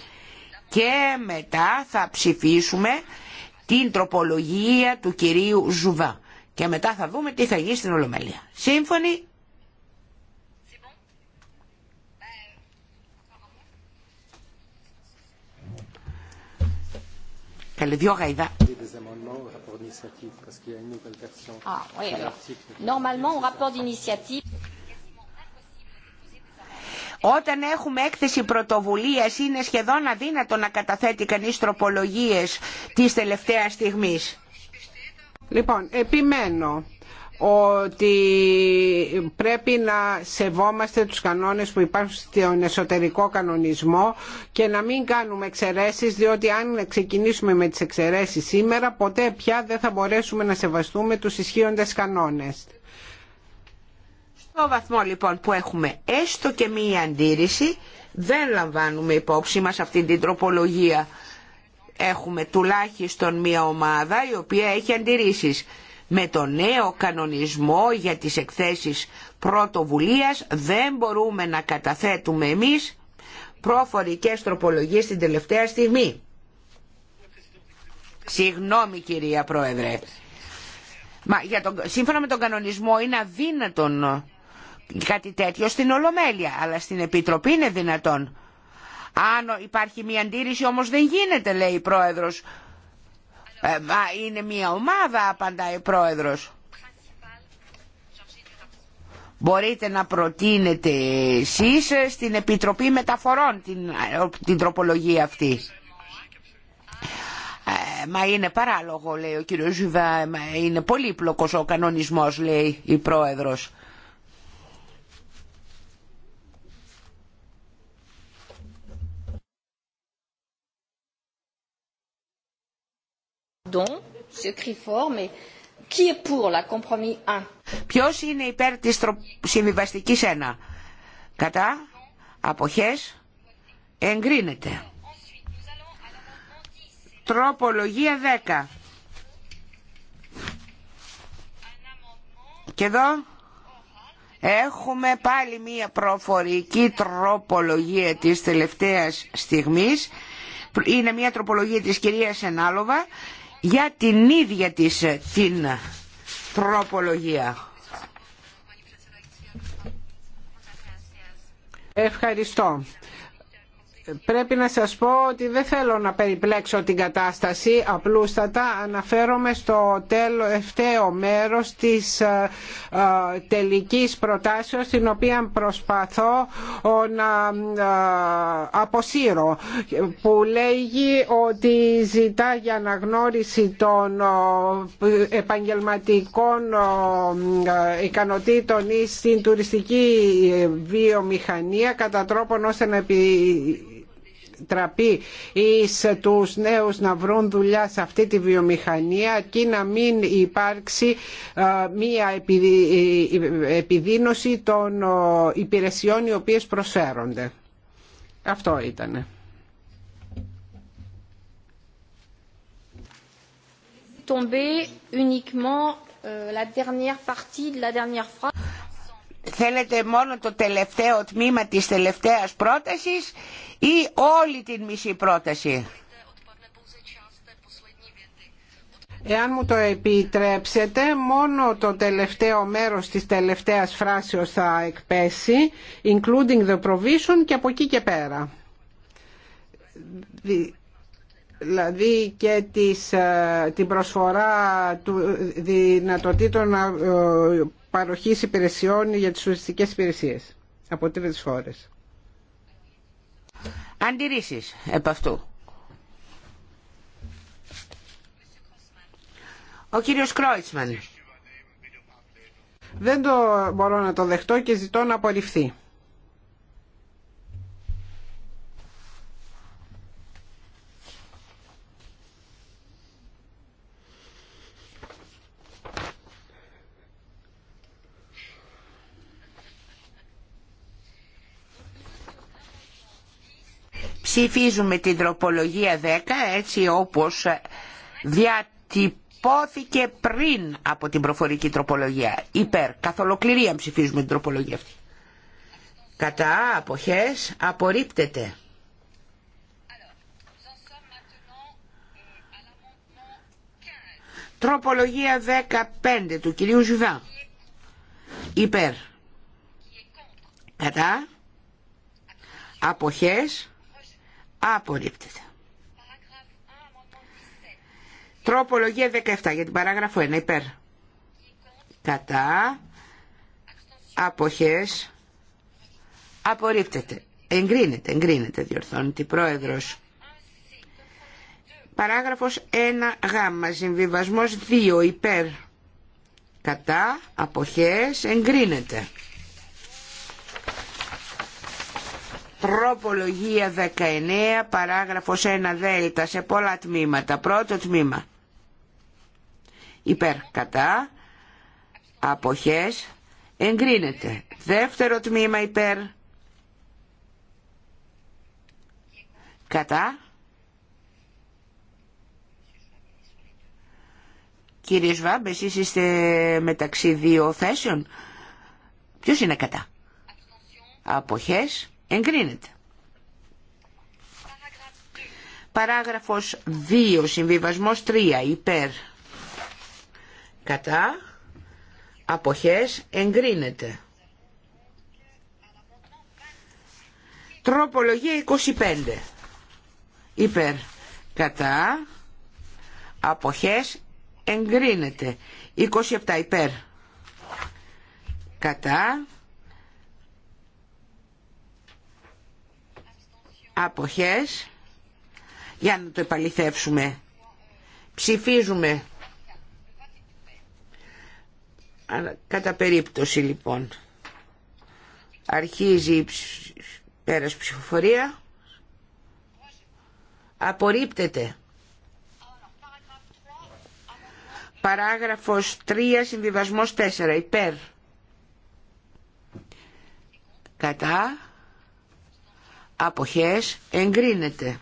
και μετά θα ψηφίσουμε την τροπολογία του κυρίου Ζουβά και μετά θα δούμε τι θα γίνει στην Ολομέλεια. Σύμφωνοι. Καλή δυο γαϊδά des amendements au rapport Όταν έχουμε έκθεση πρωτοβουλία, είναι σχεδόν αδύνατο να καταθέτει κανείς τροπολογίες της τελευταίας στιγμής. Λοιπόν, επιμένω ότι πρέπει να σεβόμαστε τους κανόνες που υπάρχουν στον εσωτερικό κανονισμό και να μην κάνουμε εξαιρέσεις διότι αν ξεκινήσουμε με τις εξαιρέσεις σήμερα ποτέ πια δεν θα μπορέσουμε να σεβαστούμε τους ισχύοντες κανόνες. Στο βαθμό λοιπόν που έχουμε έστω και μία αντίρρηση δεν λαμβάνουμε υπόψη μας αυτή την τροπολογία. Έχουμε τουλάχιστον μία ομάδα η οποία έχει αντιρρήσεις με το νέο κανονισμό για τις εκθέσεις πρωτοβουλίας δεν μπορούμε να καταθέτουμε εμείς προφορικές τροπολογίες την τελευταία στιγμή. Συγγνώμη κυρία Πρόεδρε. Μα για τον, σύμφωνα με τον κανονισμό είναι αδύνατον κάτι τέτοιο στην Ολομέλεια, αλλά στην Επιτροπή είναι δυνατόν. Αν υπάρχει μια αντίρρηση όμως δεν γίνεται λέει η Πρόεδρος ε, είναι μια ομάδα, απαντάει ο πρόεδρος. Μπορείτε να προτείνετε εσείς ε, στην Επιτροπή Μεταφορών την, ε, την τροπολογία αυτή. μα είναι παράλογο λέει ο κύριος Ζουβά, είναι πολύπλοκος ο κανονισμός λέει η πρόεδρος. Don, ce fort, mais qui est pour la compromis 1 Ποιος είναι υπέρ της τρο... συμβιβαστικής 1. Κατά, αποχές, εγκρίνεται. Τροπολογία 10. Και εδώ έχουμε πάλι μία προφορική τροπολογία της τελευταίας στιγμής. Είναι μία τροπολογία της κυρίας Ενάλοβα για την ίδια της ε, την τροπολογία. Ευχαριστώ πρέπει να σας πω ότι δεν θέλω να περιπλέξω την κατάσταση απλούστατα αναφέρομαι στο τελευταίο μέρος της ε, ε, τελικής προτάσεως την οποία προσπαθώ να ε, αποσύρω που λέγει ότι ζητά για αναγνώριση των επαγγελματικών ικανοτήτων ή στην τουριστική βιομηχανία κατά τρόπον ώστε να επιτραπεί εις τους νέους να βρουν δουλειά σε αυτή τη βιομηχανία και να μην υπάρξει μία ε, επιδίνωση των υπηρεσιών οι οποίες προσφέρονται. Αυτό ήτανε. Tomber uniquement ε, la dernière partie de la dernière phrase. Θέλετε μόνο το τελευταίο τμήμα της τελευταίας πρότασης ή όλη την μισή πρόταση. Εάν μου το επιτρέψετε, μόνο το τελευταίο μέρος της τελευταίας φράσης θα εκπέσει, including the provision και από εκεί και πέρα. Δηλαδή και της, ε, την προσφορά του δυνατοτήτων ε, Παροχή υπηρεσιών για τις τουριστικές υπηρεσίες από τρίτε χώρε. Αντιρρήσει επ' αυτού. Ο κύριος Κρόιτσμαν. Δεν το μπορώ να το δεχτώ και ζητώ να απορριφθεί. Ψηφίζουμε την τροπολογία 10 έτσι όπως διατυπώθηκε πριν από την προφορική τροπολογία. Υπέρ. Καθ' ολοκληρία ψηφίζουμε την τροπολογία αυτή. Κατά αποχές απορρίπτεται. Τροπολογία 15 του κυρίου Ζουβά. Υπέρ. Κατά. Αποχές. Απορρίπτεται. Τροπολογία 17 για την παράγραφο 1 υπέρ. Κατά. Αποχές. Απορρίπτεται. Εγκρίνεται, εγκρίνεται διορθώνει την πρόεδρος. Παράγραφος 1 γ. Συμβιβασμός 2 υπέρ. Κατά. Αποχές. Εγκρίνεται. Τροπολογία 19, παράγραφος 1 δέλτα σε πολλά τμήματα. Πρώτο τμήμα. Υπέρ, κατά, αποχές, εγκρίνεται. Δεύτερο τμήμα υπέρ, κατά. Κύριε Σβάμπ, εσείς είστε μεταξύ δύο θέσεων. Ποιος είναι κατά. Αποχές εγκρίνεται. Παράγραφος 2, συμβιβασμός 3, υπέρ, κατά, αποχές, εγκρίνεται. Τροπολογία 25, υπέρ, κατά, αποχές, εγκρίνεται. 27 υπέρ, κατά, αποχές για να το επαληθεύσουμε ψηφίζουμε κατά περίπτωση λοιπόν αρχίζει η πέρας ψηφοφορία απορρίπτεται παράγραφος 3 συμβιβασμός 4 υπέρ κατά αποχές εγκρίνεται.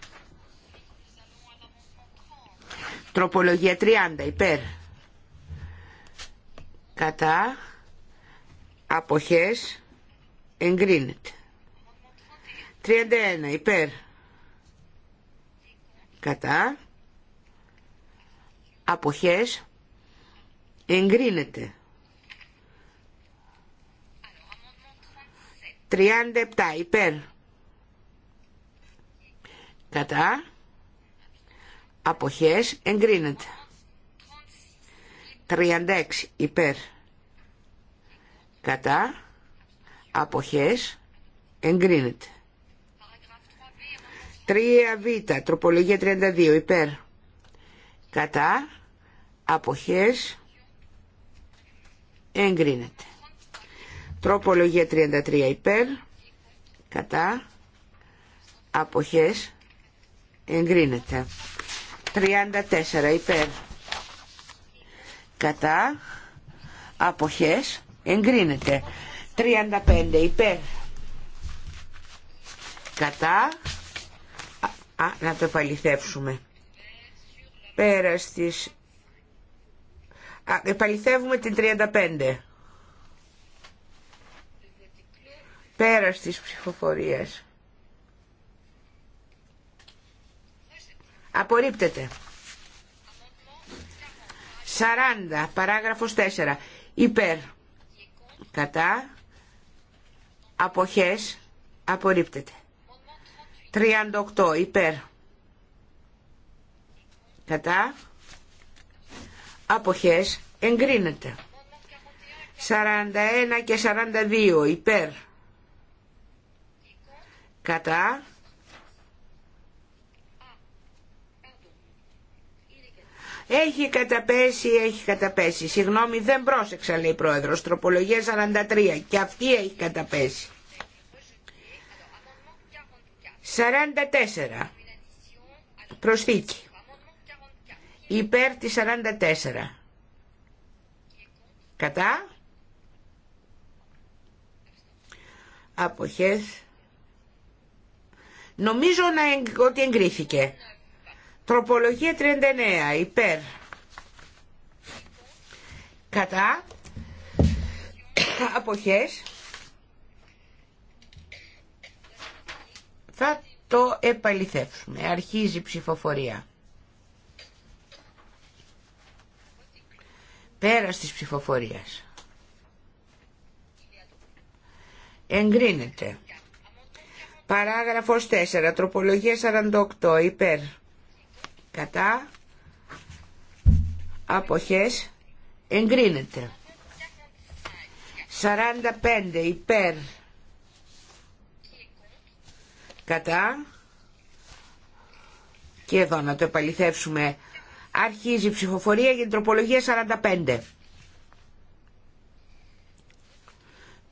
Τροπολογία 30 υπέρ. Κατά αποχές εγκρίνεται. 31 υπέρ. Κατά αποχές εγκρίνεται. 37 υπέρ κατά αποχές εγκρίνεται 36 υπέρ κατά αποχές εγκρίνεται 3β τροπολογία 32 υπέρ κατά αποχές εγκρίνεται τροπολογία 33 υπέρ κατά αποχές εγκρίνεται 34 υπέρ κατά αποχές εγκρίνεται 35 υπέρ κατά α, να το επαληθεύσουμε πέρα στις α, επαληθεύουμε την 35 πέρα της ψηφοφορίες Απορρίπτεται. 40. Παράγραφος 4. Υπέρ. Κατά. Αποχές. Απορρίπτεται. 38. Υπέρ. Κατά. Αποχές. Εγκρίνεται. 41 και 42. Υπέρ. Κατά. Έχει καταπέσει, έχει καταπέσει. Συγγνώμη, δεν πρόσεξα, λέει η Πρόεδρο. Τροπολογία 43. Και αυτή έχει καταπέσει. 44. Προσθήκη. Υπέρ τη 44. Κατά. Αποχές. Νομίζω να, ότι εγκρίθηκε. Τροπολογία 39. Υπέρ. Κατά. Αποχές. Θα το επαληθεύσουμε. Αρχίζει η ψηφοφορία. Πέρας της ψηφοφορίας. Εγκρίνεται. Παράγραφος 4. Τροπολογία 48. Υπέρ κατά αποχές εγκρίνεται 45 υπέρ κατά και εδώ να το επαληθεύσουμε αρχίζει η ψηφοφορία για την τροπολογία 45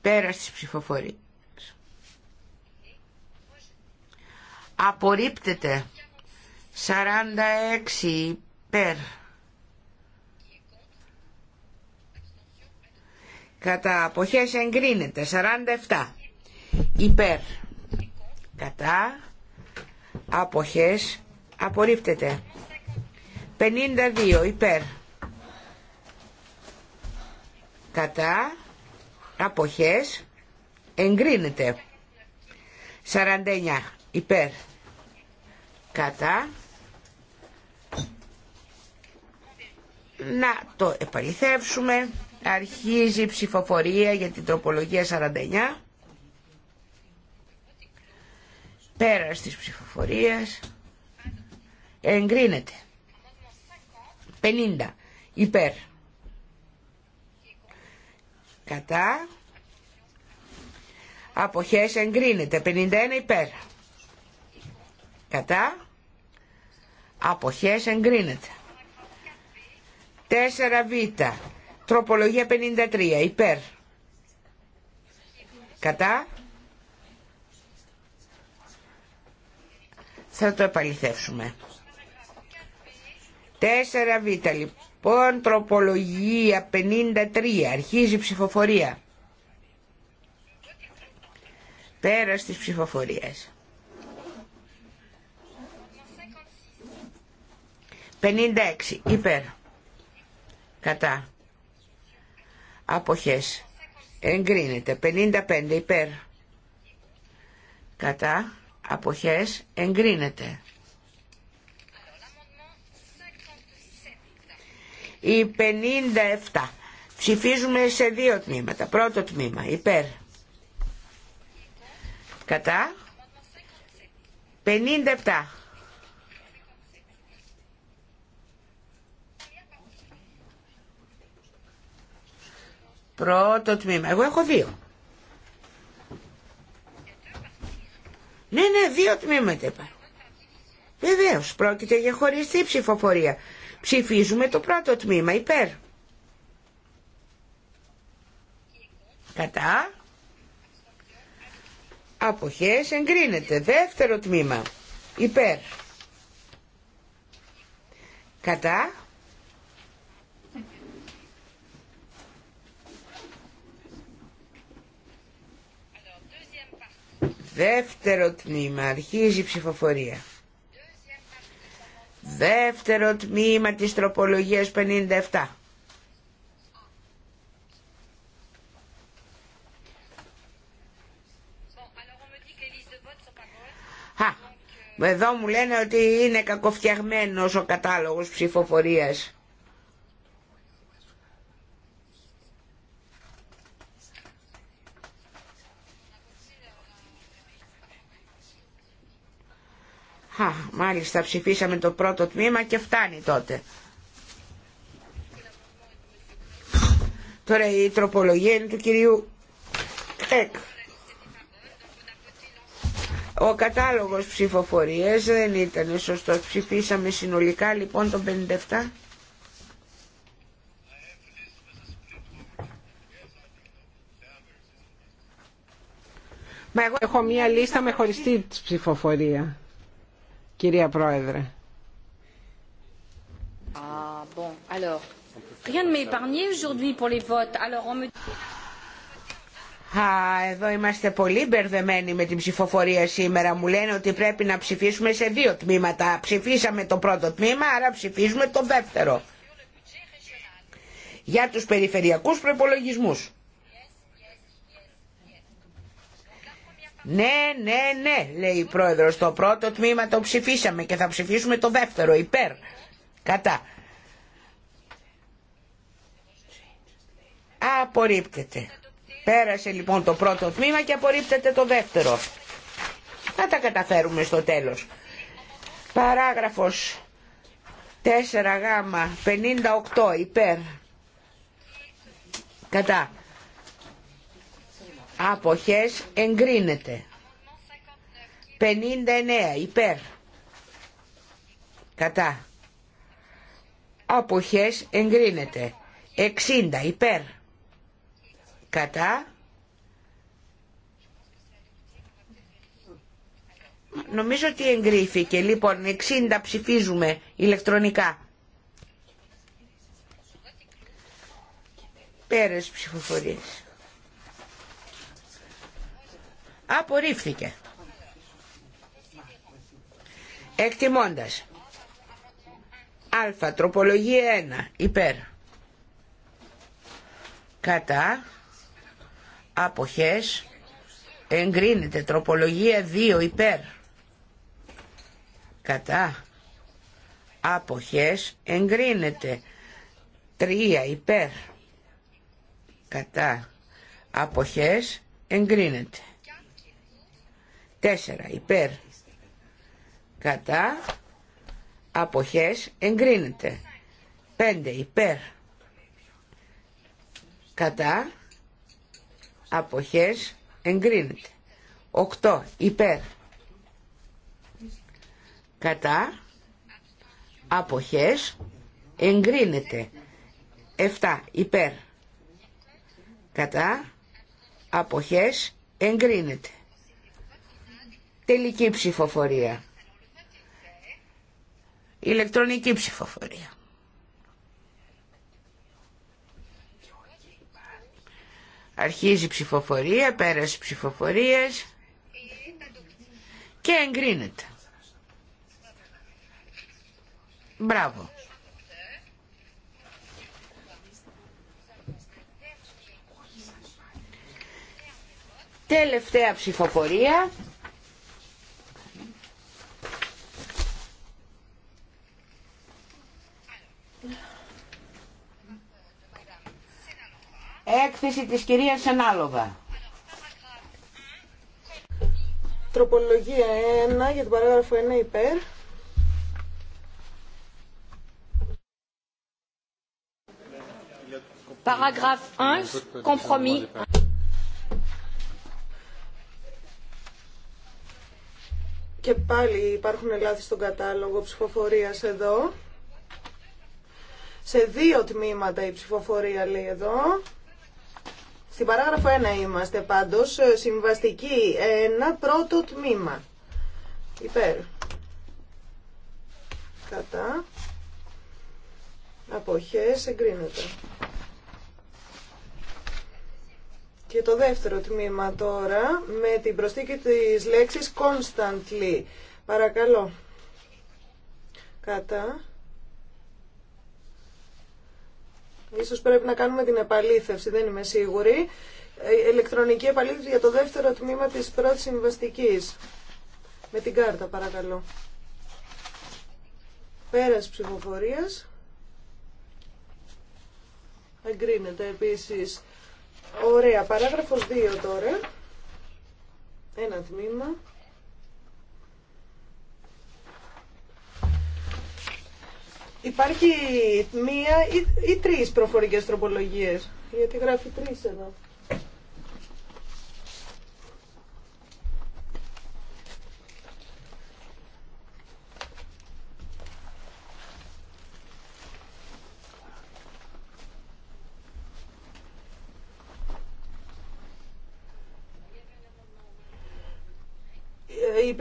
πέρας της ψηφοφορίας απορρίπτεται 46 υπέρ κατά αποχές εγκρίνεται 47 υπέρ κατά αποχές απορρίπτεται 52 υπέρ κατά αποχές εγκρίνεται 49 υπέρ κατά να το επαληθεύσουμε. Αρχίζει η ψηφοφορία για την τροπολογία 49. πέρα της ψηφοφορία. εγκρίνεται. 50 υπέρ. Κατά. Αποχές εγκρίνεται. 51 υπέρ. Κατά. Αποχές εγκρίνεται. 4β. Τροπολογία 53. Υπέρ. Κατά. Θα το επαληθεύσουμε. 4β λοιπόν, τροπολογία 53, αρχίζει ψηφοφορία. Πέρας της ψηφοφορίας. 56, υπέρ κατά αποχές εγκρίνεται 55 υπέρ κατά αποχές εγκρίνεται η 57 ψηφίζουμε σε δύο τμήματα πρώτο τμήμα υπέρ κατά 57 Πρώτο τμήμα. Εγώ έχω δύο. Ναι, ναι, δύο τμήματα υπάρχουν. Βεβαίω, πρόκειται για χωριστή ψηφοφορία. Ψηφίζουμε το πρώτο τμήμα υπέρ. Κατά. Αποχές εγκρίνεται. Δεύτερο τμήμα. Υπέρ. Κατά. Δεύτερο τμήμα. Αρχίζει η ψηφοφορία. Δεύτερο τμήμα της τροπολογίας 57. Α, εδώ μου λένε ότι είναι κακοφτιαγμένος ο κατάλογος ψηφοφορίας. μάλιστα ψηφίσαμε το πρώτο τμήμα και φτάνει τότε. Τώρα η τροπολογία είναι του κυρίου Εκ. Ο κατάλογος ψηφοφορίες δεν ήταν σωστό Ψηφίσαμε συνολικά λοιπόν τον 57. Μα εγώ έχω μία λίστα με χωριστή ψηφοφορία κυρία Πρόεδρε. εδώ είμαστε πολύ μπερδεμένοι με την ψηφοφορία σήμερα. Μου λένε ότι πρέπει να ψηφίσουμε σε δύο τμήματα. Ψηφίσαμε το πρώτο τμήμα, άρα ψηφίζουμε το δεύτερο. Για τους περιφερειακούς προϋπολογισμούς. Ναι, ναι, ναι, λέει η πρόεδρος, το πρώτο τμήμα το ψηφίσαμε και θα ψηφίσουμε το δεύτερο, υπέρ, κατά. Απορρίπτεται. Πέρασε λοιπόν το πρώτο τμήμα και απορρίπτεται το δεύτερο. Θα τα καταφέρουμε στο τέλος. Παράγραφος 4 γάμα 58 υπέρ κατά Αποχές εγκρίνεται. 59 υπέρ. Κατά. Αποχές εγκρίνεται. 60 υπέρ. Κατά. Νομίζω ότι εγκρίθηκε. Λοιπόν, 60 ψηφίζουμε ηλεκτρονικά. Πέρες ψηφοφορίες. Απορρίφθηκε. Εκτιμώντας. Α, τροπολογία 1, υπέρ. Κατά. Αποχές. Εγκρίνεται. Τροπολογία 2, υπέρ. Κατά. Αποχές. Εγκρίνεται. 3, υπέρ. Κατά. Αποχές. Εγκρίνεται. 4 υπέρ κατά αποχές εγκρίνεται 5 υπέρ κατά αποχές εγκρίνεται 8 υπέρ κατά αποχές εγκρίνεται 7 υπέρ κατά αποχές εγκρίνεται Τελική ψηφοφορία. Ηλεκτρονική ψηφοφορία. Αρχίζει η ψηφοφορία, πέρασε ψηφοφορίες και εγκρίνεται. Μπράβο. Τελευταία ψηφοφορία. Έκθεση της κυρίας Ανάλογα. Τροπολογία 1 για το παράγραφο 1 υπέρ. 1, Και πάλι υπάρχουν λάθη στον κατάλογο ψηφοφορίας εδώ. Σε δύο τμήματα η ψηφοφορία λέει εδώ. Στην παράγραφο 1 είμαστε πάντως, ε, συμβαστική, ένα πρώτο τμήμα. Υπέρ. Κατά. Αποχές εγκρίνεται. Και το δεύτερο τμήμα τώρα, με την προσθήκη της λέξης constantly. Παρακαλώ. Κατά. Ίσως πρέπει να κάνουμε την επαλήθευση, δεν είμαι σίγουρη. Ε, ηλεκτρονική επαλήθευση για το δεύτερο τμήμα της πρώτης συμβαστική. Με την κάρτα, παρακαλώ. Πέρας ψηφοφορίας. Εγκρίνεται επίσης. Ωραία. Παράγραφος 2 τώρα. Ένα τμήμα. Υπάρχει μία ή, ή τρεις προφορικές τροπολογίες, γιατί γράφει τρεις εδώ.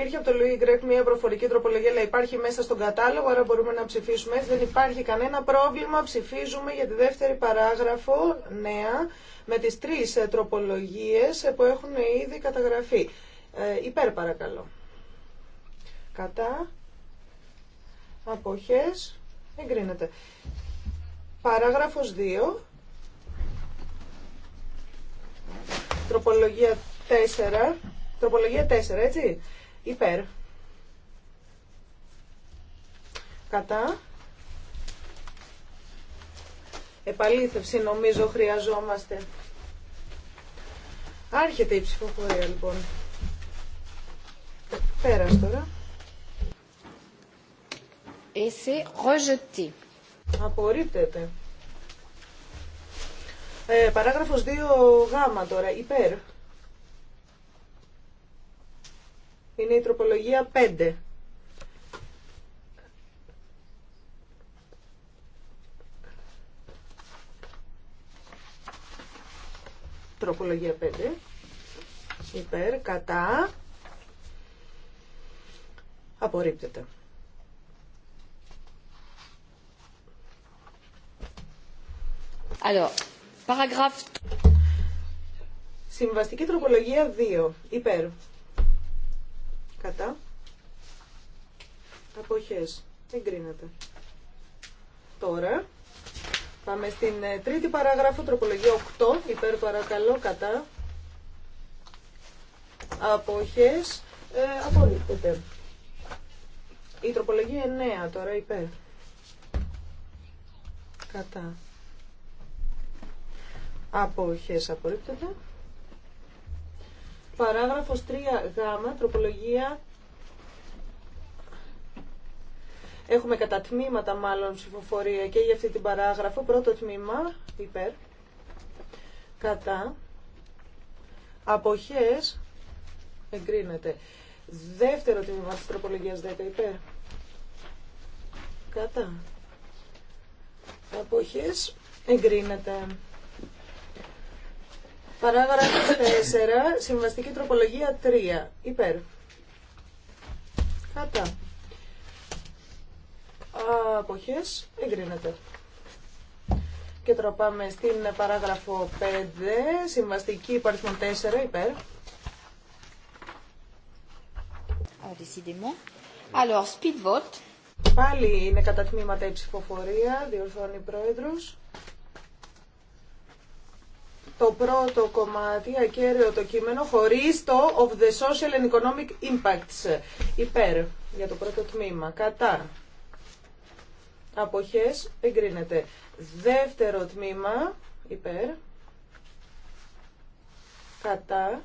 υπήρχε από το Λουί Γκρέκ μια προφορική τροπολογία, αλλά υπάρχει μέσα στον κατάλογο, άρα μπορούμε να ψηφίσουμε. Δεν υπάρχει κανένα πρόβλημα. Ψηφίζουμε για τη δεύτερη παράγραφο, νέα, με τις τρεις ε, τροπολογίες ε, που έχουν ήδη καταγραφεί. Ε, υπέρ παρακαλώ. Κατά. Αποχές. Εγκρίνεται. Παράγραφος 2. Τροπολογία 4. Τροπολογία 4, έτσι υπέρ κατά επαλήθευση νομίζω χρειαζόμαστε άρχεται η ψηφοφορία λοιπόν πέρας τώρα Et rejeté. Απορρίπτεται. Ε, παράγραφος 2 γάμα τώρα, υπέρ. Είναι η τροπολογία 5. Τροπολογία 5. Υπέρ, κατά. Απορρίπτεται. Alors, Συμβαστική τροπολογία 2. Υπέρ κατά αποχές εγκρίνεται τώρα πάμε στην ε, τρίτη παράγραφο τροπολογία 8 υπέρ παρακαλώ κατά αποχές ε, απορρίπτεται η τροπολογία 9 τώρα υπέρ κατά αποχές απορρίπτεται Παράγραφος 3 γ, τροπολογία. Έχουμε κατά τμήματα μάλλον ψηφοφορία και για αυτή την παράγραφο. Πρώτο τμήμα, υπέρ, κατά, αποχές, εγκρίνεται. Δεύτερο τμήμα της τροπολογίας 10, υπέρ, κατά, αποχές, εγκρίνεται. Παράγραφο 4, συμβαστική τροπολογία 3. Υπέρ. Κατά. Αποχέ. εγκρίνεται. Και τώρα πάμε στην παράγραφο 5, συμβαστική υπαριθμό 4, υπέρ. Ah, Alors, speed vote. Πάλι είναι κατά τμήματα η ψηφοφορία, διορθώνει η πρόεδρος το πρώτο κομμάτι, ακέραιο το κείμενο, χωρίς το of the social and economic impacts. Υπέρ, για το πρώτο τμήμα. Κατά. Αποχές, εγκρίνεται. Δεύτερο τμήμα, υπέρ. Κατά.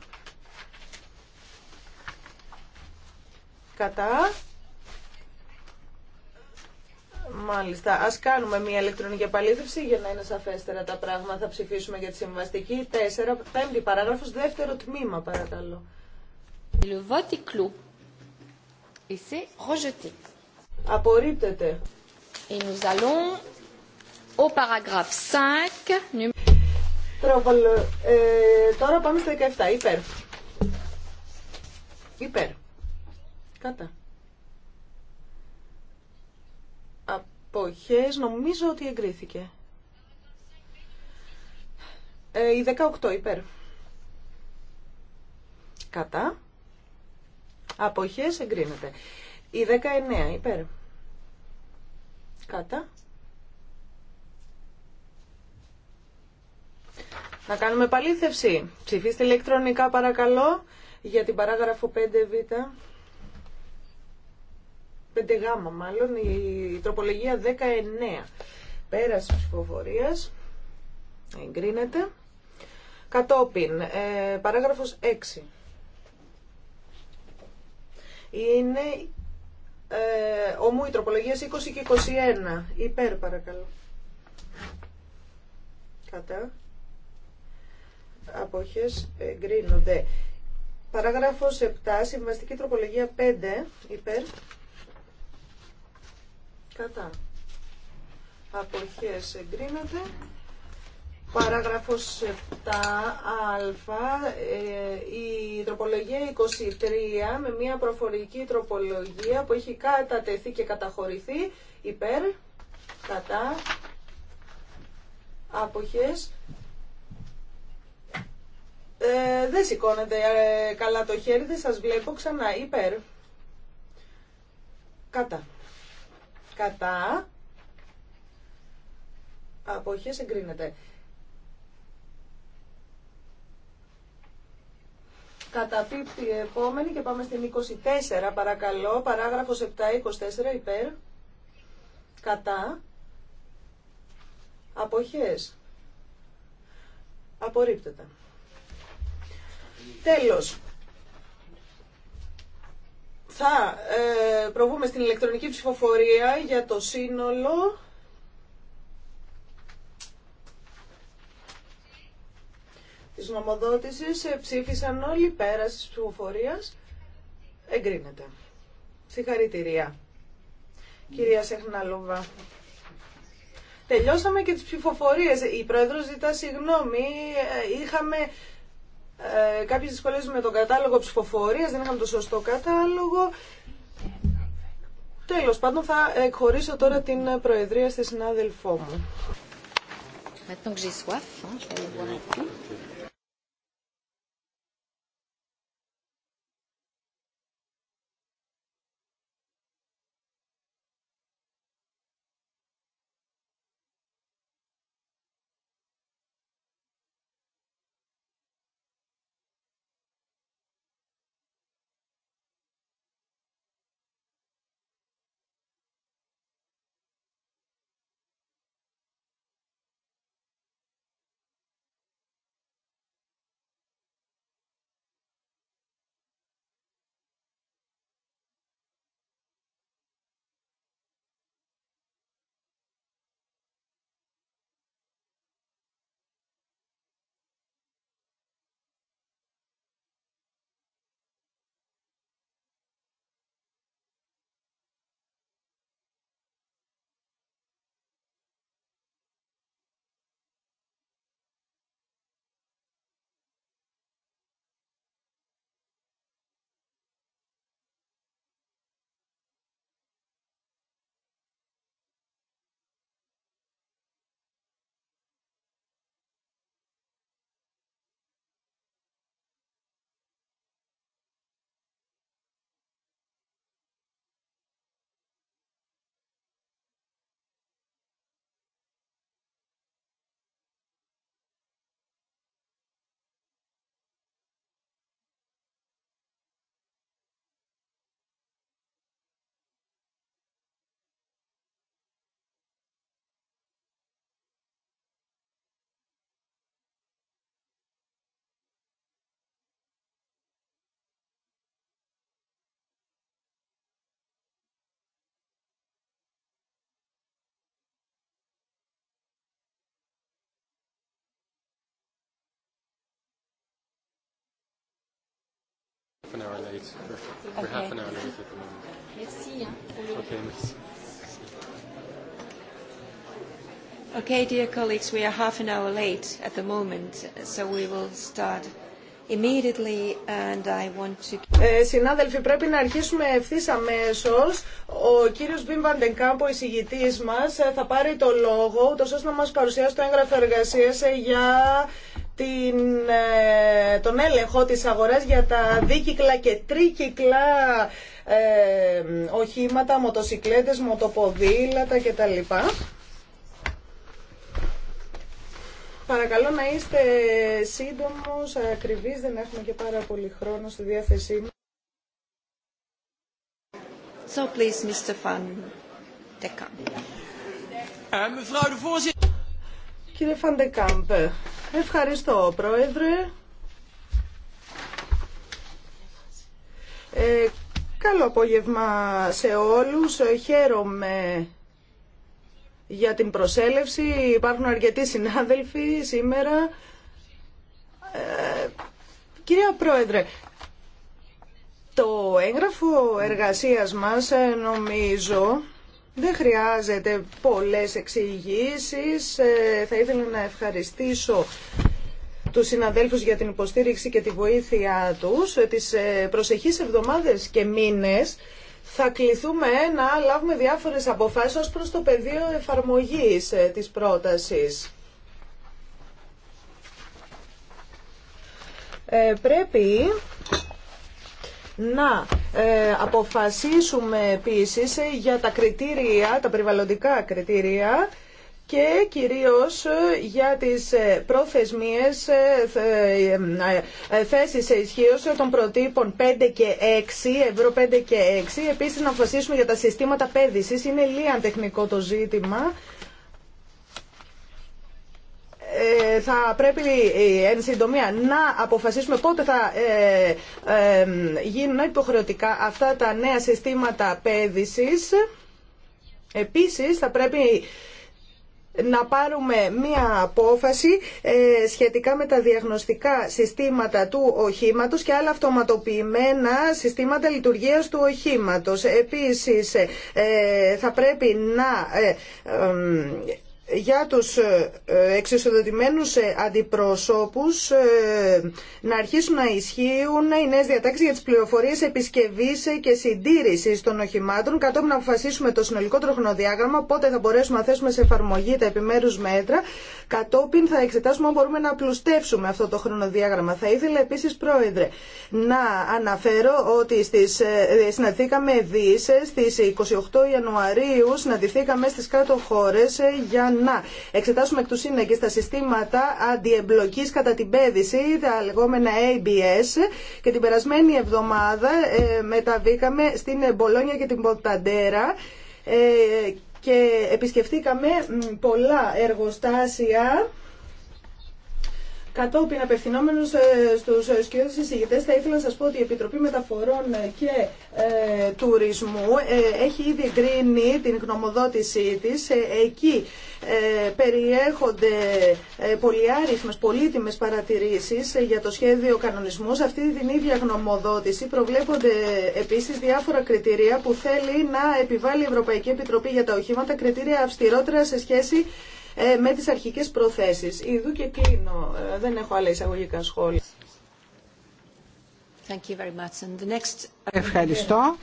Κατά. Μάλιστα. Α κάνουμε μια ηλεκτρονική επαλήθευση για να είναι σαφέστερα τα πράγματα. Θα ψηφίσουμε για τη συμβαστική. τέσσερα, πέμπτη παράγραφος, δεύτερο τμήμα παρακαλώ. Le vote est clos. Et c'est rejeté. Απορρίπτεται. Et nous ε, τώρα πάμε στο 17. Υπέρ. Υπέρ. Κατά. αποχές νομίζω ότι εγκρίθηκε. Ε, η 18 υπέρ. Κατά. Αποχές εγκρίνεται. Η 19 υπέρ. Κατά. Να κάνουμε παλήθευση. Ψηφίστε ηλεκτρονικά παρακαλώ για την παράγραφο 5β. 5Γ μάλλον, η τροπολογία 19. Πέραση τη ψηφοφορίας, εγκρίνεται. Κατόπιν, ε, παράγραφος 6. Είναι ε, ομού η τροπολογία 20 και 21. Υπέρ παρακαλώ. Κατά. Αποχές εγκρίνονται. Παράγραφος 7, συμβαστική τροπολογία 5, υπέρ κατά. Αποχές εγκρίνεται. Παράγραφος 7α, ε, η τροπολογία 23 με μια προφορική τροπολογία που έχει κατατεθεί και καταχωρηθεί υπέρ, κατά, άποχες. Ε, δεν σηκώνετε καλά το χέρι, δεν σας βλέπω ξανά υπέρ, κατά κατά αποχές εγκρίνεται. Καταπίπτει η επόμενη και πάμε στην 24 παρακαλώ, παράγραφος 7, 24 υπέρ, κατά, αποχές, απορρίπτεται. Τέλος. Θα ε, προβούμε στην ηλεκτρονική ψηφοφορία για το σύνολο. της νομοδότησης ε, ψήφισαν όλοι πέρα τη ψηφοφορίας. Εγκρίνεται. Συγχαρητηρία. Κυρία Σεχνάλοβα. Τελειώσαμε και τις ψηφοφορίες. Η πρόεδρο ζητά συγγνώμη. Ε, είχαμε ε, κάποιες δυσκολίες με τον κατάλογο ψηφοφορίας, δεν είχαμε το σωστό κατάλογο. Τέλος πάντων θα εκχωρήσω τώρα την Προεδρία στη συνάδελφό μου. half an hour late. We're, half an hour late at the moment. Merci. Okay, merci. Okay, dear colleagues, we are half an hour late at the moment, so we will start immediately and I want to... Ε, συνάδελφοι, πρέπει να αρχίσουμε ευθύς αμέσως. Ο κύριος Βιμ Βαντεγκάμπο, εισηγητής μας, θα πάρει το λόγο, ούτως ώστε να μας παρουσιάσει το έγγραφο εργασίας για τον έλεγχο της αγοράς για τα δίκυκλα και τρίκυκλα ε, οχήματα, μοτοσικλέτες, μοτοποδήλατα κτλ. Παρακαλώ να είστε σύντομος, ακριβείς, δεν έχουμε και πάρα πολύ χρόνο στη διάθεσή μας. So please, Mr. Van Dekker. Uh, mevrouw de voorzitter. Κύριε Φαντεκάμπ, ευχαριστώ Πρόεδρε. Ε, καλό απόγευμα σε όλους. Χαίρομαι για την προσέλευση. Υπάρχουν αρκετοί συνάδελφοι σήμερα. Ε, κυρία Πρόεδρε, το έγγραφο εργασίας μας ε, νομίζω δεν χρειάζεται πολλές εξηγήσει. Ε, θα ήθελα να ευχαριστήσω τους συναδέλφους για την υποστήριξη και τη βοήθεια τους. Ε, τις ε, προσεχείς εβδομάδες και μήνες θα κληθούμε να λάβουμε διάφορες αποφάσεις προς το πεδίο εφαρμογής της πρότασης. πρέπει να ε, αποφασίσουμε επίσης ε, για τα κριτήρια, τα περιβαλλοντικά κριτήρια και κυρίως ε, για τις προθεσμίες θέσεις ισχύω των προτύπων 5 και 6, ευρώ 5 και 6. Επίσης να αποφασίσουμε για τα συστήματα πέδησης. Είναι λίγαν τεχνικό το ζήτημα. Ε, θα πρέπει εν συντομία να αποφασίσουμε πότε θα ε, ε, γίνουν υποχρεωτικά αυτά τα νέα συστήματα παίδησης. Επίσης θα πρέπει να πάρουμε μία απόφαση σχετικά με τα διαγνωστικά συστήματα του οχήματος και άλλα αυτοματοποιημένα συστήματα λειτουργίας του οχήματος. Επίσης, θα πρέπει να για τους ε, ε, εξισοδοτημένους ε, αντιπροσώπους να αρχίσουν να ισχύουν οι νέες διατάξεις για τις πληροφορίες επισκευής και συντήρησης των οχημάτων κατόπιν να αποφασίσουμε το συνολικό τροχνοδιάγραμμα πότε θα μπορέσουμε να θέσουμε σε εφαρμογή τα επιμέρους μέτρα κατόπιν θα εξετάσουμε αν μπορούμε να απλουστεύσουμε αυτό το χρονοδιάγραμμα. Θα ήθελα επίσης Πρόεδρε να αναφέρω ότι στις, συναντηθήκαμε στις 28 Ιανουαρίου συναντηθήκαμε στις κάτω χώρες για να εξετάσουμε εκ του σύνεγγυ τα συστήματα αντιεμπλοκή κατά την πέδηση, τα λεγόμενα ABS, και την περασμένη εβδομάδα ε, μεταβήκαμε στην Μπολόνια και την Ε, και επισκεφτήκαμε πολλά εργοστάσια Κατόπιν, απευθυνόμενο ε, στου ε, σκιώδει εισηγητέ, θα ήθελα να σα πω ότι η Επιτροπή Μεταφορών ε, και Τουρισμού έχει ήδη εγκρίνει την γνωμοδότησή τη. εκεί περιέχονται ε, πολυάριθμε, πολύτιμε παρατηρήσει για το σχέδιο κανονισμού. Σε αυτή την ίδια γνωμοδότηση προβλέπονται επίση διάφορα κριτήρια που θέλει να επιβάλλει η Ευρωπαϊκή Επιτροπή για τα οχήματα, κριτήρια αυστηρότερα σε σχέση ε, με τις αρχικές προθέσεις. Ιδού και κλείνω. Ε, δεν έχω άλλα εισαγωγικά σχόλια. Thank you very much. And the next... Ευχαριστώ.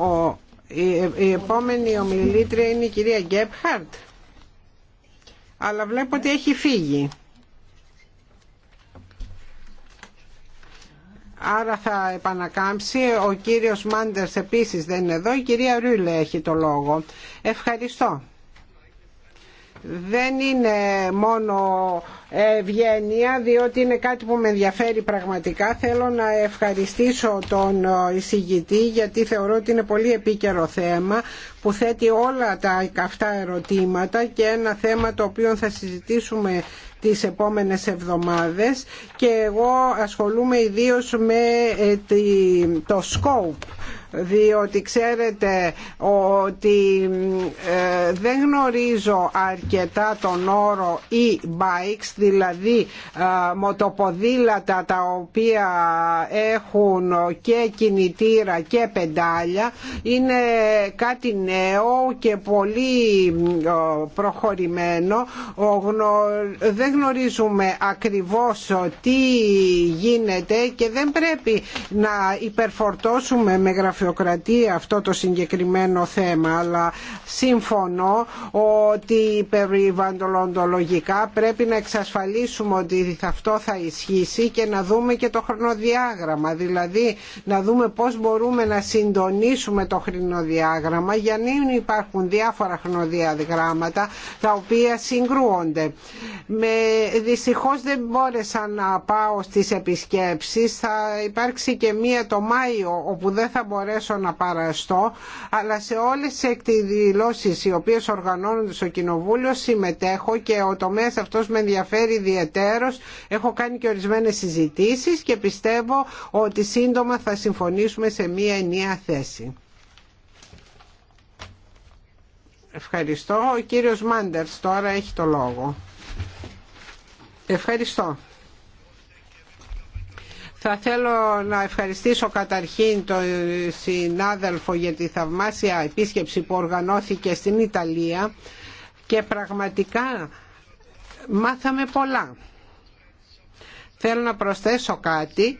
Ο, η, η επόμενη ομιλήτρια είναι η κυρία Γκέπχαρτ. Αλλά βλέπω ότι έχει φύγει. Άρα θα επανακάμψει. Ο κύριος Μάντερς επίσης δεν είναι εδώ. Η κυρία Ρούλε έχει το λόγο. Ευχαριστώ δεν είναι μόνο ευγένεια διότι είναι κάτι που με ενδιαφέρει πραγματικά θέλω να ευχαριστήσω τον ε, εισηγητή γιατί θεωρώ ότι είναι πολύ επίκαιρο θέμα που θέτει όλα τα καυτά ερωτήματα και ένα θέμα το οποίο θα συζητήσουμε τις επόμενες εβδομάδες και εγώ ασχολούμαι ιδίως με ε, το scope διότι ξέρετε ότι ε, δεν γνωρίζω αρκετά τον όρο e-bikes, δηλαδή ε, μοτοποδήλατα τα οποία έχουν και κινητήρα και πεντάλια. Είναι κάτι νέο και πολύ ε, προχωρημένο. Δεν γνωρίζουμε ακριβώς τι γίνεται και δεν πρέπει να υπερφορτώσουμε με γραφή αυτό το συγκεκριμένο θέμα αλλά σύμφωνο ότι περιβαντολοντολογικά πρέπει να εξασφαλίσουμε ότι αυτό θα ισχύσει και να δούμε και το χρονοδιάγραμμα δηλαδή να δούμε πώς μπορούμε να συντονίσουμε το χρονοδιάγραμμα για να μην υπάρχουν διάφορα χρονοδιαγράμματα τα οποία συγκρούονται. Με, δυστυχώς δεν μπόρεσα να πάω στις επισκέψεις θα υπάρξει και μία το Μάιο όπου δεν θα μπορέσω να παραστώ αλλά σε όλες τις εκδηλώσεις οι οποίες οργανώνονται στο Κοινοβούλιο συμμετέχω και ο τομέας αυτός με ενδιαφέρει ιδιαιτέρως έχω κάνει και ορισμένες συζητήσεις και πιστεύω ότι σύντομα θα συμφωνήσουμε σε μία ενιαία θέση. Ευχαριστώ. Ο κύριος Μάντερς τώρα έχει το λόγο. Ευχαριστώ. Θα θέλω να ευχαριστήσω καταρχήν τον συνάδελφο για τη θαυμάσια επίσκεψη που οργανώθηκε στην Ιταλία και πραγματικά μάθαμε πολλά. Θέλω να προσθέσω κάτι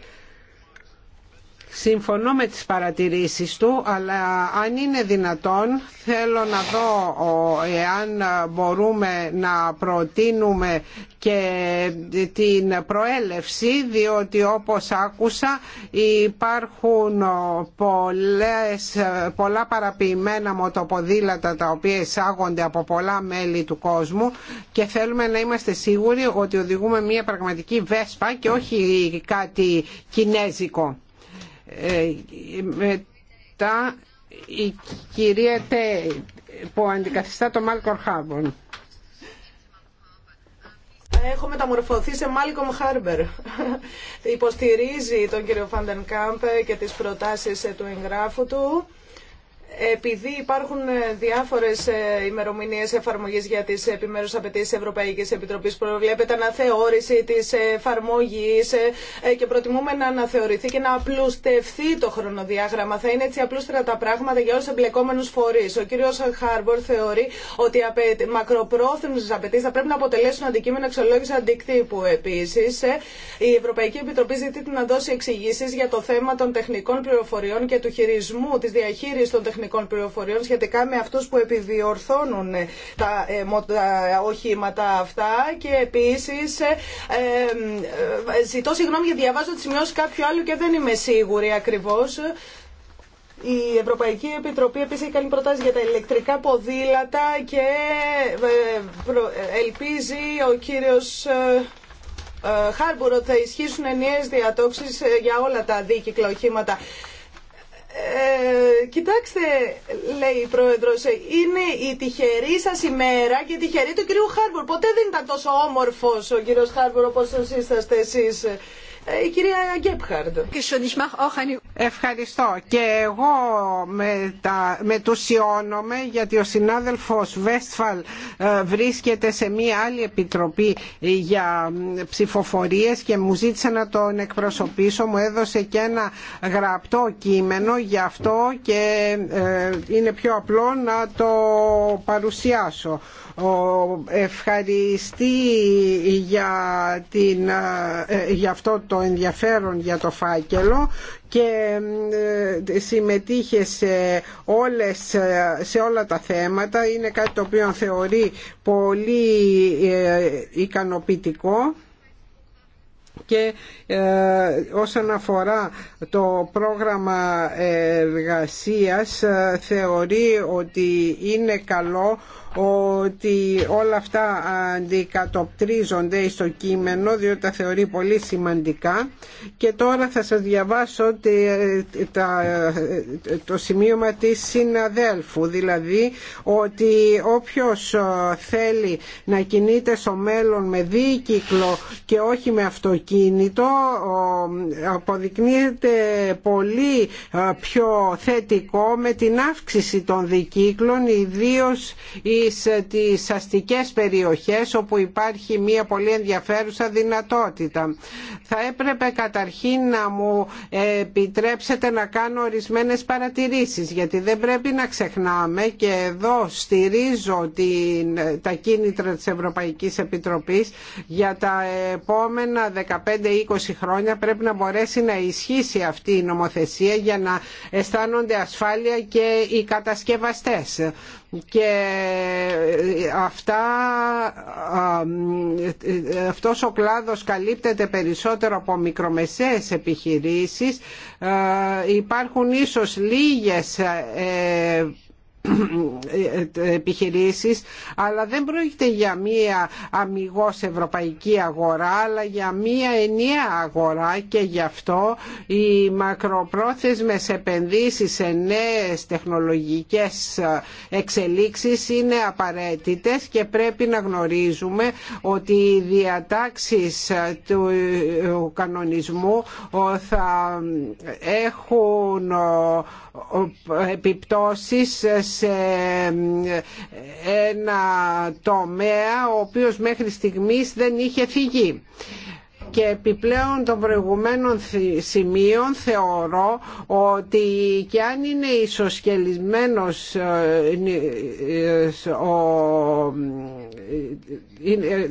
Συμφωνώ με τις παρατηρήσεις του, αλλά αν είναι δυνατόν θέλω να δω εάν μπορούμε να προτείνουμε και την προέλευση, διότι όπως άκουσα υπάρχουν πολλές, πολλά παραποιημένα μοτοποδήλατα τα οποία εισάγονται από πολλά μέλη του κόσμου και θέλουμε να είμαστε σίγουροι ότι οδηγούμε μια πραγματική βέσπα και όχι κάτι κινέζικο. Ε, μετά η κυρία Τέ που αντικαθιστά το Μάλκορ Χάμπον. Έχω μεταμορφωθεί σε Μάλκομ Χάρμπερ. Υποστηρίζει τον κύριο Φαντεν Κάμπ και τις προτάσεις του εγγράφου του επειδή υπάρχουν ε, διάφορε ημερομηνίε εφαρμογή για τι επιμέρου απαιτήσει Ευρωπαϊκή Επιτροπή, προβλέπεται αναθεώρηση τη εφαρμογή ε, ε, και προτιμούμε να αναθεωρηθεί και να απλουστευθεί το χρονοδιάγραμμα. Θα είναι έτσι απλούστερα τα πράγματα για όλου του εμπλεκόμενου φορεί. Ο κύριο Χάρμπορ θεωρεί ότι οι μακροπρόθεσμε απαιτήσει θα πρέπει να αποτελέσουν αντικείμενο εξολόγηση αντικτύπου. Επίση, η Ευρωπαϊκή Επιτροπή ζητείται να δώσει εξηγήσει για το θέμα των τεχνικών πληροφοριών και του χειρισμού, τη διαχείριση των τεχνικών τεχνικών πληροφοριών σχετικά με αυτούς που επιδιορθώνουν τα ε, οχήματα αυτά και επίσης ε, ε, ζητώ συγγνώμη γιατί διαβάζω τις σημειώσεις κάποιου άλλου και δεν είμαι σίγουρη ακριβώς. Η Ευρωπαϊκή Επιτροπή επίση έχει κάνει προτάσει για τα ηλεκτρικά ποδήλατα και ελπίζει ο κύριο Χάρμπουρο ότι θα ισχύσουν ενιαίε διατόξει για όλα τα δίκυκλα οχήματα. Ε, κοιτάξτε, λέει η πρόεδρο, είναι η τυχερή σα ημέρα και η τυχερή του κυρίου Χάρμπορ. Ποτέ δεν ήταν τόσο όμορφο ο κύριο Χάρμπορ όπω είσαστε εσεί. Ε, κυρία Ευχαριστώ και εγώ με, τα, μετουσιώνομαι γιατί ο συνάδελφος Βέστφαλ ε, βρίσκεται σε μία άλλη επιτροπή ε, για ψηφοφορίες και μου ζήτησε να τον εκπροσωπήσω. Μου έδωσε και ένα γραπτό κείμενο γι' αυτό και είναι πιο απλό να το παρουσιάσω ευχαριστεί για, την, ε, για αυτό το ενδιαφέρον για το φάκελο και ε, συμμετείχε σε, όλες, ε, σε όλα τα θέματα. Είναι κάτι το οποίο θεωρεί πολύ ικανοποιητικό και όσον αφορά το πρόγραμμα εργασίας θεωρεί ότι είναι καλό ότι όλα αυτά αντικατοπτρίζονται στο κείμενο διότι τα θεωρεί πολύ σημαντικά και τώρα θα σας διαβάσω το σημείωμα της συναδέλφου δηλαδή ότι όποιος ε, θέλει να κινείται στο μέλλον με δίκυκλο και όχι με αυτοκίνητο αποδεικνύεται πολύ ε, πιο θετικό με την αύξηση των δικύκλων ιδίως η στις ε, τις αστικές περιοχές όπου υπάρχει μια πολύ ενδιαφέρουσα δυνατότητα. Θα έπρεπε καταρχήν να μου ε, επιτρέψετε να κάνω ορισμένες παρατηρήσεις γιατί δεν πρέπει να ξεχνάμε και εδώ στηρίζω την, ε, τα κίνητρα της Ευρωπαϊκής Επιτροπής για τα επόμενα 15-20 χρόνια πρέπει να μπορέσει να ισχύσει αυτή η νομοθεσία για να αισθάνονται ασφάλεια και οι κατασκευαστές και ε, αυτά, ε, αυτός ο κλάδος καλύπτεται περισσότερο από μικρομεσαίες επιχειρήσεις ε, υπάρχουν ίσως λίγες ε, ε, επιχειρήσεις αλλά δεν πρόκειται για μία αμυγός ευρωπαϊκή αγορά αλλά για μία ενιαία αγορά και γι' αυτό οι μακροπρόθεσμες επενδύσεις σε νέες τεχνολογικές εξελίξεις είναι απαραίτητες και πρέπει να γνωρίζουμε ότι οι διατάξεις του κανονισμού ε, θα έχουν επιπτώσεις σε ένα τομέα ο οποίος μέχρι στιγμής δεν είχε φυγεί και επιπλέον των προηγουμένων σημείων θεωρώ ότι και αν είναι ισοσκελισμένος ε, ε, ο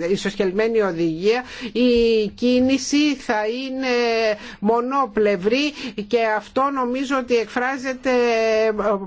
ε, ισοσκελμένη οδηγία η κίνηση θα είναι μονοπλευρή και αυτό νομίζω ότι εκφράζεται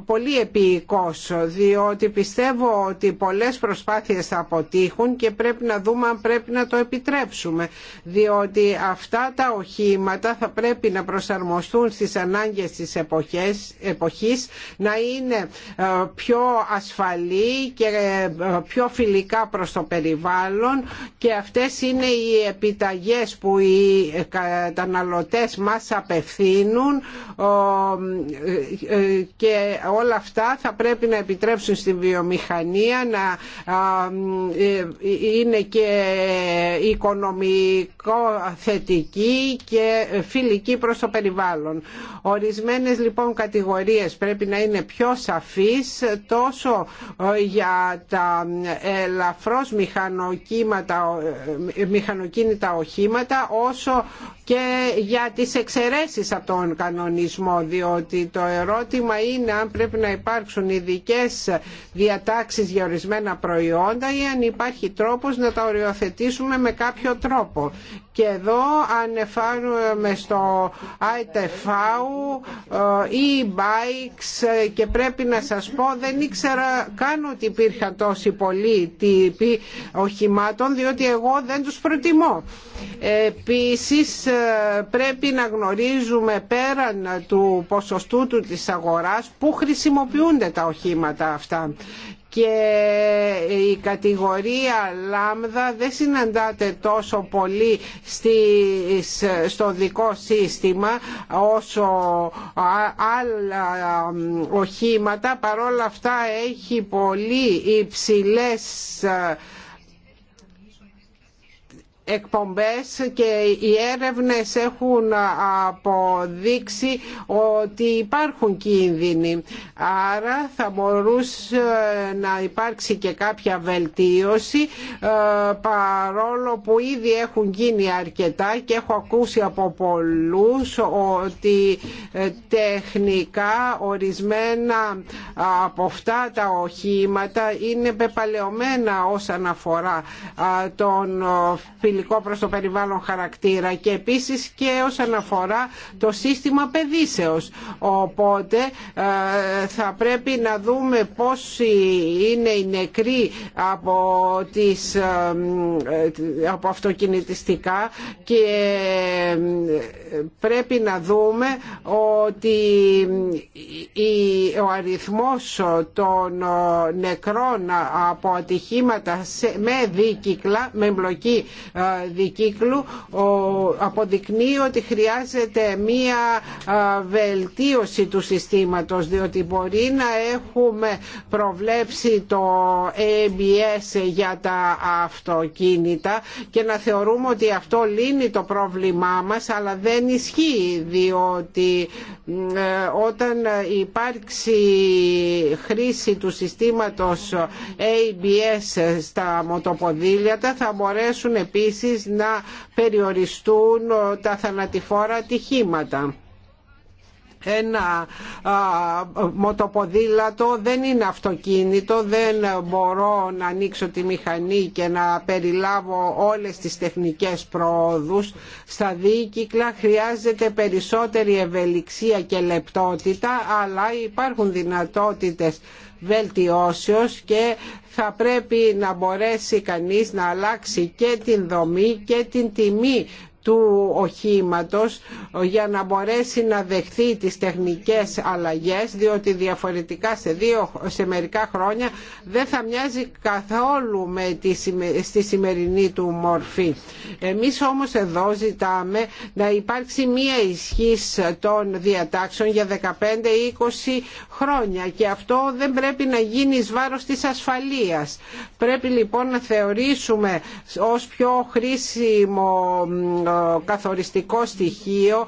πολύ επίοικος διότι πιστεύω ότι πολλές προσπάθειες θα αποτύχουν και πρέπει να δούμε αν πρέπει να το επιτρέψουμε διότι ότι αυτά τα οχήματα θα πρέπει να προσαρμοστούν στις ανάγκες της εποχές, εποχής, να είναι ε, πιο ασφαλή και ε, πιο φιλικά προς το περιβάλλον και αυτές είναι οι επιταγές που οι καταναλωτές μας απευθύνουν ε, και όλα αυτά θα πρέπει να επιτρέψουν στην βιομηχανία να είναι και οικονομικό θετική και φιλική προς το περιβάλλον. Ορισμένες λοιπόν κατηγορίες πρέπει να είναι πιο σαφείς τόσο ε, για τα ε, ελαφρώς ε, μηχανοκίνητα οχήματα όσο και για τις εξαιρέσει από τον κανονισμό διότι το ερώτημα είναι αν πρέπει να υπάρξουν ειδικέ διατάξεις για ορισμένα προϊόντα ή αν υπάρχει τρόπος να τα οριοθετήσουμε με κάποιο τρόπο. Και εδώ ανεφάρουμε στο ITV ή ε, e-bikes ε, και πρέπει να σας πω δεν ήξερα καν ότι υπήρχαν τόσοι πολλοί τύποι οχημάτων διότι εγώ δεν τους προτιμώ. Επίσης ε, πρέπει να γνωρίζουμε πέραν του ποσοστού του της αγοράς που χρησιμοποιούνται τα οχήματα αυτά και η κατηγορία λάμδα δεν συναντάται τόσο πολύ στο δικό σύστημα όσο άλλα οχήματα παρόλα αυτά έχει πολύ υψηλές εκπομπές και οι έρευνες έχουν αποδείξει ότι υπάρχουν κίνδυνοι. Άρα θα μπορούσε να υπάρξει και κάποια βελτίωση ε, παρόλο που ήδη έχουν γίνει αρκετά και έχω ακούσει από πολλούς ότι ε, τεχνικά ορισμένα από αυτά τα οχήματα είναι πεπαλαιωμένα όσον αφορά ε, τον φιλικό υλικό προς το περιβάλλον χαρακτήρα και επίσης και όσον αφορά το σύστημα παιδίσεως. Οπότε ε, θα πρέπει να δούμε πόσοι είναι οι νεκροί από, τις, ε, ε, από αυτοκινητιστικά και πρέπει να δούμε ότι ο αριθμός των νεκρών από ατυχήματα με δίκυκλα, με εμπλοκή δικύκλου αποδεικνύει ότι χρειάζεται μία βελτίωση του συστήματος διότι μπορεί να έχουμε προβλέψει το ABS για τα αυτοκίνητα και να θεωρούμε ότι αυτό λύνει το πρόβλημά μας αλλά δεν ισχύει διότι ε, όταν υπάρξει χρήση του συστήματος ABS στα μοτοποδήλατα θα μπορέσουν επίσης επίσης να περιοριστούν τα θανατηφόρα ατυχήματα ένα μοτοποδήλατο δεν είναι αυτοκίνητο δεν μπορώ να ανοίξω τη μηχανή και να περιλάβω όλες τις τεχνικές προόδους στα δίκυκλα χρειάζεται περισσότερη ευελιξία και λεπτότητα αλλά υπάρχουν δυνατότητες βελτιώσεως και θα πρέπει να μπορέσει κανείς να αλλάξει και την δομή και την τιμή του οχήματος για να μπορέσει να δεχθεί τις τεχνικές αλλαγές διότι διαφορετικά σε, δύο, σε μερικά χρόνια δεν θα μοιάζει καθόλου με τη, στη σημερινή του μορφή. Εμείς όμως εδώ ζητάμε να υπάρξει μία ισχύς των διατάξεων για 15-20 χρόνια και αυτό δεν πρέπει να γίνει εις βάρος της ασφαλείας. Πρέπει λοιπόν να θεωρήσουμε ως πιο χρήσιμο καθοριστικό στοιχείο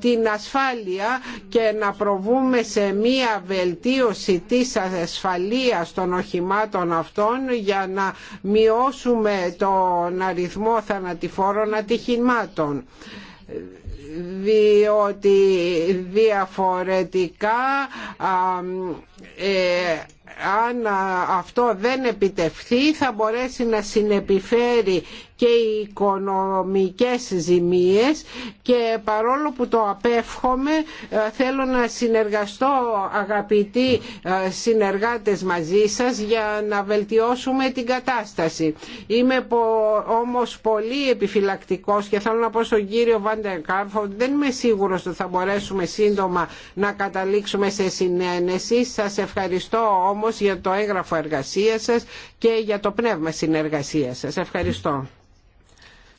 την ασφάλεια και να προβούμε σε μία βελτίωση της ασφαλείας των οχημάτων αυτών για να μειώσουμε τον αριθμό θανατηφόρων ατυχημάτων διότι διαφορετικά ε, αν αυτό δεν επιτευχθεί θα μπορέσει να συνεπιφέρει και οι οικονομικές ζημίες και παρόλο που το απέφχομαι ε, θέλω να συνεργαστώ αγαπητοί ε, συνεργάτες μαζί σας για να βελτιώσουμε την κατάσταση. Είμαι όμως πολύ επιφυλακτικός και θέλω να πω στον κύριο Κάρφο ότι δεν είμαι σίγουρος ότι θα μπορέσουμε σύντομα να καταλήξουμε σε συνένεση. Σας ευχαριστώ όμως για το έγγραφο εργασίας σας και για το πνεύμα συνεργασίας σας. Ευχαριστώ.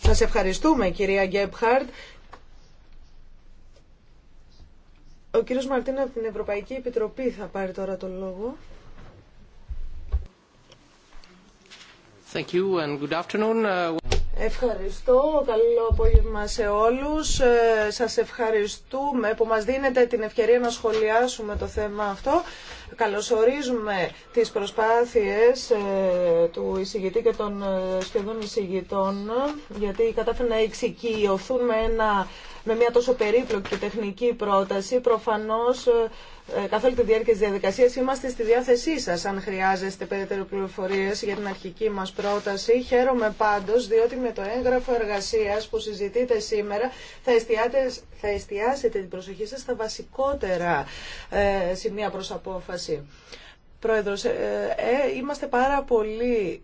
Σας ευχαριστούμε κυρία Γκέπχαρντ. Ο κύριος Μαρτίνα από την Ευρωπαϊκή Επιτροπή θα πάρει τώρα τον λόγο. Thank you and Ευχαριστώ. Καλό απόγευμα σε όλους. Ε, σας ευχαριστούμε που μας δίνετε την ευκαιρία να σχολιάσουμε το θέμα αυτό. Καλωσορίζουμε τις προσπάθειες ε, του εισηγητή και των ε, σχεδόν εισηγητών, γιατί κατάφεραν να εξοικειωθούν με ένα με μια τόσο περίπλοκη και τεχνική πρόταση. Προφανώς ε, ε, καθ' όλη τη διάρκεια τη διαδικασίας είμαστε στη διάθεσή σας αν χρειάζεστε περαιτέρω πληροφορίες για την αρχική μας πρόταση. Χαίρομαι πάντως διότι με το έγγραφο εργασίας που συζητείτε σήμερα θα, θα εστιάσετε την προσοχή σας στα βασικότερα ε, σημεία προ απόφαση. Πρόεδρος, ε, είμαστε πάρα πολύ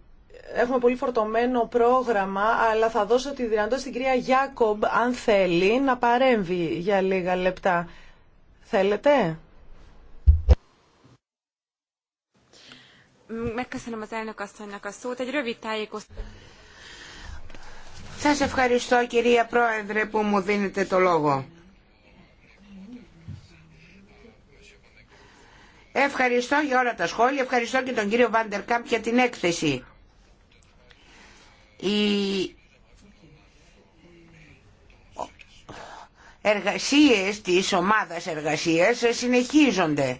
έχουμε πολύ φορτωμένο πρόγραμμα, αλλά θα δώσω τη δυνατότητα στην κυρία Γιάκομπ, αν θέλει, να παρέμβει για λίγα λεπτά. Θέλετε? Σα ευχαριστώ κυρία Πρόεδρε που μου δίνετε το λόγο. Ευχαριστώ για όλα τα σχόλια, ευχαριστώ και τον κύριο Βάντερ Κάμπ για την έκθεση. Η εργασίες της ομάδας εργασίας συνεχίζονται.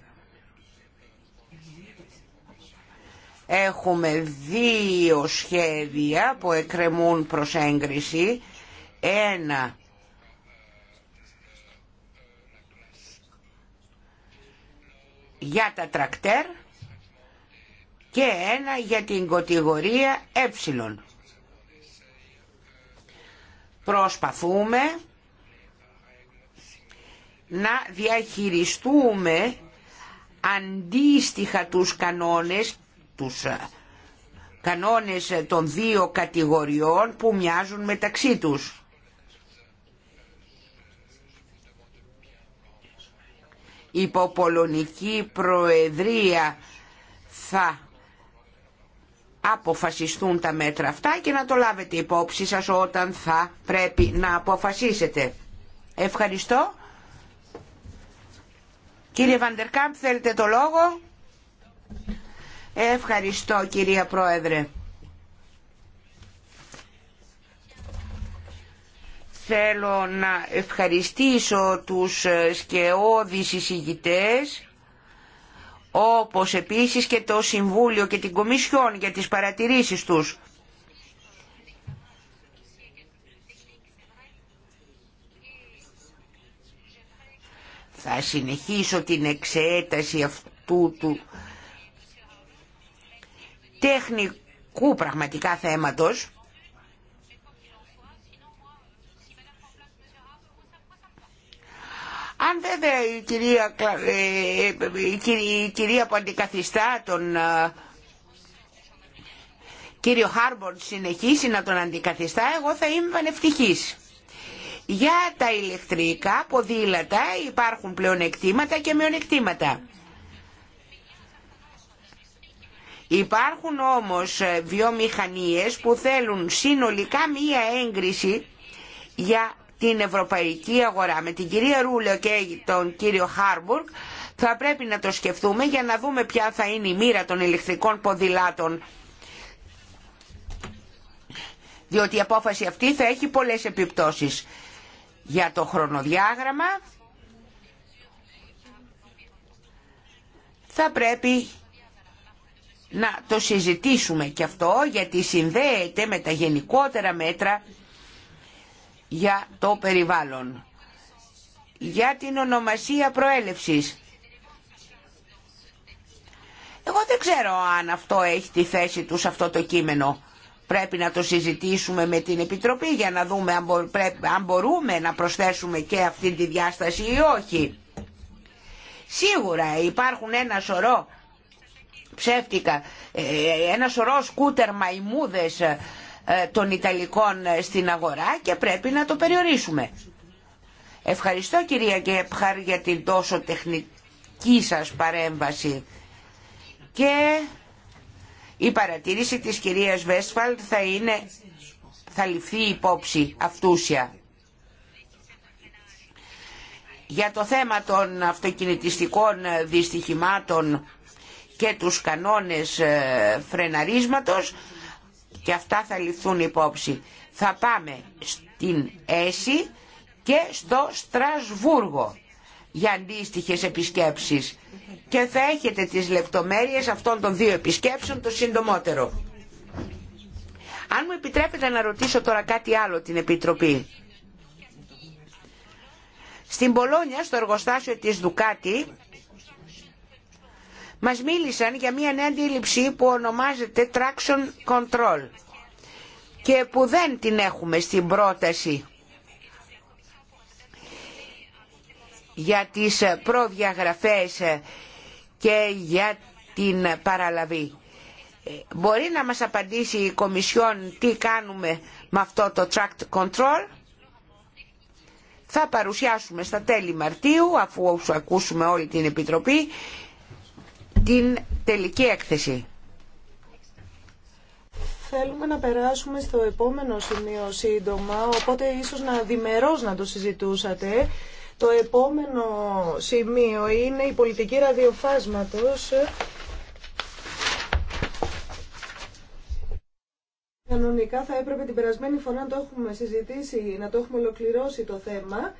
Έχουμε δύο σχέδια που εκκρεμούν προς έγκριση. Ένα για τα τρακτέρ και ένα για την κατηγορία ε προσπαθούμε να διαχειριστούμε αντίστοιχα τους κανόνες, τους ε, κανόνες των δύο κατηγοριών που μοιάζουν μεταξύ τους. Η Προεδρία θα αποφασιστούν τα μέτρα αυτά και να το λάβετε υπόψη σας όταν θα πρέπει να αποφασίσετε. Ευχαριστώ. Κύριε Βαντερκάμπ, θέλετε το λόγο. Ευχαριστώ κυρία Πρόεδρε. Θέλω να ευχαριστήσω τους σκεώδεις εισηγητές όπως επίσης και το Συμβούλιο και την Κομισιόν για τις παρατηρήσεις τους. Θα συνεχίσω την εξέταση αυτού του τεχνικού πραγματικά θέματος Αν βέβαια ε, η κυρία, που αντικαθιστά τον ε, κύριο Χάρμπορντ συνεχίσει να τον αντικαθιστά, εγώ θα είμαι πανευτυχής. Για τα ηλεκτρικά ποδήλατα υπάρχουν πλέον εκτήματα και μειονεκτήματα. Υπάρχουν όμως ε, βιομηχανίες που θέλουν συνολικά μία έγκριση για την ευρωπαϊκή αγορά. Με την κυρία Ρούλε και τον κύριο Χάρμπουργκ θα πρέπει να το σκεφτούμε για να δούμε ποια θα είναι η μοίρα των ηλεκτρικών ποδηλάτων διότι η απόφαση αυτή θα έχει πολλές επιπτώσεις για το χρονοδιάγραμμα θα πρέπει να το συζητήσουμε και αυτό γιατί συνδέεται με τα γενικότερα μέτρα για το περιβάλλον. Για την ονομασία προέλευσης. Εγώ δεν ξέρω αν αυτό έχει τη θέση του σε αυτό το κείμενο. Πρέπει να το συζητήσουμε με την Επιτροπή για να δούμε αν μπορούμε να προσθέσουμε και αυτή τη διάσταση ή όχι. Σίγουρα υπάρχουν ένα σωρό ψεύτικα, ε, ε, ένα σωρό σκούτερ μαϊμούδες ε, ε, των Ιταλικών ε, στην αγορά και πρέπει να το περιορίσουμε. Ευχαριστώ κυρία Γκέπχαρ για την τόσο τεχνική σας παρέμβαση και η παρατήρηση της κυρίας Βέσφαλτ θα, είναι, θα ληφθεί υπόψη αυτούσια. Για το θέμα των αυτοκινητιστικών ε, δυστυχημάτων και τους κανόνες φρεναρίσματος και αυτά θα ληφθούν υπόψη. Θα πάμε στην Έση και στο Στρασβούργο για αντίστοιχε επισκέψεις και θα έχετε τις λεπτομέρειες αυτών των δύο επισκέψεων το συντομότερο. Αν μου επιτρέπετε να ρωτήσω τώρα κάτι άλλο την Επιτροπή. Στην Πολόνια, στο εργοστάσιο της Δουκάτη, μας μίλησαν για μια νέα αντίληψη που ονομάζεται traction control και που δεν την έχουμε στην πρόταση για τις προδιαγραφές και για την παραλαβή. Μπορεί να μας απαντήσει η Κομισιόν τι κάνουμε με αυτό το tract control. Θα παρουσιάσουμε στα τέλη Μαρτίου, αφού ακούσουμε όλη την Επιτροπή, την τελική έκθεση. Θέλουμε να περάσουμε στο επόμενο σημείο σύντομα, οπότε ίσως να διμερώς να το συζητούσατε. Το επόμενο σημείο είναι η πολιτική ραδιοφάσματος. Κανονικά θα έπρεπε την περασμένη φορά να το έχουμε συζητήσει, να το έχουμε ολοκληρώσει το θέμα.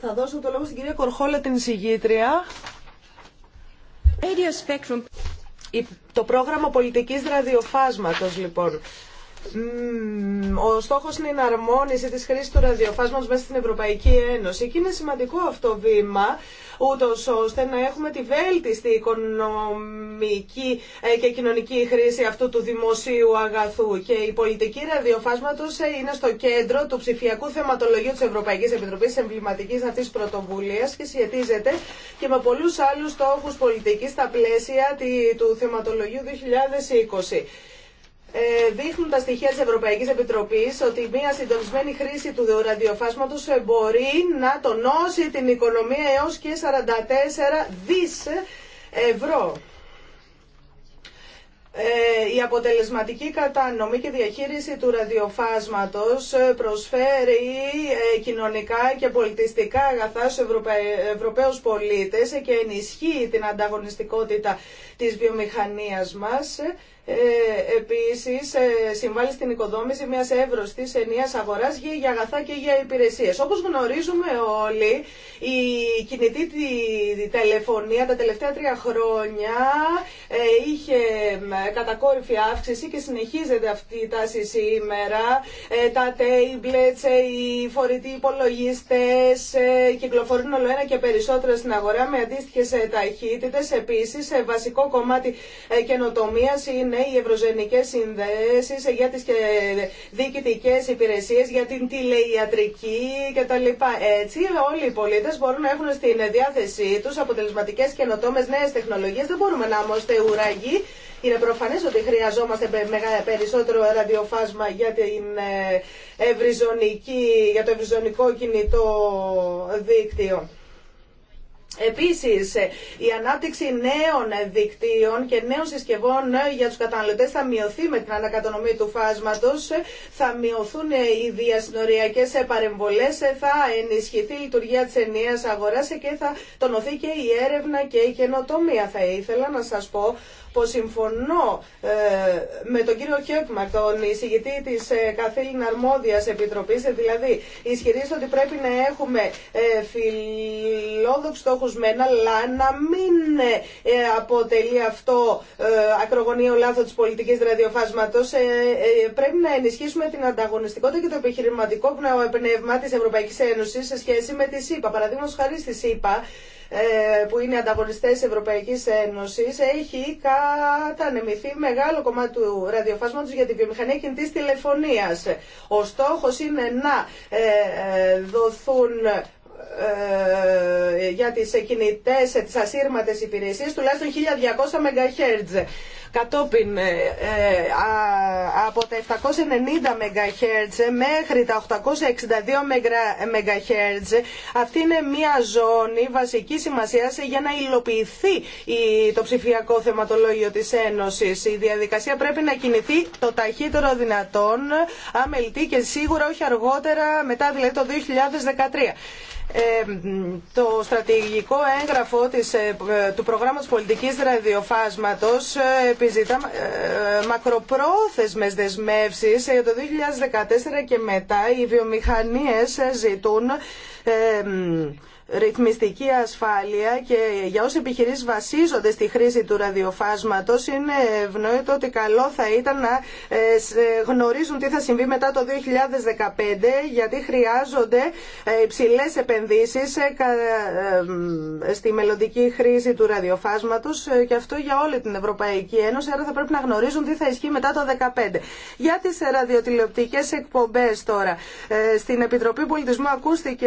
Θα δώσω το λόγο στην κυρία Κορχόλα την συγγήτρια. Το πρόγραμμα πολιτικής ραδιοφάσματος λοιπόν ο στόχος είναι η εναρμόνιση της χρήσης του ραδιοφάσματος μέσα στην Ευρωπαϊκή Ένωση και είναι σημαντικό αυτό βήμα ούτως ώστε να έχουμε τη βέλτιστη οικονομική ε, και κοινωνική χρήση αυτού του δημοσίου αγαθού και η πολιτική ραδιοφάσματος ε, είναι στο κέντρο του ψηφιακού θεματολογίου της Ευρωπαϊκής Επιτροπής εμβληματικής αυτής της πρωτοβουλίας και σχετίζεται και με πολλούς άλλους στόχους πολιτικής στα πλαίσια του θεματολογίου 2020. Ε, δείχνουν τα στοιχεία της Ευρωπαϊκής Επιτροπής ότι μια συντονισμένη χρήση του ραδιοφάσματος μπορεί να τονώσει την οικονομία έως και 44 δις ευρώ. Ε, η αποτελεσματική κατανομή και διαχείριση του ραδιοφάσματος προσφέρει ε, κοινωνικά και πολιτιστικά αγαθά στους Ευρωπαίους πολίτες και ενισχύει την ανταγωνιστικότητα της βιομηχανίας μας ε, επίσης ε, συμβάλλει στην οικοδόμηση μιας εύρωστης ενία αγοράς για αγαθά και για υπηρεσίες. Όπως γνωρίζουμε όλοι, η κινητή τη τηλεφωνία τα τελευταία τρία χρόνια ε, είχε κατακόρυφη αύξηση και συνεχίζεται αυτή η τάση σήμερα. Τα τέιμπλετς, οι φορητοί υπολογιστές κυκλοφορούν όλο ένα και περισσότερο στην αγορά με αντίστοιχες ταχύτητες. Επίσης, βασικό κομμάτι καινοτομίας είναι ναι, οι ευρωζενικές συνδέσεις για τις διοικητικές υπηρεσίες, για την τηλεϊατρική κτλ. Έτσι όλοι οι πολίτες μπορούν να έχουν στην διάθεσή τους αποτελεσματικές καινοτόμες νέες τεχνολογίες. Δεν μπορούμε να είμαστε ουραγοί. Είναι προφανές ότι χρειαζόμαστε περισσότερο ραδιοφάσμα για, την ε, για το ευρυζωνικό κινητό δίκτυο. Επίσης, η ανάπτυξη νέων δικτύων και νέων συσκευών για τους καταναλωτές θα μειωθεί με την ανακατανομή του φάσματος, θα μειωθούν οι διασυνοριακές παρεμβολές, θα ενισχυθεί η λειτουργία της ενιαίας αγοράς και θα τονωθεί και η έρευνα και η καινοτομία. Θα ήθελα να σας πω πως συμφωνώ ε, με τον κύριο Χιόκμαρ, τον εισηγητή της ε, καθήλυνα αρμόδιας επιτροπής, ε, δηλαδή ισχυρίζεται ότι πρέπει να έχουμε ε, φιλόδοξους στόχους ένα αλλά να μην αποτελεί αυτό ακρογωνίο λάθος της πολιτικής ραδιοφάσματος. πρέπει να ενισχύσουμε την ανταγωνιστικότητα και το επιχειρηματικό πνεύμα της Ευρωπαϊκής Ένωσης σε σχέση με τη ΣΥΠΑ. Παραδείγματος χάρη τη ΣΥΠΑ, ε, που είναι ανταγωνιστές Ευρωπαϊκής Ένωση έχει κατανεμηθεί μεγάλο κομμάτι του ραδιοφάσματος για τη βιομηχανία κινητής τηλεφωνίας. Ο στόχο είναι να ε, ε, δοθούν για τις κινητές, τις ασύρματες υπηρεσίες τουλάχιστον 1200 MHz. Κατόπιν ε, ε, από τα 790 MHz μέχρι τα 862 MHz αυτή είναι μια ζώνη βασική σημασία για να υλοποιηθεί το ψηφιακό θεματολόγιο της Ένωσης. Η διαδικασία πρέπει να κινηθεί το ταχύτερο δυνατόν, αμελητή και σίγουρα όχι αργότερα μετά δηλαδή το 2013. Ε, το στρατηγικό έγγραφο του προγράμματος πολιτικής ραδιοφάσματος επιζητά ε, ε, μακροπρόθεσμες δεσμεύσεις. Για ε, το 2014 και μετά οι βιομηχανίες ζητούν ρυθμιστική ασφάλεια και για όσοι επιχειρήσεις βασίζονται στη χρήση του ραδιοφάσματος είναι ευνοητό ότι καλό θα ήταν να ε, ε, γνωρίζουν τι θα συμβεί μετά το 2015 γιατί χρειάζονται ε, υψηλέ επενδύσεις στη μελλοντική χρήση του ραδιοφάσματος και αυτό για όλη την Ευρωπαϊκή Ένωση άρα θα πρέπει να γνωρίζουν τι θα ισχύει μετά το 2015. Για τι ραδιοτηλεοπτικές εκπομπέ τώρα στην Επιτροπή Πολιτισμού ακούστηκε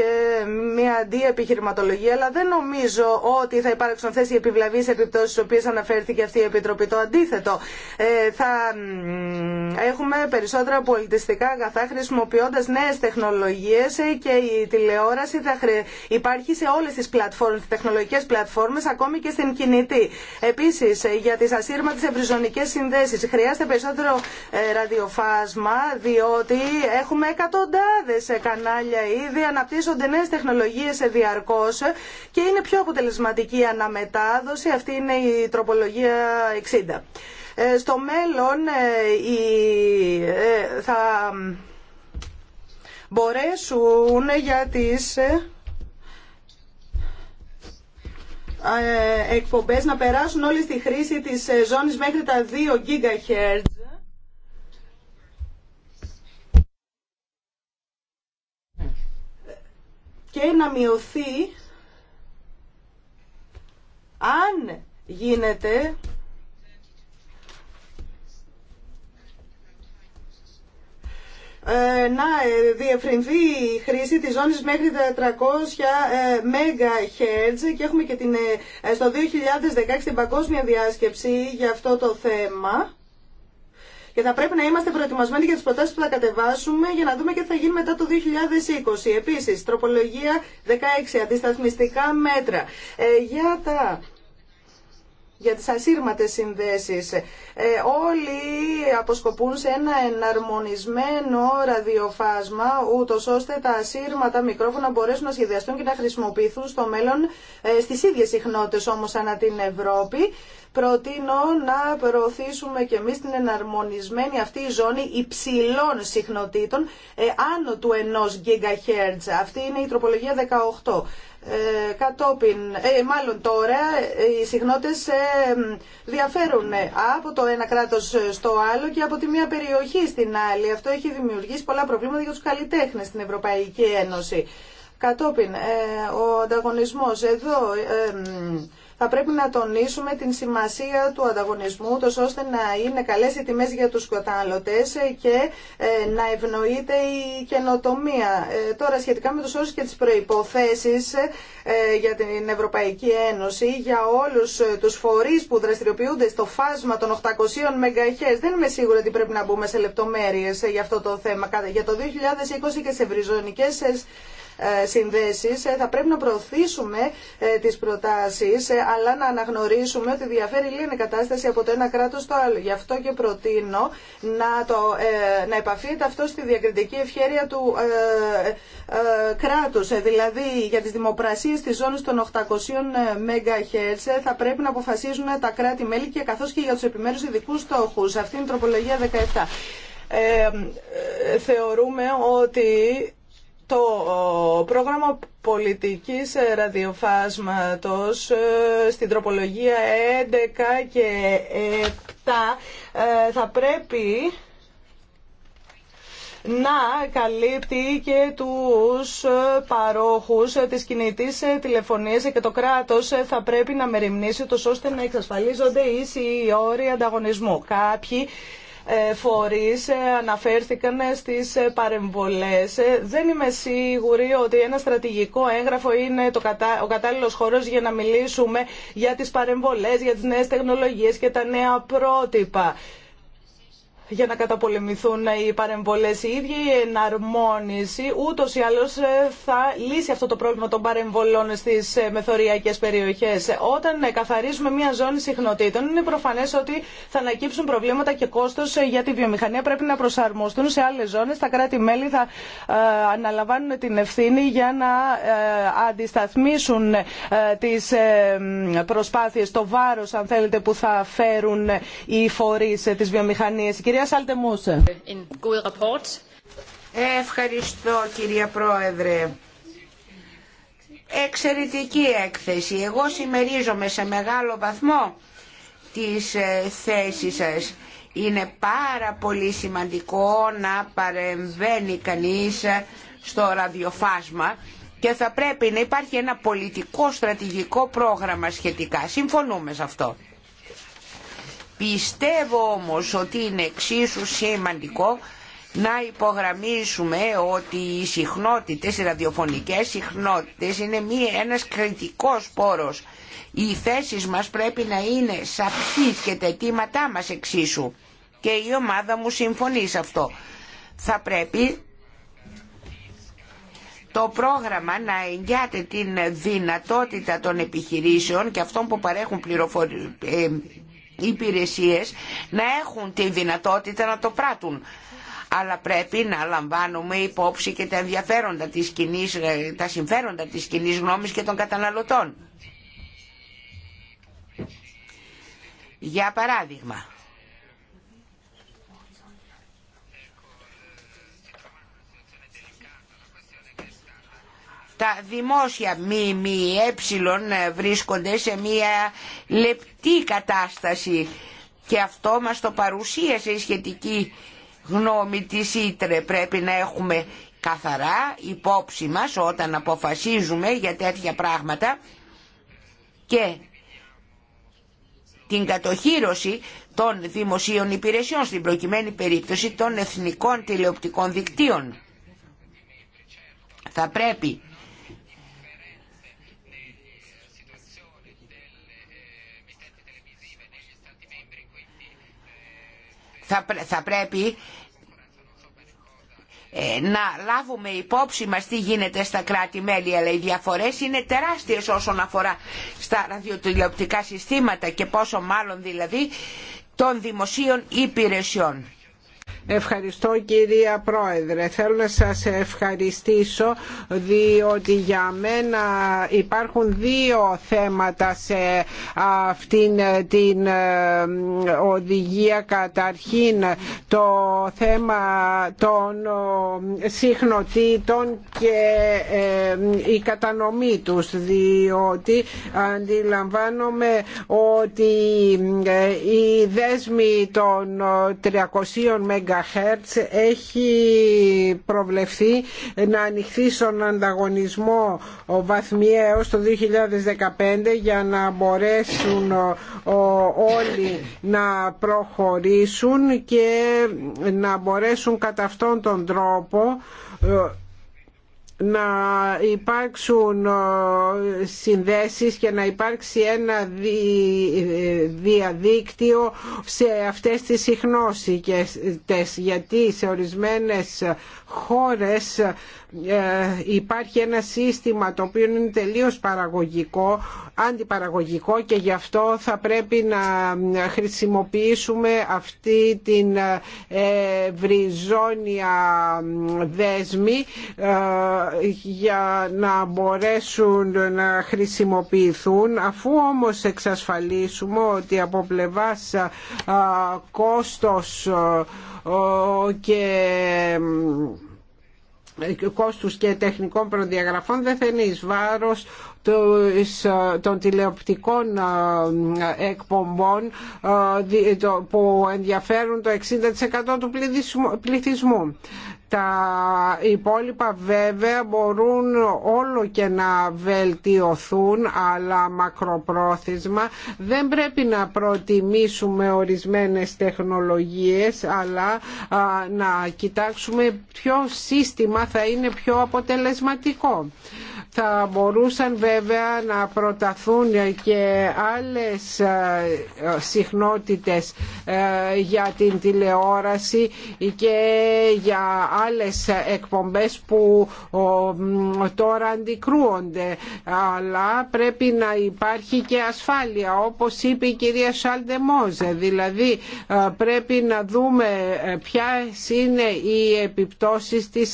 μια αντίεπιχειρήση επιχειρηματολογία, αλλά δεν νομίζω ότι θα υπάρξουν θέσει επιβλαβής σε επιπτώσει, στι οποίε αναφέρθηκε αυτή η Επιτροπή. Το αντίθετο, ε, θα έχουμε περισσότερα πολιτιστικά αγαθά χρησιμοποιώντα νέε τεχνολογίε και η τηλεόραση θα υπάρχει σε όλε τι πλατφόρμες, τεχνολογικέ πλατφόρμε, ακόμη και στην κινητή. Επίση, ε, για τι ασύρματε ευρυζωνικέ συνδέσει, χρειάζεται περισσότερο ε, ραδιοφάσμα, διότι έχουμε εκατοντάδε κανάλια ήδη, αναπτύσσονται νέε τεχνολογίε σε διαρκώ και είναι πιο αποτελεσματική η αναμετάδοση. Αυτή είναι η τροπολογία 60. Ε, στο μέλλον ε, ε, θα μπορέσουν για τις εκπομπές να περάσουν όλοι στη χρήση της ζώνης μέχρι τα 2 GHz και να μειωθεί αν γίνεται ε, να διευρυνθεί η χρήση της ζώνης μέχρι τα 300 ε, MHz και έχουμε και την, ε, στο 2016 την παγκόσμια διάσκεψη για αυτό το θέμα και θα πρέπει να είμαστε προετοιμασμένοι για τι προτάσει που θα κατεβάσουμε για να δούμε και τι θα γίνει μετά το 2020. Επίση, τροπολογία 16, αντισταθμιστικά μέτρα. Ε, για τα για τις ασύρματες συνδέσεις. Ε, όλοι αποσκοπούν σε ένα εναρμονισμένο ραδιοφάσμα, ούτω ώστε τα ασύρματα μικρόφωνα μπορέσουν να σχεδιαστούν και να χρησιμοποιηθούν στο μέλλον ε, στις ίδιες συχνότητες όμως ανά την Ευρώπη. Προτείνω να προωθήσουμε και εμείς την εναρμονισμένη αυτή η ζώνη υψηλών συχνοτήτων ε, άνω του 1 GHz. Αυτή είναι η τροπολογία 18. Ε, κατόπιν, ε, μάλλον τώρα ε, οι συχνότητες διαφέρουν από το ένα κράτος στο άλλο και από τη μία περιοχή στην άλλη. Αυτό έχει δημιουργήσει πολλά προβλήματα για τους καλλιτέχνες στην Ευρωπαϊκή Ένωση. Κατόπιν, ο ανταγωνισμός εδώ θα πρέπει να τονίσουμε την σημασία του ανταγωνισμού, τόσο ώστε να είναι καλές οι τιμές για τους καταναλωτές και ε, να ευνοείται η καινοτομία. Ε, τώρα, σχετικά με τους όρους και τις προϋποθέσεις ε, για την Ευρωπαϊκή Ένωση, για όλους τους φορείς που δραστηριοποιούνται στο φάσμα των 800 MHz, δεν είμαι σίγουρη ότι πρέπει να μπούμε σε λεπτομέρειες για αυτό το θέμα. Για το 2020 και σε ευρυζωνικές ε, συνδέσεις. Ε, θα πρέπει να προωθήσουμε ε, τις προτάσεις, αλλά να αναγνωρίσουμε ότι διαφέρει η κατάσταση από το ένα κράτος στο άλλο. Γι' αυτό και προτείνω να, το, να επαφείται αυτό στη διακριτική ευχέρεια του κράτους. Δηλαδή, για τις δημοπρασίες τη ζώνη των 800 MHz θα πρέπει να αποφασίζουν τα κράτη-μέλη και καθώς και για τους επιμέρους ειδικού στόχους. Αυτή είναι η τροπολογία 17. Ε, θεωρούμε ότι το πρόγραμμα πολιτικής ε, ραδιοφάσματος ε, στην τροπολογία 11 και 7 ε, θα πρέπει να καλύπτει και τους παρόχους της κινητής τηλεφωνίας και το κράτος θα πρέπει να μεριμνήσει το ώστε να εξασφαλίζονται ίσοι οι όροι ανταγωνισμού. Κάποιοι ε, φορείς ε, αναφέρθηκαν ε, στις παρεμβολές. Δεν είμαι σίγουρη ότι ένα στρατηγικό έγγραφο είναι το κατα... ο κατάλληλος χώρος για να μιλήσουμε για τις παρεμβολές, για τις νέες τεχνολογίες και τα νέα πρότυπα για να καταπολεμηθούν οι παρεμβολές. Η ίδια η εναρμόνιση ούτως ή άλλως ε, θα λύσει αυτό το πρόβλημα των παρεμβολών στις ε, μεθοριακές περιοχές. Όταν ε, καθαρίζουμε μια ζώνη συχνοτήτων είναι προφανές ότι θα ανακύψουν προβλήματα και κόστος για τη βιομηχανία. Πρέπει να προσαρμοστούν σε άλλες ζώνες. Τα κράτη-μέλη θα αναλαμβάνουν την ευθύνη για να αντισταθμίσουν τις προσπάθειες, το βάρος αν θέλετε που θα φέρουν οι φορείς της βιομηχανίας. Ευχαριστώ κυρία Πρόεδρε. Εξαιρετική έκθεση. Εγώ συμμερίζομαι σε μεγάλο βαθμό τις ε, θέσεις σας. Είναι πάρα πολύ σημαντικό να παρεμβαίνει κανείς ε, στο ραδιοφάσμα και θα πρέπει να υπάρχει ένα πολιτικό στρατηγικό πρόγραμμα σχετικά. Συμφωνούμε σε αυτό. Πιστεύω όμως ότι είναι εξίσου σημαντικό να υπογραμμίσουμε ότι οι συχνότητες, οι ραδιοφωνικές συχνότητες είναι μία, ένας κριτικός πόρος. Οι θέσεις μας πρέπει να είναι σαφείς και τα αιτήματά μας εξίσου. Και η ομάδα μου συμφωνεί σε αυτό. Θα πρέπει το πρόγραμμα να εγγυάται την δυνατότητα των επιχειρήσεων και αυτών που παρέχουν πληροφορίες υπηρεσίες να έχουν τη δυνατότητα να το πράττουν. Αλλά πρέπει να λαμβάνουμε υπόψη και τα ενδιαφέροντα της κοινής, ε, τα συμφέροντα της κοινής γνώμης και των καταναλωτών. Για παράδειγμα, τα δημόσια ΜΜΕ βρίσκονται σε μια λεπτή κατάσταση και αυτό μας το παρουσίασε η σχετική γνώμη της Ήτρε. Πρέπει να έχουμε καθαρά υπόψη μας όταν αποφασίζουμε για τέτοια πράγματα και την κατοχήρωση των δημοσίων υπηρεσιών, στην προκειμένη περίπτωση των εθνικών τηλεοπτικών δικτύων. Θα πρέπει θα, πρέπει ε, να λάβουμε υπόψη μας τι γίνεται στα κράτη-μέλη αλλά οι διαφορές είναι τεράστιες όσον αφορά στα ραδιοτηλεοπτικά συστήματα και πόσο μάλλον δηλαδή των δημοσίων υπηρεσιών. Ευχαριστώ κυρία Πρόεδρε. Θέλω να σας ευχαριστήσω διότι για μένα υπάρχουν δύο θέματα σε αυτήν την ε, οδηγία. Καταρχήν το θέμα των ε, συχνοτήτων και ε, η κατανομή τους διότι αντιλαμβάνομαι ότι οι δέσμοι των 300 με έχει προβλεφθεί να ανοιχθεί στον ανταγωνισμό βαθμιαίος το 2015 για να μπορέσουν όλοι να προχωρήσουν και να μπορέσουν κατά αυτόν τον τρόπο ε, να υπάρξουν ε, συνδέσεις και να υπάρξει ένα διαδίκτυο σε αυτές τις συχνώσεις γιατί σε ορισμένες χώρες ε, υπάρχει ένα σύστημα το οποίο είναι τελείως παραγωγικό, αντιπαραγωγικό και γι' αυτό θα πρέπει να χρησιμοποιήσουμε αυτή την ε, ευρυζώνια δέσμη για να μπορέσουν να χρησιμοποιηθούν αφού όμως εξασφαλίσουμε ότι από πλευράς κόστος και κόστους και τεχνικών προδιαγραφών δεν θα είναι εις βάρος των τηλεοπτικών εκπομπών που ενδιαφέρουν το 60% του πληθυσμού. Τα υπόλοιπα βέβαια μπορούν όλο και να βελτιωθούν αλλά μακροπρόθεσμα δεν πρέπει να προτιμήσουμε ορισμένες τεχνολογίες αλλά να κοιτάξουμε ποιο σύστημα θα είναι πιο αποτελεσματικό. Θα μπορούσαν βέβαια να προταθούν και άλλες ε, συχνότητες ε, για την τηλεόραση και για άλλες εκπομπές που τώρα αντικρούονται. Αλλά πρέπει να υπάρχει και ασφάλεια όπως είπε η κυρία Μόζε. Δηλαδή ε, πρέπει να δούμε ποια είναι οι επιπτώσεις της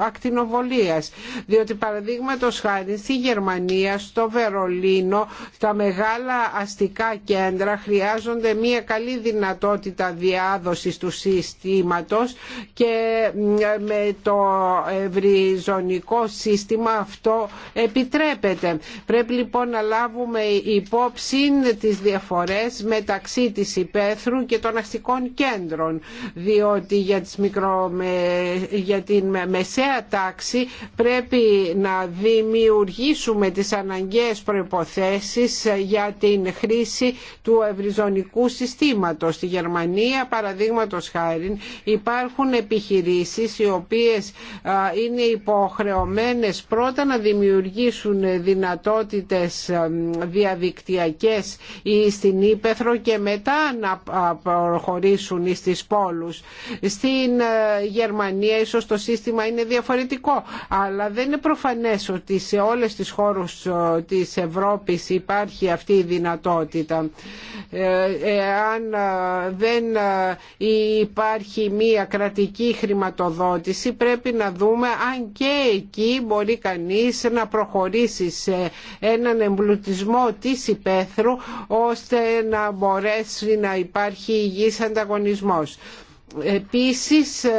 ακτινοβολίας. Διότι παραδείγματο χάρη στη Γερμανία, στο Βερολίνο, τα μεγάλα αστικά κέντρα χρειάζονται μια καλή δυνατότητα διάδοση του συστήματος και με το ευρυζωνικό σύστημα αυτό επιτρέπεται. Πρέπει λοιπόν να λάβουμε υπόψη τις διαφορές μεταξύ της υπαίθρου και των αστικών κέντρων διότι για, τις για την μεσαία τάξη πρέπει να δημιουργήσουμε τις αναγκαίες προϋποθέσεις ε, για την χρήση του ευρυζωνικού συστήματος. Στη Γερμανία, παραδείγματος χάρη, υπάρχουν επιχειρήσεις οι οποίες ε, είναι υποχρεωμένες πρώτα να δημιουργήσουν δυνατότητες ε, διαδικτυακές ή στην Ήπεθρο και μετά να προχωρήσουν στις πόλους. Στην Γερμανία ίσως το σύστημα είναι διαφορετικό, αλλά δεν είναι προφανές ότι σε όλες τις χώρες ε, της Ευρώπης υπάρχει αυτή η δυνατότητα. Αν ε, ε, δεν υπάρχει μία κρατική χρηματοδότηση πρέπει να δούμε αν και εκεί μπορεί κανείς να προχωρήσει σε έναν εμπλουτισμό της υπαίθρου ώστε να μπορέσει να υπάρχει υγιής ανταγωνισμός. Επίσης ε,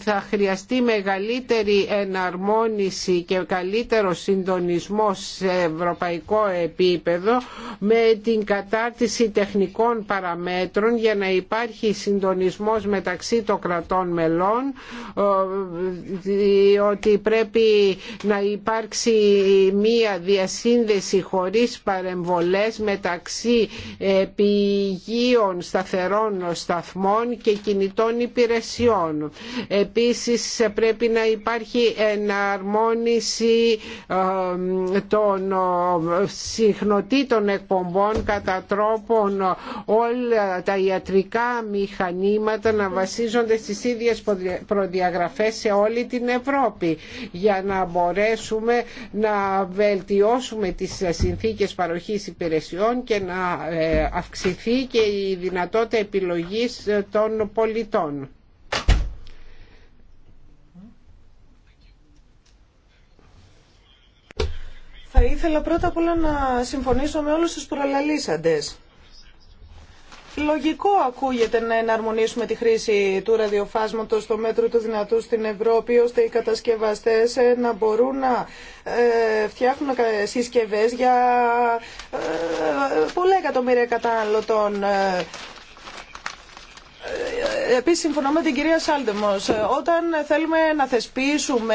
θα χρειαστεί μεγαλύτερη εναρμόνιση και καλύτερο συντονισμό σε ευρωπαϊκό επίπεδο με την κατάρτιση τεχνικών παραμέτρων για να υπάρχει συντονισμός μεταξύ των κρατών μελών ε, ότι πρέπει να υπάρξει μία διασύνδεση χωρίς παρεμβολές μεταξύ ε, πηγείων σταθερών σταθμών και κινητών των υπηρεσιών. Επίσης πρέπει να υπάρχει εναρμόνιση των συχνοτήτων εκπομπών κατά τρόπον όλα τα ιατρικά μηχανήματα να βασίζονται στις ίδιες προδιαγραφές σε όλη την Ευρώπη για να μπορέσουμε να βελτιώσουμε τις συνθήκες παροχής υπηρεσιών και να ε, αυξηθεί και η δυνατότητα επιλογής ε, των πολιτών. Θα ήθελα πρώτα απ' όλα να συμφωνήσω με όλους τους προλαλήσαντες. Λογικό ακούγεται να εναρμονίσουμε τη χρήση του ραδιοφάσματος στο μέτρο του δυνατού στην Ευρώπη, ώστε οι κατασκευαστές ε, να μπορούν να ε, φτιάχνουν συσκευές για ε, πολλά εκατομμύρια καταναλωτών. Ε, ε, επίσης συμφωνώ με την κυρία Σάλτεμος. Ε, όταν θέλουμε να θεσπίσουμε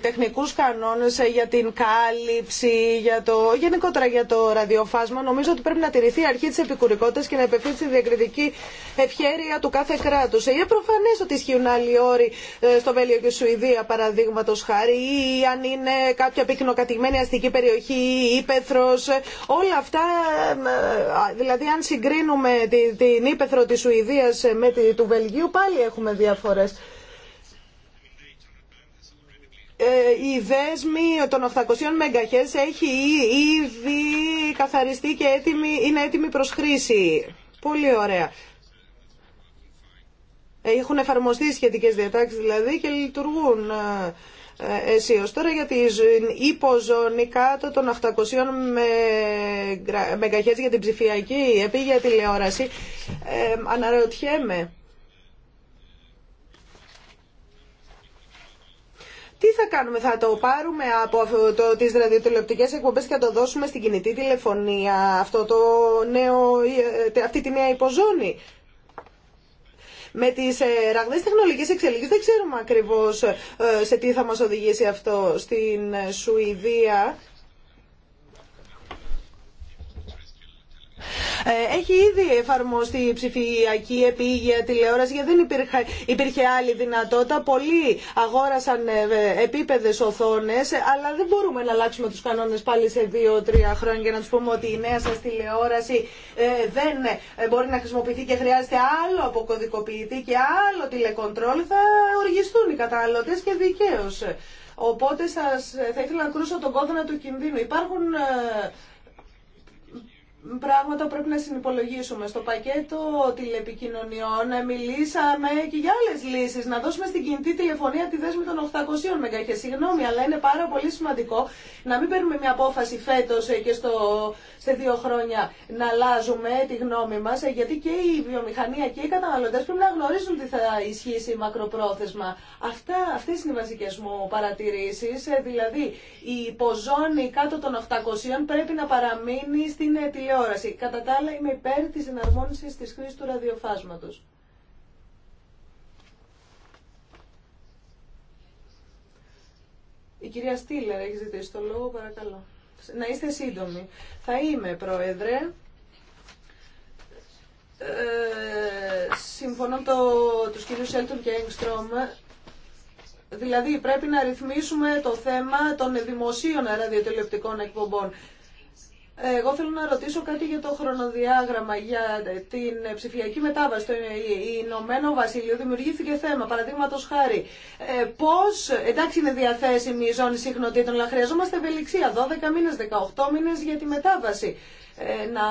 τεχνικούς κανόνες για την κάλυψη, για το, γενικότερα για το ραδιοφάσμα, νομίζω ότι πρέπει να τηρηθεί η αρχή της επικουρικότητας και να επευθύνει τη διακριτική ευχέρεια του κάθε κράτους. Είναι προφανές ότι ισχύουν άλλοι όροι στο Βέλιο και Σουηδία, παραδείγματο χάρη, ή αν είναι κάποια πυκνοκατημένη αστική περιοχή ή ύπεθρος. Όλα αυτά, δηλαδή αν συγκρίνουμε την ύπεθρο της Σουηδίας με τη του Βελγίου πάλι έχουμε διαφορές. Ε, η δέσμη των 800 MHz έχει ήδη καθαριστεί και έτοιμη, είναι έτοιμη προς χρήση. Πολύ ωραία. Έχουν εφαρμοστεί σχετικές διατάξεις δηλαδή και λειτουργούν ε, αισίως. Τώρα για την υποζώνη κάτω των 800 μεγαχές για την ψηφιακή επίγεια τηλεόραση ε, αναρωτιέμαι Τι θα κάνουμε, θα το πάρουμε από το, τις ραδιοτηλεοπτικές εκπομπές και θα το δώσουμε στην κινητή τηλεφωνία αυτό το νέο, ε, αυτή τη νέα υποζώνη με τις ε, ραγδαίε τεχνολογικές εξελίξει δεν ξέρουμε ακριβώ ε, σε τι θα μας οδηγήσει αυτό στην ε, Σουηδία. Ε, έχει ήδη εφαρμοστεί η ψηφιακή επίγεια τηλεόραση γιατί δεν υπήρχε, υπήρχε άλλη δυνατότητα. Πολλοί αγόρασαν ε, επίπεδε οθόνε, αλλά δεν μπορούμε να αλλάξουμε του κανόνε πάλι σε δύο-τρία χρόνια για να του πούμε ότι η νέα σα τηλεόραση ε, δεν μπορεί να χρησιμοποιηθεί και χρειάζεται άλλο αποκωδικοποιητή και άλλο τηλεκοντρόλ. Θα οργιστούν οι καταναλωτέ και δικαίω. Οπότε σας, θα ήθελα να κρούσω τον κόδωνα του κινδύνου. Υπάρχουν πράγματα πρέπει να συνυπολογίσουμε. Στο πακέτο τηλεπικοινωνιών μιλήσαμε και για άλλε λύσει. Να δώσουμε στην κινητή τηλεφωνία τη δέσμη των 800 MHz. Συγγνώμη, αλλά είναι πάρα πολύ σημαντικό να μην παίρνουμε μια απόφαση φέτο και στο, σε δύο χρόνια να αλλάζουμε τη γνώμη μα. Γιατί και η βιομηχανία και οι καταναλωτέ πρέπει να γνωρίζουν τι θα ισχύσει μακροπρόθεσμα. Αυτέ είναι οι βασικέ μου παρατηρήσει. Ε, δηλαδή, η υποζώνη κάτω των 800 πρέπει να παραμείνει στην τηλεοπτική τηλεόραση. Κατά τα άλλα είμαι υπέρ της εναρμόνισης της χρήσης του ραδιοφάσματο. Η κυρία Στήλερ έχει ζητήσει το λόγο, παρακαλώ. Να είστε σύντομοι. Θα είμαι, Πρόεδρε. Ε, συμφωνώ με το, τους κυρίους Έλτον και Έγκστρομ. Δηλαδή πρέπει να ρυθμίσουμε το θέμα των δημοσίων ραδιοτηλεοπτικών εκπομπών. Εγώ θέλω να ρωτήσω κάτι για το χρονοδιάγραμμα, για την ψηφιακή μετάβαση. Το Ηνωμένο Βασίλειο δημιουργήθηκε θέμα, παραδείγματο χάρη. Ε, Πώ, εντάξει είναι διαθέσιμη η ζώνη συχνοτήτων, αλλά χρειαζόμαστε ευελιξία, 12 μήνε, 18 μήνε για τη μετάβαση. Ε, να,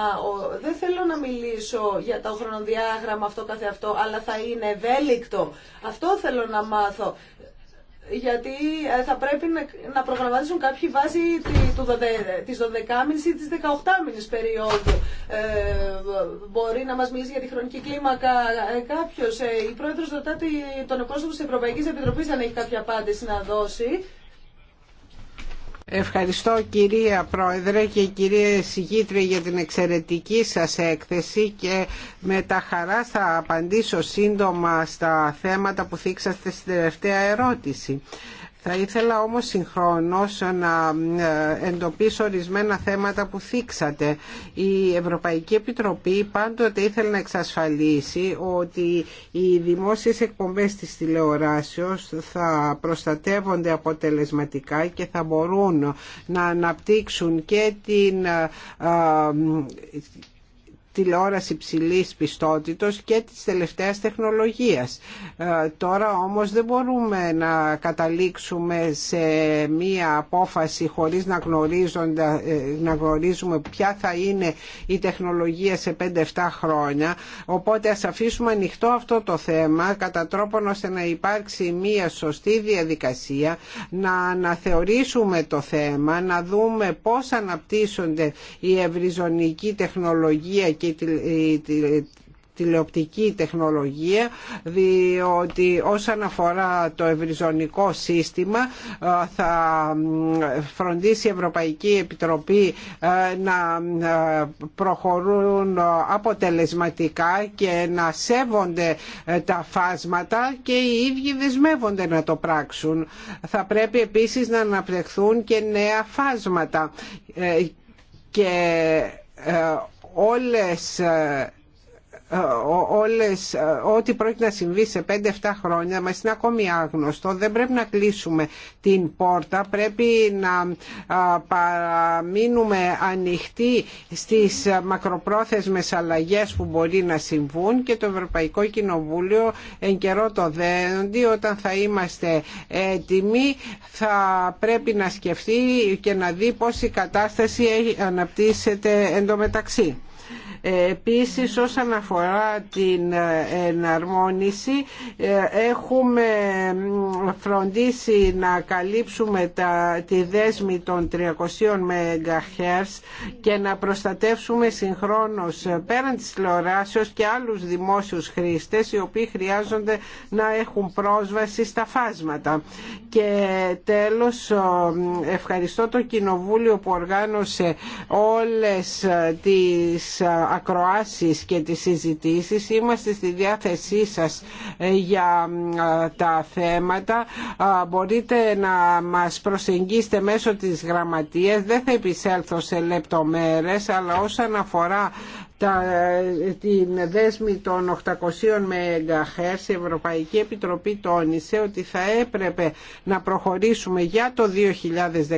δεν θέλω να μιλήσω για το χρονοδιάγραμμα αυτό καθε αυτό, αλλά θα είναι ευέλικτο. Αυτό θέλω να μάθω γιατί ε, θα πρέπει να προγραμματίσουν κάποιοι βάση της 12ης ή της 18ης περίοδου. Ε, μπορεί να μας μιλήσει για τη χρονική κλίμακα ε, κάποιος. Η Πρόεδρος ρωτά τον εκπρόσωπο της ευρωπαϊκή Επιτροπής αν έχει κάποια απάντηση να δώσει. Ευχαριστώ κυρία Πρόεδρε και κυρία Συγήτρια για την εξαιρετική σας έκθεση και με τα χαρά θα απαντήσω σύντομα στα θέματα που θίξατε στην τελευταία ερώτηση. Θα ήθελα όμως συγχρόνως να ε, εντοπίσω ορισμένα θέματα που θίξατε. Η Ευρωπαϊκή Επιτροπή πάντοτε ήθελε να εξασφαλίσει ότι οι δημόσιες εκπομπές της τηλεοράσεως θα προστατεύονται αποτελεσματικά και θα μπορούν να αναπτύξουν και την ε, ε, τηλεόραση ψηλής πιστότητος και της τελευταίας τεχνολογίας. Ε, τώρα όμως δεν μπορούμε να καταλήξουμε σε μία απόφαση χωρίς να, ε, να γνωρίζουμε ποια θα είναι η τεχνολογία σε 5-7 χρόνια. Οπότε ας αφήσουμε ανοιχτό αυτό το θέμα κατά τρόπον ώστε να υπάρξει μία σωστή διαδικασία, να αναθεωρήσουμε το θέμα, να δούμε πώς αναπτύσσονται η ευρυζωνική τεχνολογία και τηλεοπτική τεχνολογία διότι όσον αφορά το ευρυζωνικό σύστημα ε, θα φροντίσει η Ευρωπαϊκή Επιτροπή ε, να ε, προχωρούν αποτελεσματικά και να σέβονται τα φάσματα και οι ίδιοι δεσμεύονται να το πράξουν. Θα πρέπει επίσης να αναπτυχθούν και νέα φάσματα και όλες ε, ε, όλες, ε, ό,τι πρόκειται να συμβεί σε 5-7 χρόνια μας είναι ακόμη άγνωστο. Δεν πρέπει να κλείσουμε την πόρτα, πρέπει να παραμείνουμε ανοιχτοί στις μακροπρόθεσμες αλλαγές που μπορεί να συμβούν και το Ευρωπαϊκό Κοινοβούλιο εν καιρό το δέντι όταν θα είμαστε έτοιμοι θα πρέπει να σκεφτεί και να δει πώς η κατάσταση αναπτύσσεται εντωμεταξύ. Επίσης όσον αφορά την εναρμόνιση έχουμε φροντίσει να καλύψουμε τα, τη δέσμη των 300 MHz και να προστατεύσουμε συγχρόνως πέραν της τηλεοράσεως και άλλους δημόσιους χρήστες οι οποίοι χρειάζονται να έχουν πρόσβαση στα φάσματα. Και τέλος ευχαριστώ το Κοινοβούλιο που οργάνωσε όλες τις ακροάσεις και τις συζητήσεις. Είμαστε στη διάθεσή σας ε, για ε, τα θέματα. Μπορείτε να μας προσεγγίσετε μέσω της γραμματείας. Δεν θα επισέλθω σε λεπτομέρες, αλλά όσον αφορά τα, την δέσμη των 800 MHz η Ευρωπαϊκή Επιτροπή τόνισε ότι θα έπρεπε να προχωρήσουμε για το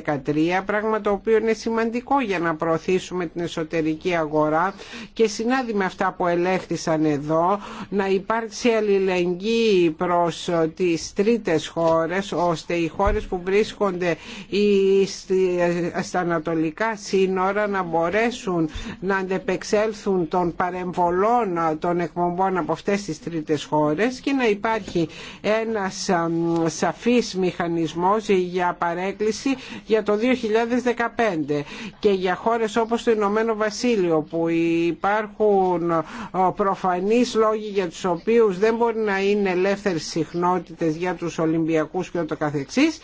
2013 πράγμα το οποίο είναι σημαντικό για να προωθήσουμε την εσωτερική αγορά και συνάδει με αυτά που ελέγχθησαν εδώ να υπάρξει αλληλεγγύη προς τις τρίτες χώρες ώστε οι χώρες που βρίσκονται στα ανατολικά σύνορα να μπορέσουν να αντεπεξέλθουν των παρεμβολών των εκπομπών από αυτές τις τρίτες χώρες και να υπάρχει ένας σαφής μηχανισμός για παρέκκληση για το 2015 και για χώρες όπως το Ηνωμένο Βασίλειο που υπάρχουν προφανείς λόγοι για τους οποίους δεν μπορεί να είναι ελεύθερες συχνότητες για τους Ολυμπιακούς και ούτω καθεξής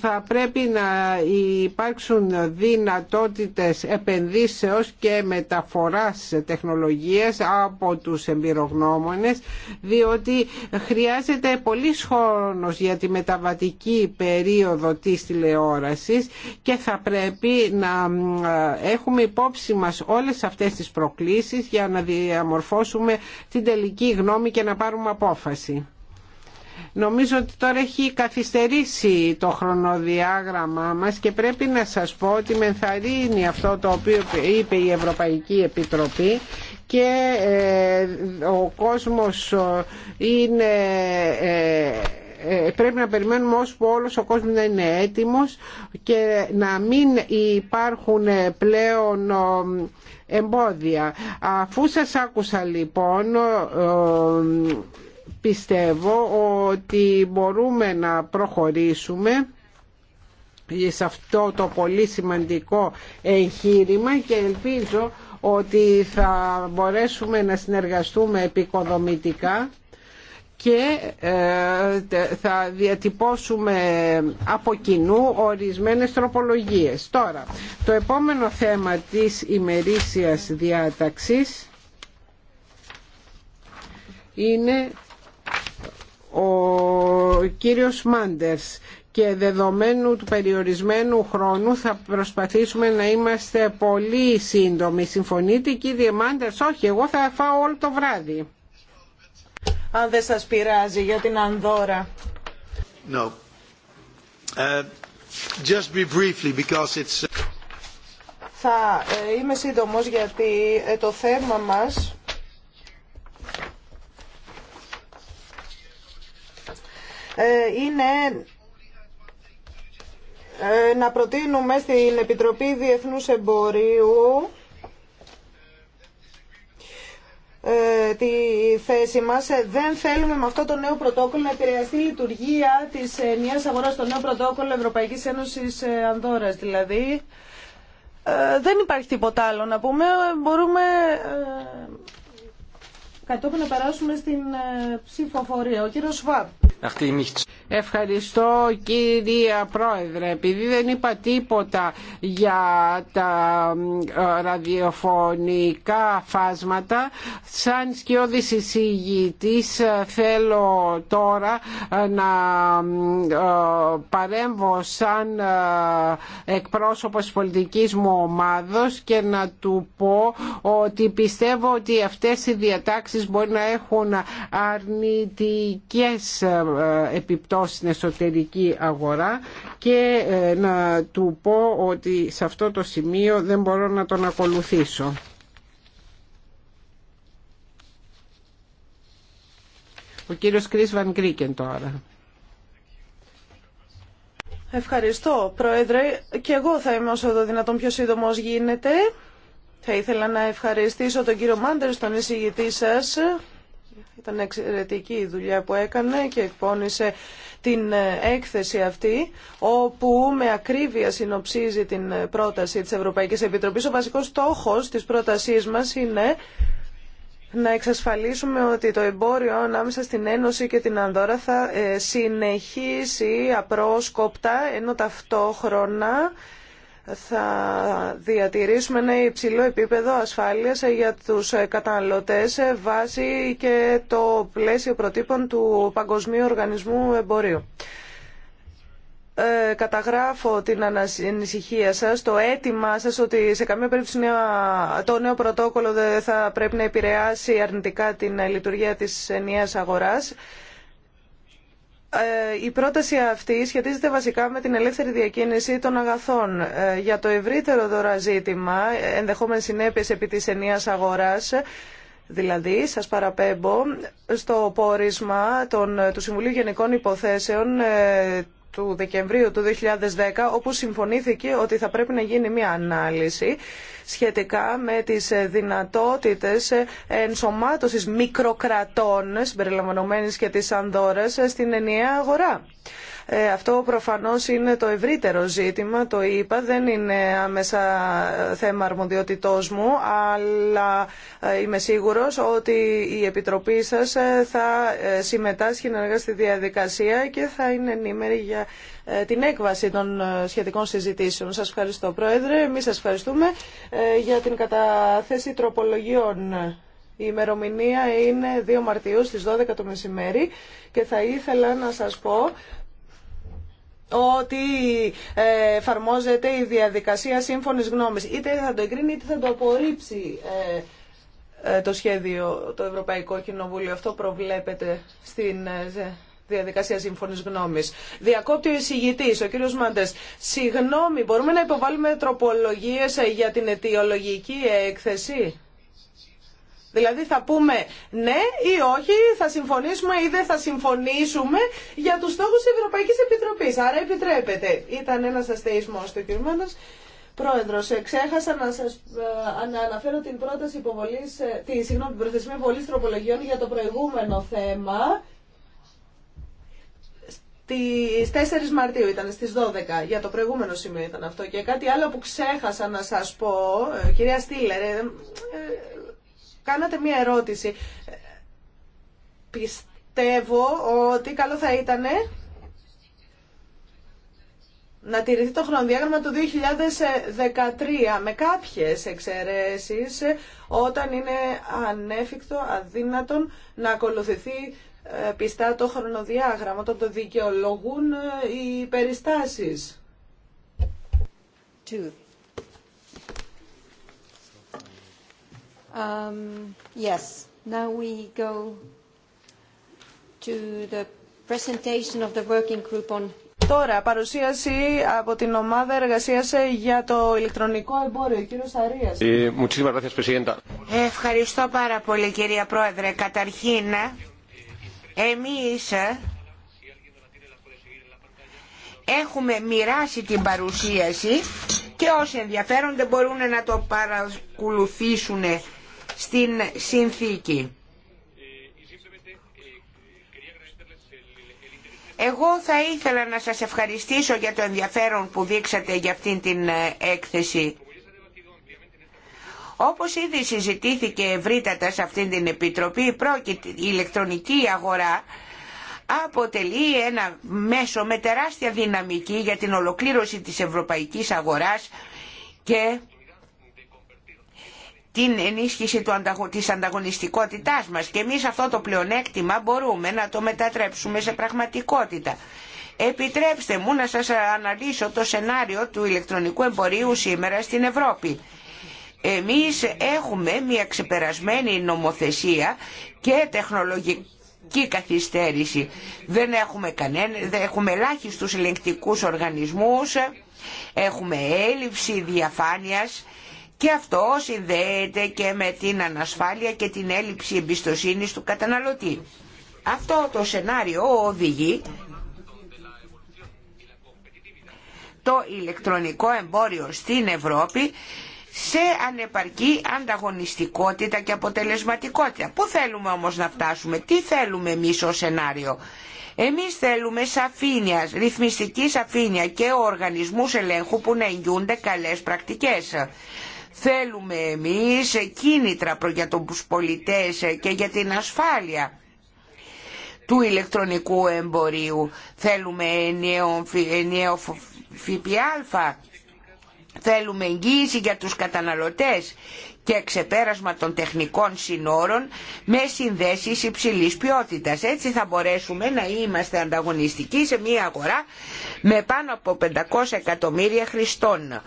θα πρέπει να υπάρξουν δυνατότητες επενδύσεως και μεταφοράς τεχνολογίες από τους εμπειρογνώμονες διότι χρειάζεται πολύ χρόνος για τη μεταβατική περίοδο της τηλεόρασης και θα πρέπει να έχουμε υπόψη μας όλες αυτές τις προκλήσεις για να διαμορφώσουμε την τελική γνώμη και να πάρουμε απόφαση. Νομίζω ότι τώρα έχει καθυστερήσει το χρονοδιάγραμμά μας και πρέπει να σας πω ότι με ενθαρρύνει αυτό το οποίο είπε η Ευρωπαϊκή Επιτροπή και ε, ο κόσμος ε, είναι ε, πρέπει να περιμένουμε ώσπου όλος ο κόσμος να είναι έτοιμος και να μην υπάρχουν πλέον εμπόδια. Αφού σας άκουσα λοιπόν πιστεύω ότι μπορούμε να προχωρήσουμε σε αυτό το πολύ σημαντικό εγχείρημα και ελπίζω ότι θα μπορέσουμε να συνεργαστούμε επικοδομητικά και ε, θα διατυπώσουμε από κοινού ορισμένες τροπολογίες. Τώρα, το επόμενο θέμα της ημερήσιας διάταξης είναι ο κύριος Μάντερς και δεδομένου του περιορισμένου χρόνου θα προσπαθήσουμε να είμαστε πολύ σύντομοι. Συμφωνείτε κύριε Μάντερς, όχι, εγώ θα φάω όλο το βράδυ. Αν δεν σας πειράζει για την Ανδώρα. No. Uh, just be briefly because it's... Θα ε, είμαι σύντομος γιατί ε, το θέμα μας Ε, είναι ε, να προτείνουμε στην Επιτροπή Διεθνούς Εμπορίου ε, τη θέση μας. Δεν θέλουμε με αυτό το νέο πρωτόκολλο να επηρεαστεί η λειτουργία της ενιαίας αγοράς, το νέο πρωτόκολλο Ευρωπαϊκής Ένωσης Ανδόρας. Δηλαδή, δεν υπάρχει τίποτα άλλο να πούμε. Μπορούμε κατόπιν να περάσουμε στην ψηφοφορία. Ο κύριος Σβάπ. Ευχαριστώ κυρία Πρόεδρε. Επειδή δεν είπα τίποτα για τα ε, ραδιοφωνικά φάσματα, σαν σκιώδης εισηγητής ε, θέλω τώρα ε, να παρέμβω σαν εκπρόσωπος της πολιτικής μου ομάδος και να του πω ότι πιστεύω ότι αυτές οι διατάξεις μπορεί να έχουν αρνητικές ε, Επιπτώσει στην εσωτερική αγορά και ε, να του πω ότι σε αυτό το σημείο δεν μπορώ να τον ακολουθήσω. Ο κύριος Κρίς Βαν Κρίκεν τώρα. Ευχαριστώ, Πρόεδρε. Και εγώ θα είμαι όσο το δυνατόν πιο σύντομο γίνεται. Θα ήθελα να ευχαριστήσω τον κύριο Μάντερ, τον εισηγητή σας, ήταν εξαιρετική η δουλειά που έκανε και εκπώνησε την ε, έκθεση αυτή, όπου με ακρίβεια συνοψίζει την ε, πρόταση της Ευρωπαϊκής Επιτροπής. Ο βασικός στόχος της πρότασής μας είναι να εξασφαλίσουμε ότι το εμπόριο ανάμεσα στην Ένωση και την Ανδόρα θα ε, συνεχίσει απρόσκοπτα, ενώ ταυτόχρονα θα διατηρήσουμε ένα υψηλό επίπεδο ασφάλειας για τους καταναλωτές βάσει και το πλαίσιο προτύπων του Παγκοσμίου Οργανισμού Εμπορίου. Ε, καταγράφω την ανησυχία σας, το αίτημά σας ότι σε καμία περίπτωση το νέο πρωτόκολλο δεν θα πρέπει να επηρεάσει αρνητικά την λειτουργία της ενιαίας αγοράς. Ε, η πρόταση αυτή σχετίζεται βασικά με την ελεύθερη διακίνηση των αγαθών. Ε, για το ευρύτερο δωραζήτημα ζήτημα, ενδεχόμενες συνέπειες επί της ενία αγοράς, Δηλαδή, σας παραπέμπω στο πόρισμα των, του Συμβουλίου Γενικών Υποθέσεων ε, του Δεκεμβρίου του 2010 όπου συμφωνήθηκε ότι θα πρέπει να γίνει μια ανάλυση σχετικά με τις ε, δυνατότητες ε, ενσωμάτωσης μικροκρατών συμπεριλαμβανομένης και της Ανδόρας ε, στην ενιαία αγορά. Ε, αυτό προφανώς είναι το ευρύτερο ζήτημα, το είπα, δεν είναι άμεσα θέμα αρμοδιότητός μου, αλλά ε, είμαι σίγουρος ότι η Επιτροπή σας ε, θα συμμετάσχει ενεργά στη διαδικασία και θα είναι ενήμερη για την έκβαση των σχετικών συζητήσεων. Σας ευχαριστώ Πρόεδρε, εμείς σας ευχαριστούμε για την καταθέση τροπολογιών. Η ημερομηνία είναι 2 Μαρτίου στις 12 το μεσημέρι και θα ήθελα να σας πω ότι ε, εφαρμόζεται η διαδικασία σύμφωνης γνώμης. Είτε θα το εγκρίνει είτε θα το απορρίψει ε, ε, το σχέδιο, το Ευρωπαϊκό Κοινοβούλιο. Αυτό προβλέπεται στην διαδικασία σύμφωνης γνώμης. Διακόπτει ο εισηγητής, ο κύριος Μάντες. Συγγνώμη, μπορούμε να υποβάλουμε τροπολογίες για την αιτιολογική έκθεση. Δηλαδή θα πούμε ναι ή όχι, θα συμφωνήσουμε ή δεν θα συμφωνήσουμε για τους στόχους της Ευρωπαϊκής Επιτροπής. Άρα επιτρέπετε. Ήταν ένας αστεϊσμός του κ. Πρόεδρος, ε, ξέχασα να σας ε, να αναφέρω την πρόταση υποβολής, ε, τη, συγγνώμη, την προθεσμία τροπολογιών για το προηγούμενο θέμα. Στις 4 Μαρτίου ήταν, στις 12, για το προηγούμενο σημείο ήταν αυτό. Και κάτι άλλο που ξέχασα να σας πω, κυρία Στήλερ, κάνατε μία ερώτηση. Πιστεύω ότι καλό θα ήταν να τηρηθεί το χρονοδιάγραμμα του 2013 με κάποιες εξαιρέσεις όταν είναι ανέφικτο, αδύνατον να ακολουθηθεί ε, πιστά το χρονοδιάγραμμα, όταν το δικαιολογούν ε, οι περιστάσεις. Um, yes. Now we go of Τώρα, παρουσίαση από την ομάδα εργασία ε, για το ηλεκτρονικό εμπόριο. Ε, gracias, Presidenta. Ευχαριστώ πάρα πολύ κυρία Πρόεδρε. Καταρχήν, ε, εμείς έχουμε μοιράσει την παρουσίαση και όσοι ενδιαφέρονται μπορούν να το παρακολουθήσουν στην συνθήκη. Εγώ θα ήθελα να σας ευχαριστήσω για το ενδιαφέρον που δείξατε για αυτήν την ε, έκθεση. Όπως ήδη συζητήθηκε ευρύτατα σε αυτήν την Επιτροπή, η ηλεκτρονική αγορά αποτελεί ένα μέσο με τεράστια δυναμική για την ολοκλήρωση της ευρωπαϊκής αγοράς και την ενίσχυση του, της ανταγωνιστικότητάς μας και εμείς αυτό το πλεονέκτημα μπορούμε να το μετατρέψουμε σε πραγματικότητα. Επιτρέψτε μου να σας αναλύσω το σενάριο του ηλεκτρονικού εμπορίου σήμερα στην Ευρώπη. Εμείς έχουμε μια ξεπερασμένη νομοθεσία και τεχνολογική καθυστέρηση. Δεν έχουμε, κανένα, δεν έχουμε ελάχιστους ελεγκτικούς οργανισμούς, έχουμε έλλειψη διαφάνειας και αυτό συνδέεται και με την ανασφάλεια και την έλλειψη εμπιστοσύνης του καταναλωτή. Αυτό το σενάριο οδηγεί το ηλεκτρονικό εμπόριο στην Ευρώπη σε ανεπαρκή ανταγωνιστικότητα και αποτελεσματικότητα. Πού θέλουμε όμως να φτάσουμε, τι θέλουμε εμείς ως σενάριο. Εμείς θέλουμε σαφήνεια, ρυθμιστική σαφήνεια και οργανισμούς ελέγχου που να εγγυούνται καλές πρακτικές. Θέλουμε εμείς κίνητρα για τους πολιτές και για την ασφάλεια του ηλεκτρονικού εμπορίου. Θέλουμε ενιαίο ΦΠΑ. Θέλουμε εγγύηση για τους καταναλωτές και ξεπέρασμα των τεχνικών συνόρων με συνδέσεις υψηλής ποιότητας. Έτσι θα μπορέσουμε να είμαστε ανταγωνιστικοί σε μια αγορά με πάνω από 500 εκατομμύρια χρηστών.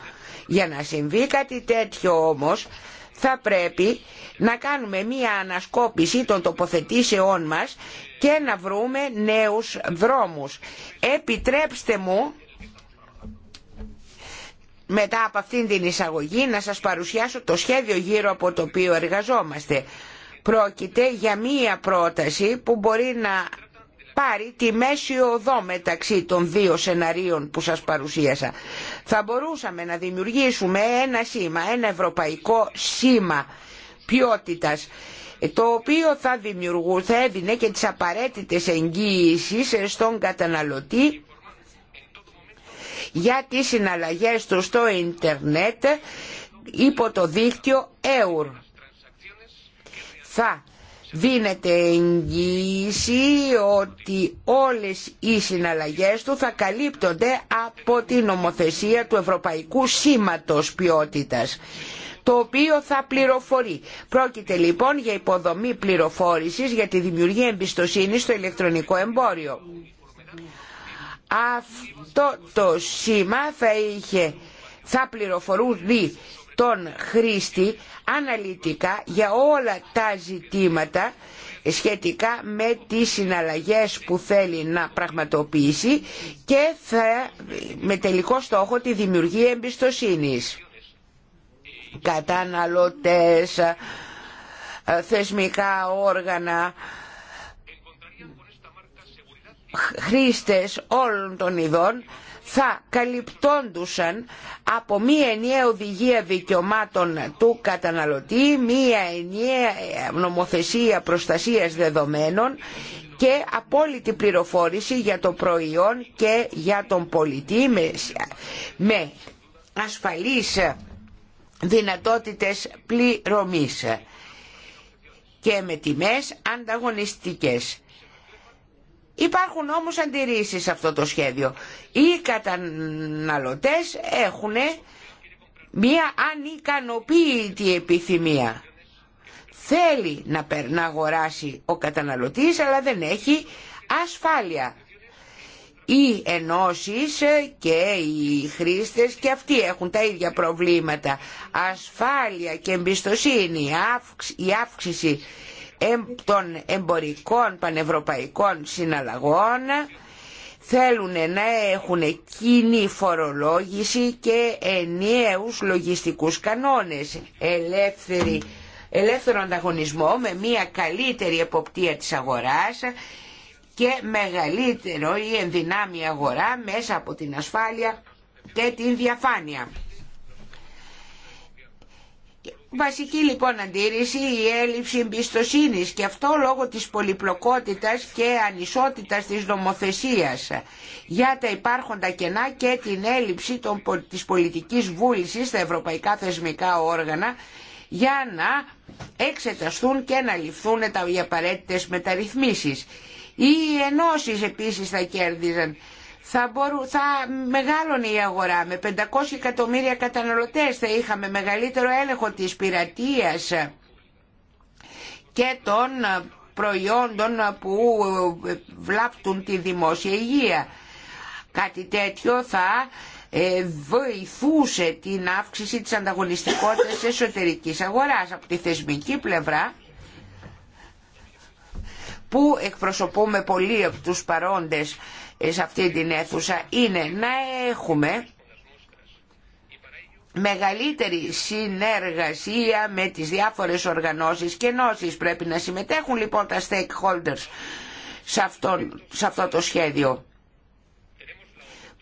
Για να συμβεί κάτι τέτοιο όμως θα πρέπει να κάνουμε μία ανασκόπηση των τοποθετήσεών μας και να βρούμε νέους δρόμους. Επιτρέψτε μου μετά από αυτήν την εισαγωγή να σας παρουσιάσω το σχέδιο γύρω από το οποίο εργαζόμαστε. Πρόκειται για μία πρόταση που μπορεί να πάρει τη μέση οδό μεταξύ των δύο σεναρίων που σας παρουσίασα. Θα μπορούσαμε να δημιουργήσουμε ένα σήμα, ένα ευρωπαϊκό σήμα ποιότητας το οποίο θα δημιουργούσε, θα έδινε και τις απαραίτητες εγγύησεις στον καταναλωτή για τις συναλλαγές του στο ίντερνετ υπό το δίκτυο EUR. Θα δίνεται εγγύηση ότι όλες οι συναλλαγές του θα καλύπτονται από την νομοθεσία του Ευρωπαϊκού Σήματος Ποιότητας το οποίο θα πληροφορεί. Πρόκειται λοιπόν για υποδομή πληροφόρησης για τη δημιουργία εμπιστοσύνη στο ηλεκτρονικό εμπόριο. Αυτό το σήμα θα, είχε, θα πληροφορούν τον χρήστη αναλυτικά για όλα τα ζητήματα σχετικά με τις συναλλαγές που θέλει να πραγματοποιήσει και θα, με τελικό στόχο τη δημιουργία εμπιστοσύνης. Καταναλωτές, ε, θεσμικά όργανα, χρήστες όλων των ειδών θα καλυπτόντουσαν από μία ενιαία οδηγία δικαιωμάτων του καταναλωτή, μία ενιαία ε, νομοθεσία προστασίας δεδομένων και απόλυτη πληροφόρηση για το προϊόν και για τον πολιτή με ασφαλείς δυνατότητες πληρωμής και με τιμές ανταγωνιστικές. Υπάρχουν όμως αντιρρήσεις σε αυτό το σχέδιο. Οι καταναλωτές έχουν μία ανικανοποίητη επιθυμία. Θέλει να, να αγοράσει ο καταναλωτής αλλά δεν έχει ασφάλεια. Οι ενώσεις και οι χρήστες και αυτοί έχουν τα ίδια προβλήματα. Ασφάλεια και εμπιστοσύνη, η αύξηση των εμπορικών πανευρωπαϊκών συναλλαγών θέλουν να έχουν κοινή φορολόγηση και ενιαίους λογιστικούς κανόνες, ελεύθερο ανταγωνισμό με μια καλύτερη εποπτεία της αγοράς και μεγαλύτερο ή ενδυνάμει αγορά μέσα από την ασφάλεια και την διαφάνεια. Βασική λοιπόν αντίρρηση η έλλειψη εμπιστοσύνη και αυτό λόγω της πολυπλοκότητας και ανισότητας της νομοθεσίας για τα υπάρχοντα κενά και την έλλειψη των, της πολιτικής βούλησης στα ευρωπαϊκά θεσμικά όργανα για να εξεταστούν και να ληφθούν τα απαραίτητε μεταρρυθμίσεις. Οι ενώσεις επίσης θα κέρδιζαν θα, μεγάλωνε η αγορά με 500 εκατομμύρια καταναλωτές θα είχαμε μεγαλύτερο έλεγχο της πειρατείας και των προϊόντων που βλάπτουν τη δημόσια υγεία. Κάτι τέτοιο θα ε, βοηθούσε την αύξηση της ανταγωνιστικότητας εσωτερικής αγοράς από τη θεσμική πλευρά που εκπροσωπούμε πολλοί από τους παρόντες ε, σε αυτή την αίθουσα είναι να έχουμε μεγαλύτερη συνεργασία με τις διάφορες οργανώσεις και ενώσεις. Πρέπει να συμμετέχουν λοιπόν τα stakeholders σε αυτό, σε αυτό το σχέδιο.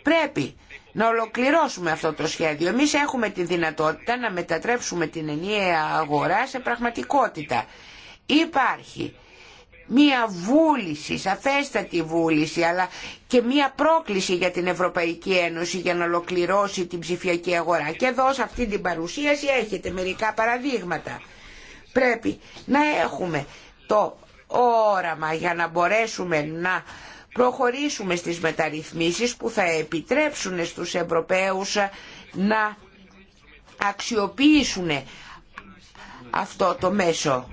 Πρέπει να ολοκληρώσουμε αυτό το σχέδιο. Εμείς έχουμε τη δυνατότητα να μετατρέψουμε την ενιαία αγορά σε πραγματικότητα. Υπάρχει μία βούληση, σαφέστατη βούληση, αλλά και μία πρόκληση για την Ευρωπαϊκή Ένωση για να ολοκληρώσει την ψηφιακή αγορά. Και εδώ σε αυτή την παρουσίαση έχετε μερικά παραδείγματα. Πρέπει να έχουμε το όραμα για να μπορέσουμε να προχωρήσουμε στις μεταρρυθμίσεις που θα επιτρέψουν στους Ευρωπαίους να αξιοποιήσουν αυτό το μέσο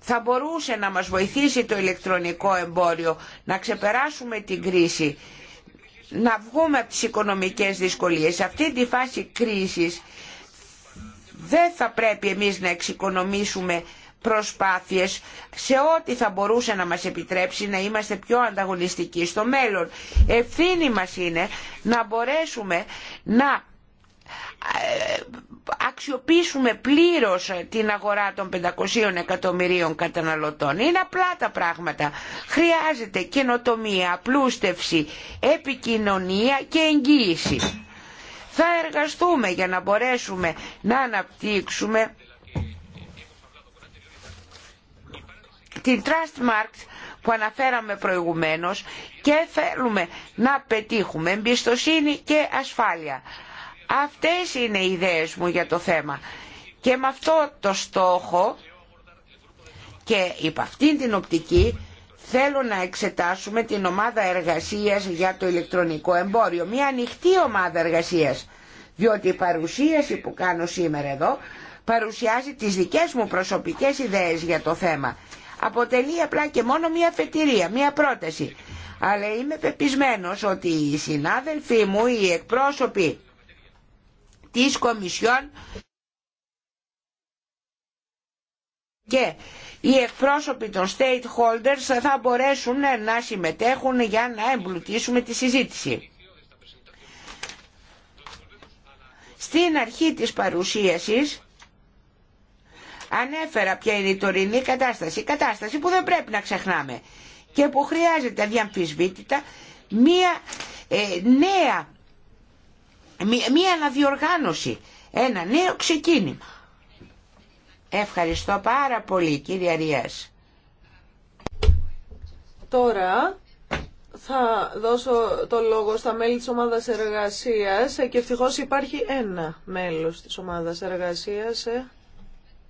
θα μπορούσε να μας βοηθήσει το ηλεκτρονικό εμπόριο να ξεπεράσουμε την κρίση να βγούμε από τις οικονομικές δυσκολίες. Σε αυτή τη φάση κρίσης δεν θα πρέπει εμείς να εξοικονομήσουμε προσπάθειες σε ό,τι θα μπορούσε να μας επιτρέψει να είμαστε πιο ανταγωνιστικοί στο μέλλον. Ευθύνη μας είναι να μπορέσουμε να αξιοποιήσουμε πλήρως την αγορά των 500 εκατομμυρίων καταναλωτών. Είναι απλά τα πράγματα. Χρειάζεται καινοτομία, απλούστευση, επικοινωνία και εγγύηση. Θα εργαστούμε για να μπορέσουμε να αναπτύξουμε την Trust που αναφέραμε προηγουμένως και θέλουμε να πετύχουμε εμπιστοσύνη και ασφάλεια. Αυτές είναι οι ιδέες μου για το θέμα. Και με αυτό το στόχο και υπ' αυτήν την οπτική θέλω να εξετάσουμε την ομάδα εργασίας για το ηλεκτρονικό εμπόριο. Μια ανοιχτή ομάδα εργασίας, διότι η παρουσίαση που κάνω σήμερα εδώ παρουσιάζει τις δικές μου προσωπικές ιδέες για το θέμα. Αποτελεί απλά και μόνο μια φετηρία, μια πρόταση. Αλλά είμαι πεπισμένος ότι οι συνάδελφοί μου, οι εκπρόσωποι της Κομισιόν και οι εκπρόσωποι των stakeholders θα μπορέσουν να συμμετέχουν για να εμπλουτίσουμε τη συζήτηση. Στην αρχή της παρουσίασης ανέφερα ποια είναι η τωρινή κατάσταση, κατάσταση που δεν πρέπει να ξεχνάμε και που χρειάζεται αδιαμφισβήτητα μία ε, νέα μία αναδιοργάνωση, ένα νέο ξεκίνημα. Ευχαριστώ πάρα πολύ κύριε Τώρα θα δώσω το λόγο στα μέλη της ομάδας εργασίας ε, και ευτυχώ υπάρχει ένα μέλος της ομάδας εργασίας ε,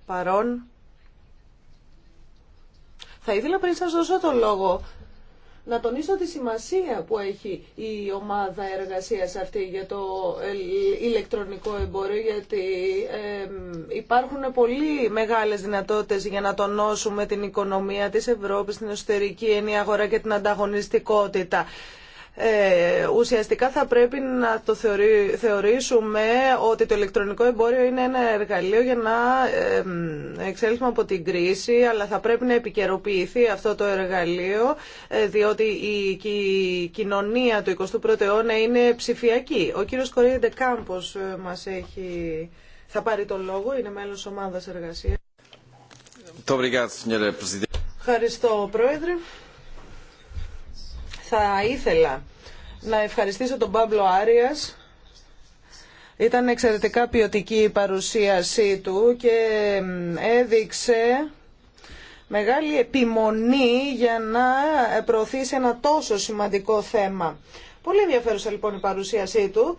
παρόν. Θα ήθελα πριν σας δώσω το λόγο να τονίσω τη σημασία που έχει η ομάδα εργασίας αυτή για το ηλεκτρονικό εμπόριο, γιατί υπάρχουν πολύ μεγάλες δυνατότητες για να τονώσουμε την οικονομία της Ευρώπης, την εσωτερική αγορά και την ανταγωνιστικότητα. Ε, ουσιαστικά θα πρέπει να το θεωρήσουμε ότι το ηλεκτρονικό εμπόριο είναι ένα εργαλείο για να ε, εξέλθουμε από την κρίση, αλλά θα πρέπει να επικαιροποιηθεί αυτό το εργαλείο, ε, διότι η κοινωνία του 21ου αιώνα είναι ψηφιακή. Ο κύριος Κορίντε Κάμπος μας έχει... θα πάρει το λόγο, είναι μέλος ομάδας εργασίας. Ευχαριστώ, Πρόεδρε. Θα ήθελα να ευχαριστήσω τον Παύλο Άριας. Ήταν εξαιρετικά ποιοτική η παρουσίασή του και έδειξε μεγάλη επιμονή για να προωθήσει ένα τόσο σημαντικό θέμα. Πολύ ενδιαφέρουσα λοιπόν η παρουσίασή του.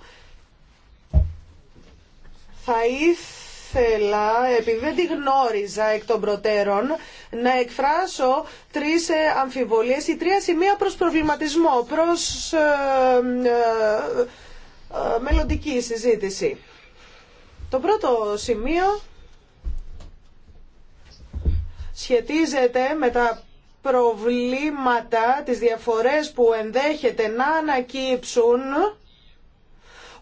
Θα ήθελα ήθελα, επειδή δεν τη γνώριζα εκ των προτέρων, να εκφράσω τρεις ε, αμφιβολίες ή τρία σημεία προς προβληματισμό, προς ε, ε, ε, μελλοντική συζήτηση. Το πρώτο σημείο σχετίζεται με τα προβλήματα, τις διαφορές που ενδέχεται να ανακύψουν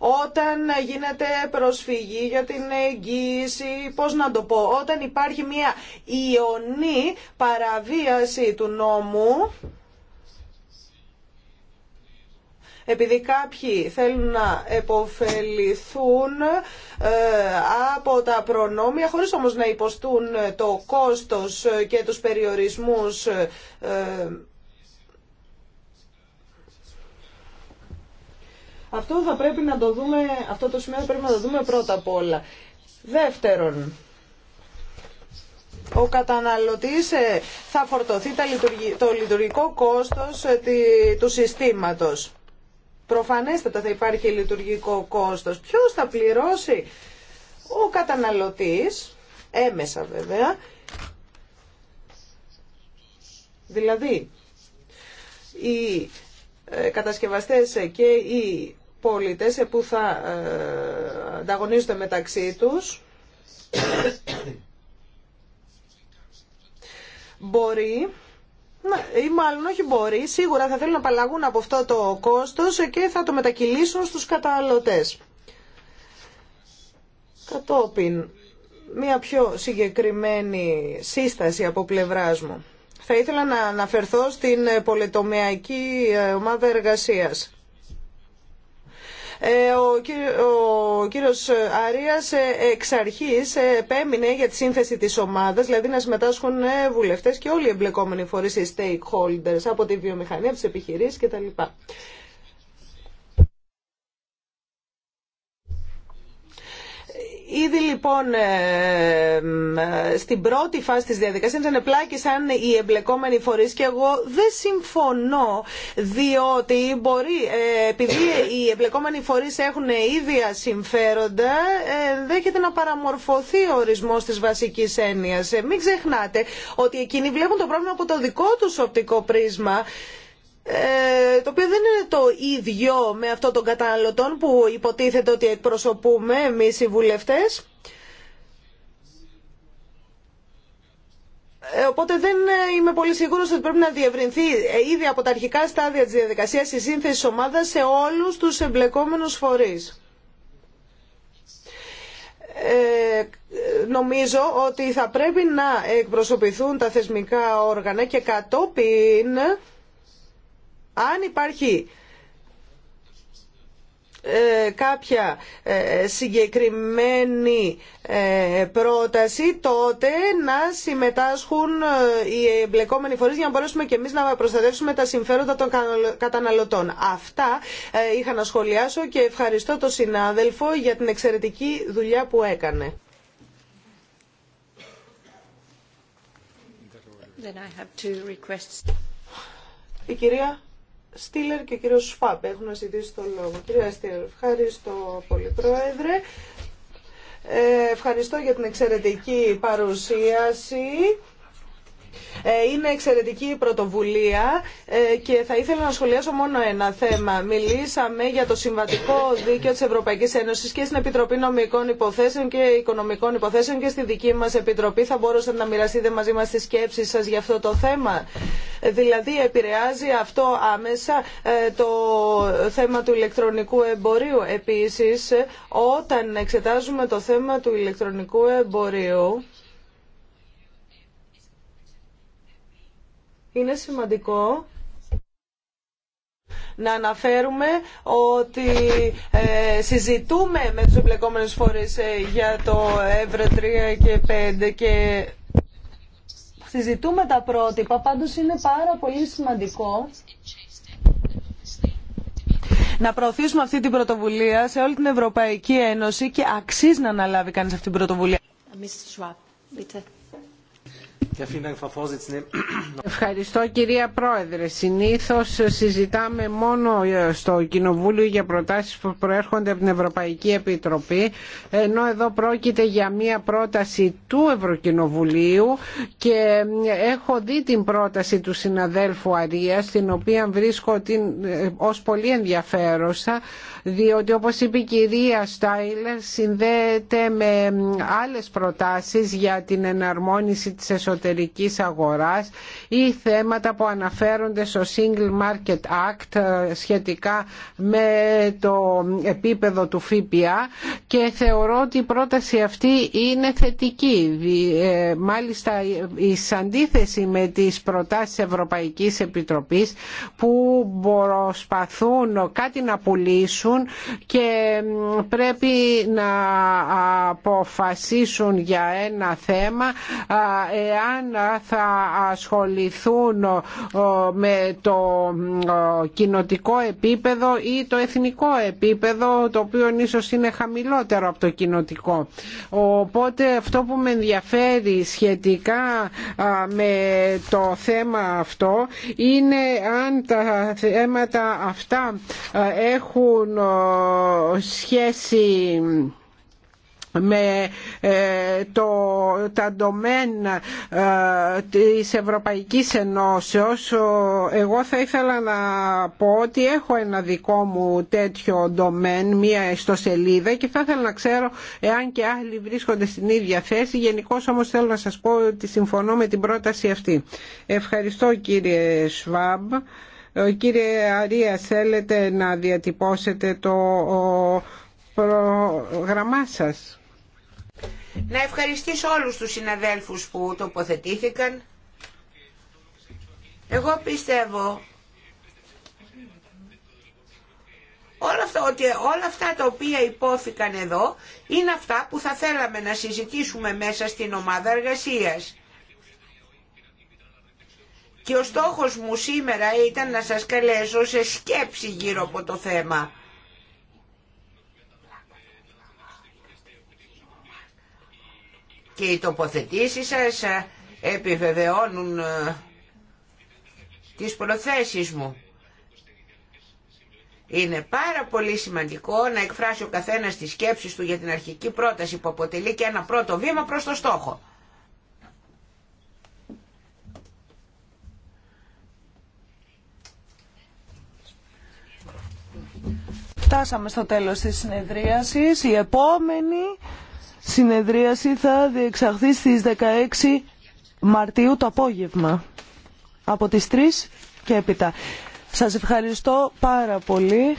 όταν γίνεται προσφυγή για την εγγύηση, πώς να το πω, όταν υπάρχει μια ιονή παραβίαση του νόμου, επειδή κάποιοι θέλουν να επωφεληθούν ε, από τα προνόμια χωρίς όμως να υποστούν το κόστος και τους περιορισμούς ε, Αυτό θα πρέπει να το δούμε, αυτό το σημείο πρέπει να το δούμε πρώτα απ' όλα. Δεύτερον, ο καταναλωτής ε, θα φορτωθεί το λειτουργικό κόστος ε, του συστήματος. Προφανέστατα θα υπάρχει λειτουργικό κόστος. Ποιος θα πληρώσει ο καταναλωτής, έμεσα βέβαια, δηλαδή οι ε, κατασκευαστές και οι πολίτες ε, που θα ε, ανταγωνίζονται μεταξύ τους μπορεί ή μάλλον όχι μπορεί, σίγουρα θα θέλουν να απαλλαγούν από αυτό το κόστος και θα το μετακυλήσουν στους καταναλωτές. Κατόπιν, μια πιο συγκεκριμένη σύσταση από πλευράς μου. Θα ήθελα να αναφερθώ στην ε, πολετομιακή ομάδα εργασίας. Ε, ο κύριος Αρίας ε, εξ αρχής ε, επέμεινε για τη σύνθεση της ομάδας, δηλαδή να συμμετάσχουν βουλευτές και όλοι οι εμπλεκόμενοι φορείς, οι stakeholders, από τη βιομηχανία, από τις επιχειρήσεις κτλ. Ήδη λοιπόν ε, ε, στην πρώτη φάση της διαδικασίας σαν οι εμπλεκόμενοι φορείς και εγώ δεν συμφωνώ διότι μπορεί, ε, επειδή οι εμπλεκόμενοι φορείς έχουν ίδια συμφέροντα δέχεται να παραμορφωθεί ο ορισμός της βασικής έννοιας. Μην ξεχνάτε ότι εκείνοι βλέπουν το πρόβλημα από το δικό τους οπτικό πρίσμα ε, το οποίο δεν είναι το ίδιο με αυτό των καταναλωτών που υποτίθεται ότι εκπροσωπούμε εμείς οι βουλευτές. Ε, οπότε δεν είμαι πολύ σίγουρο ότι πρέπει να διευρυνθεί ε, ήδη από τα αρχικά στάδια τη διαδικασία η σύνθεση ομάδα σε όλου του εμπλεκόμενου φορεί. νομίζω ότι θα πρέπει να εκπροσωπηθούν τα θεσμικά όργανα και κατόπιν αν υπάρχει ε, κάποια ε, συγκεκριμένη ε, πρόταση τότε να συμμετάσχουν ε, οι εμπλεκόμενοι φορείς για να μπορέσουμε και εμείς να προστατεύσουμε τα συμφέροντα των καταναλωτών. Αυτά είχα να σχολιάσω και ευχαριστώ τον συνάδελφο για την εξαιρετική δουλειά που έκανε. Η κυρία Στήλερ και ο κύριος Σφάπ έχουν ζητήσει το λόγο. Κυρία Στήλερ, ευχαριστώ πολύ Πρόεδρε. Ε, ευχαριστώ για την εξαιρετική παρουσίαση. Ε, είναι εξαιρετική η πρωτοβουλία ε, και θα ήθελα να σχολιάσω μόνο ένα θέμα. Μιλήσαμε για το συμβατικό δίκαιο της Ευρωπαϊκής Ένωσης και στην Επιτροπή Νομικών Υποθέσεων και Οικονομικών Υποθέσεων και στη δική μας Επιτροπή. Θα μπορούσατε να μοιραστείτε μαζί μας τις σκέψεις σας για αυτό το θέμα. Δηλαδή επηρεάζει αυτό άμεσα ε, το θέμα του ηλεκτρονικού εμπορίου. Επίσης, όταν εξετάζουμε το θέμα του ηλεκτρονικού εμπορίου, είναι σημαντικό να αναφέρουμε ότι ε, συζητούμε με τους εμπλεκόμενους φορείς ε, για το ΕΒΡΕ 3 και 5 και συζητούμε τα πρότυπα, πάντως είναι πάρα πολύ σημαντικό να προωθήσουμε αυτή την πρωτοβουλία σε όλη την Ευρωπαϊκή Ένωση και αξίζει να αναλάβει κανείς αυτή την πρωτοβουλία. Ευχαριστώ κυρία Πρόεδρε. Συνήθως συζητάμε μόνο ε, στο Κοινοβούλιο για προτάσεις που προέρχονται από την Ευρωπαϊκή Επιτροπή ενώ εδώ πρόκειται για μία πρόταση του Ευρωκοινοβουλίου και ε, έχω δει την πρόταση του συναδέλφου Αρίας την οποία βρίσκω την, ε, ως πολύ ενδιαφέρουσα διότι όπως είπε η κυρία Στάιλερ συνδέεται με άλλες προτάσεις για την εναρμόνιση της εσωτερικής εξωτερικής αγοράς ή θέματα που αναφέρονται στο Single Market Act ε, σχετικά με το επίπεδο του ΦΠΑ και θεωρώ ότι η πρόταση αυτή είναι θετική. Ε, μάλιστα ε, η αντίθεση με τις προτάσεις Ευρωπαϊκής Επιτροπής που προσπαθούν κάτι να πουλήσουν και πρέπει να αποφασίσουν για ένα θέμα αν θα ασχοληθούν με το κοινοτικό επίπεδο ή το εθνικό επίπεδο το οποίο ίσως είναι χαμηλότερο από το κοινοτικό. Οπότε αυτό που με ενδιαφέρει σχετικά με το θέμα αυτό είναι αν τα θέματα αυτά έχουν σχέση με ε, το, τα ντομέν ε, της Ευρωπαϊκής Ενώσεως εγώ θα ήθελα να πω ότι έχω ένα δικό μου τέτοιο ντομέν μία ιστοσελίδα και θα ήθελα να ξέρω εάν και άλλοι βρίσκονται στην ίδια θέση γενικώ όμως θέλω να σας πω ότι συμφωνώ με την πρόταση αυτή Ευχαριστώ κύριε Σβάμπ Κύριε Αρία, θέλετε να διατυπώσετε το πρόγραμμά σας. Να ευχαριστήσω όλους τους συναδέλφους που τοποθετήθηκαν. Εγώ πιστεύω όλα αυτά, ότι όλα αυτά τα οποία υπόθηκαν εδώ είναι αυτά που θα θέλαμε να συζητήσουμε μέσα στην ομάδα εργασίας. Και ο στόχος μου σήμερα ήταν να σας καλέσω σε σκέψη γύρω από το θέμα. και οι τοποθετήσεις σας ε, επιβεβαιώνουν ε, τις προθέσεις μου. Είναι πάρα πολύ σημαντικό να εκφράσει ο καθένας τις σκέψεις του για την αρχική πρόταση που αποτελεί και ένα πρώτο βήμα προς το στόχο. Φτάσαμε στο τέλος της συνεδρίασης. Η επόμενη συνεδρίαση θα διεξαχθεί στις 16 Μαρτίου το απόγευμα από τις 3 και έπειτα. Σας ευχαριστώ πάρα πολύ.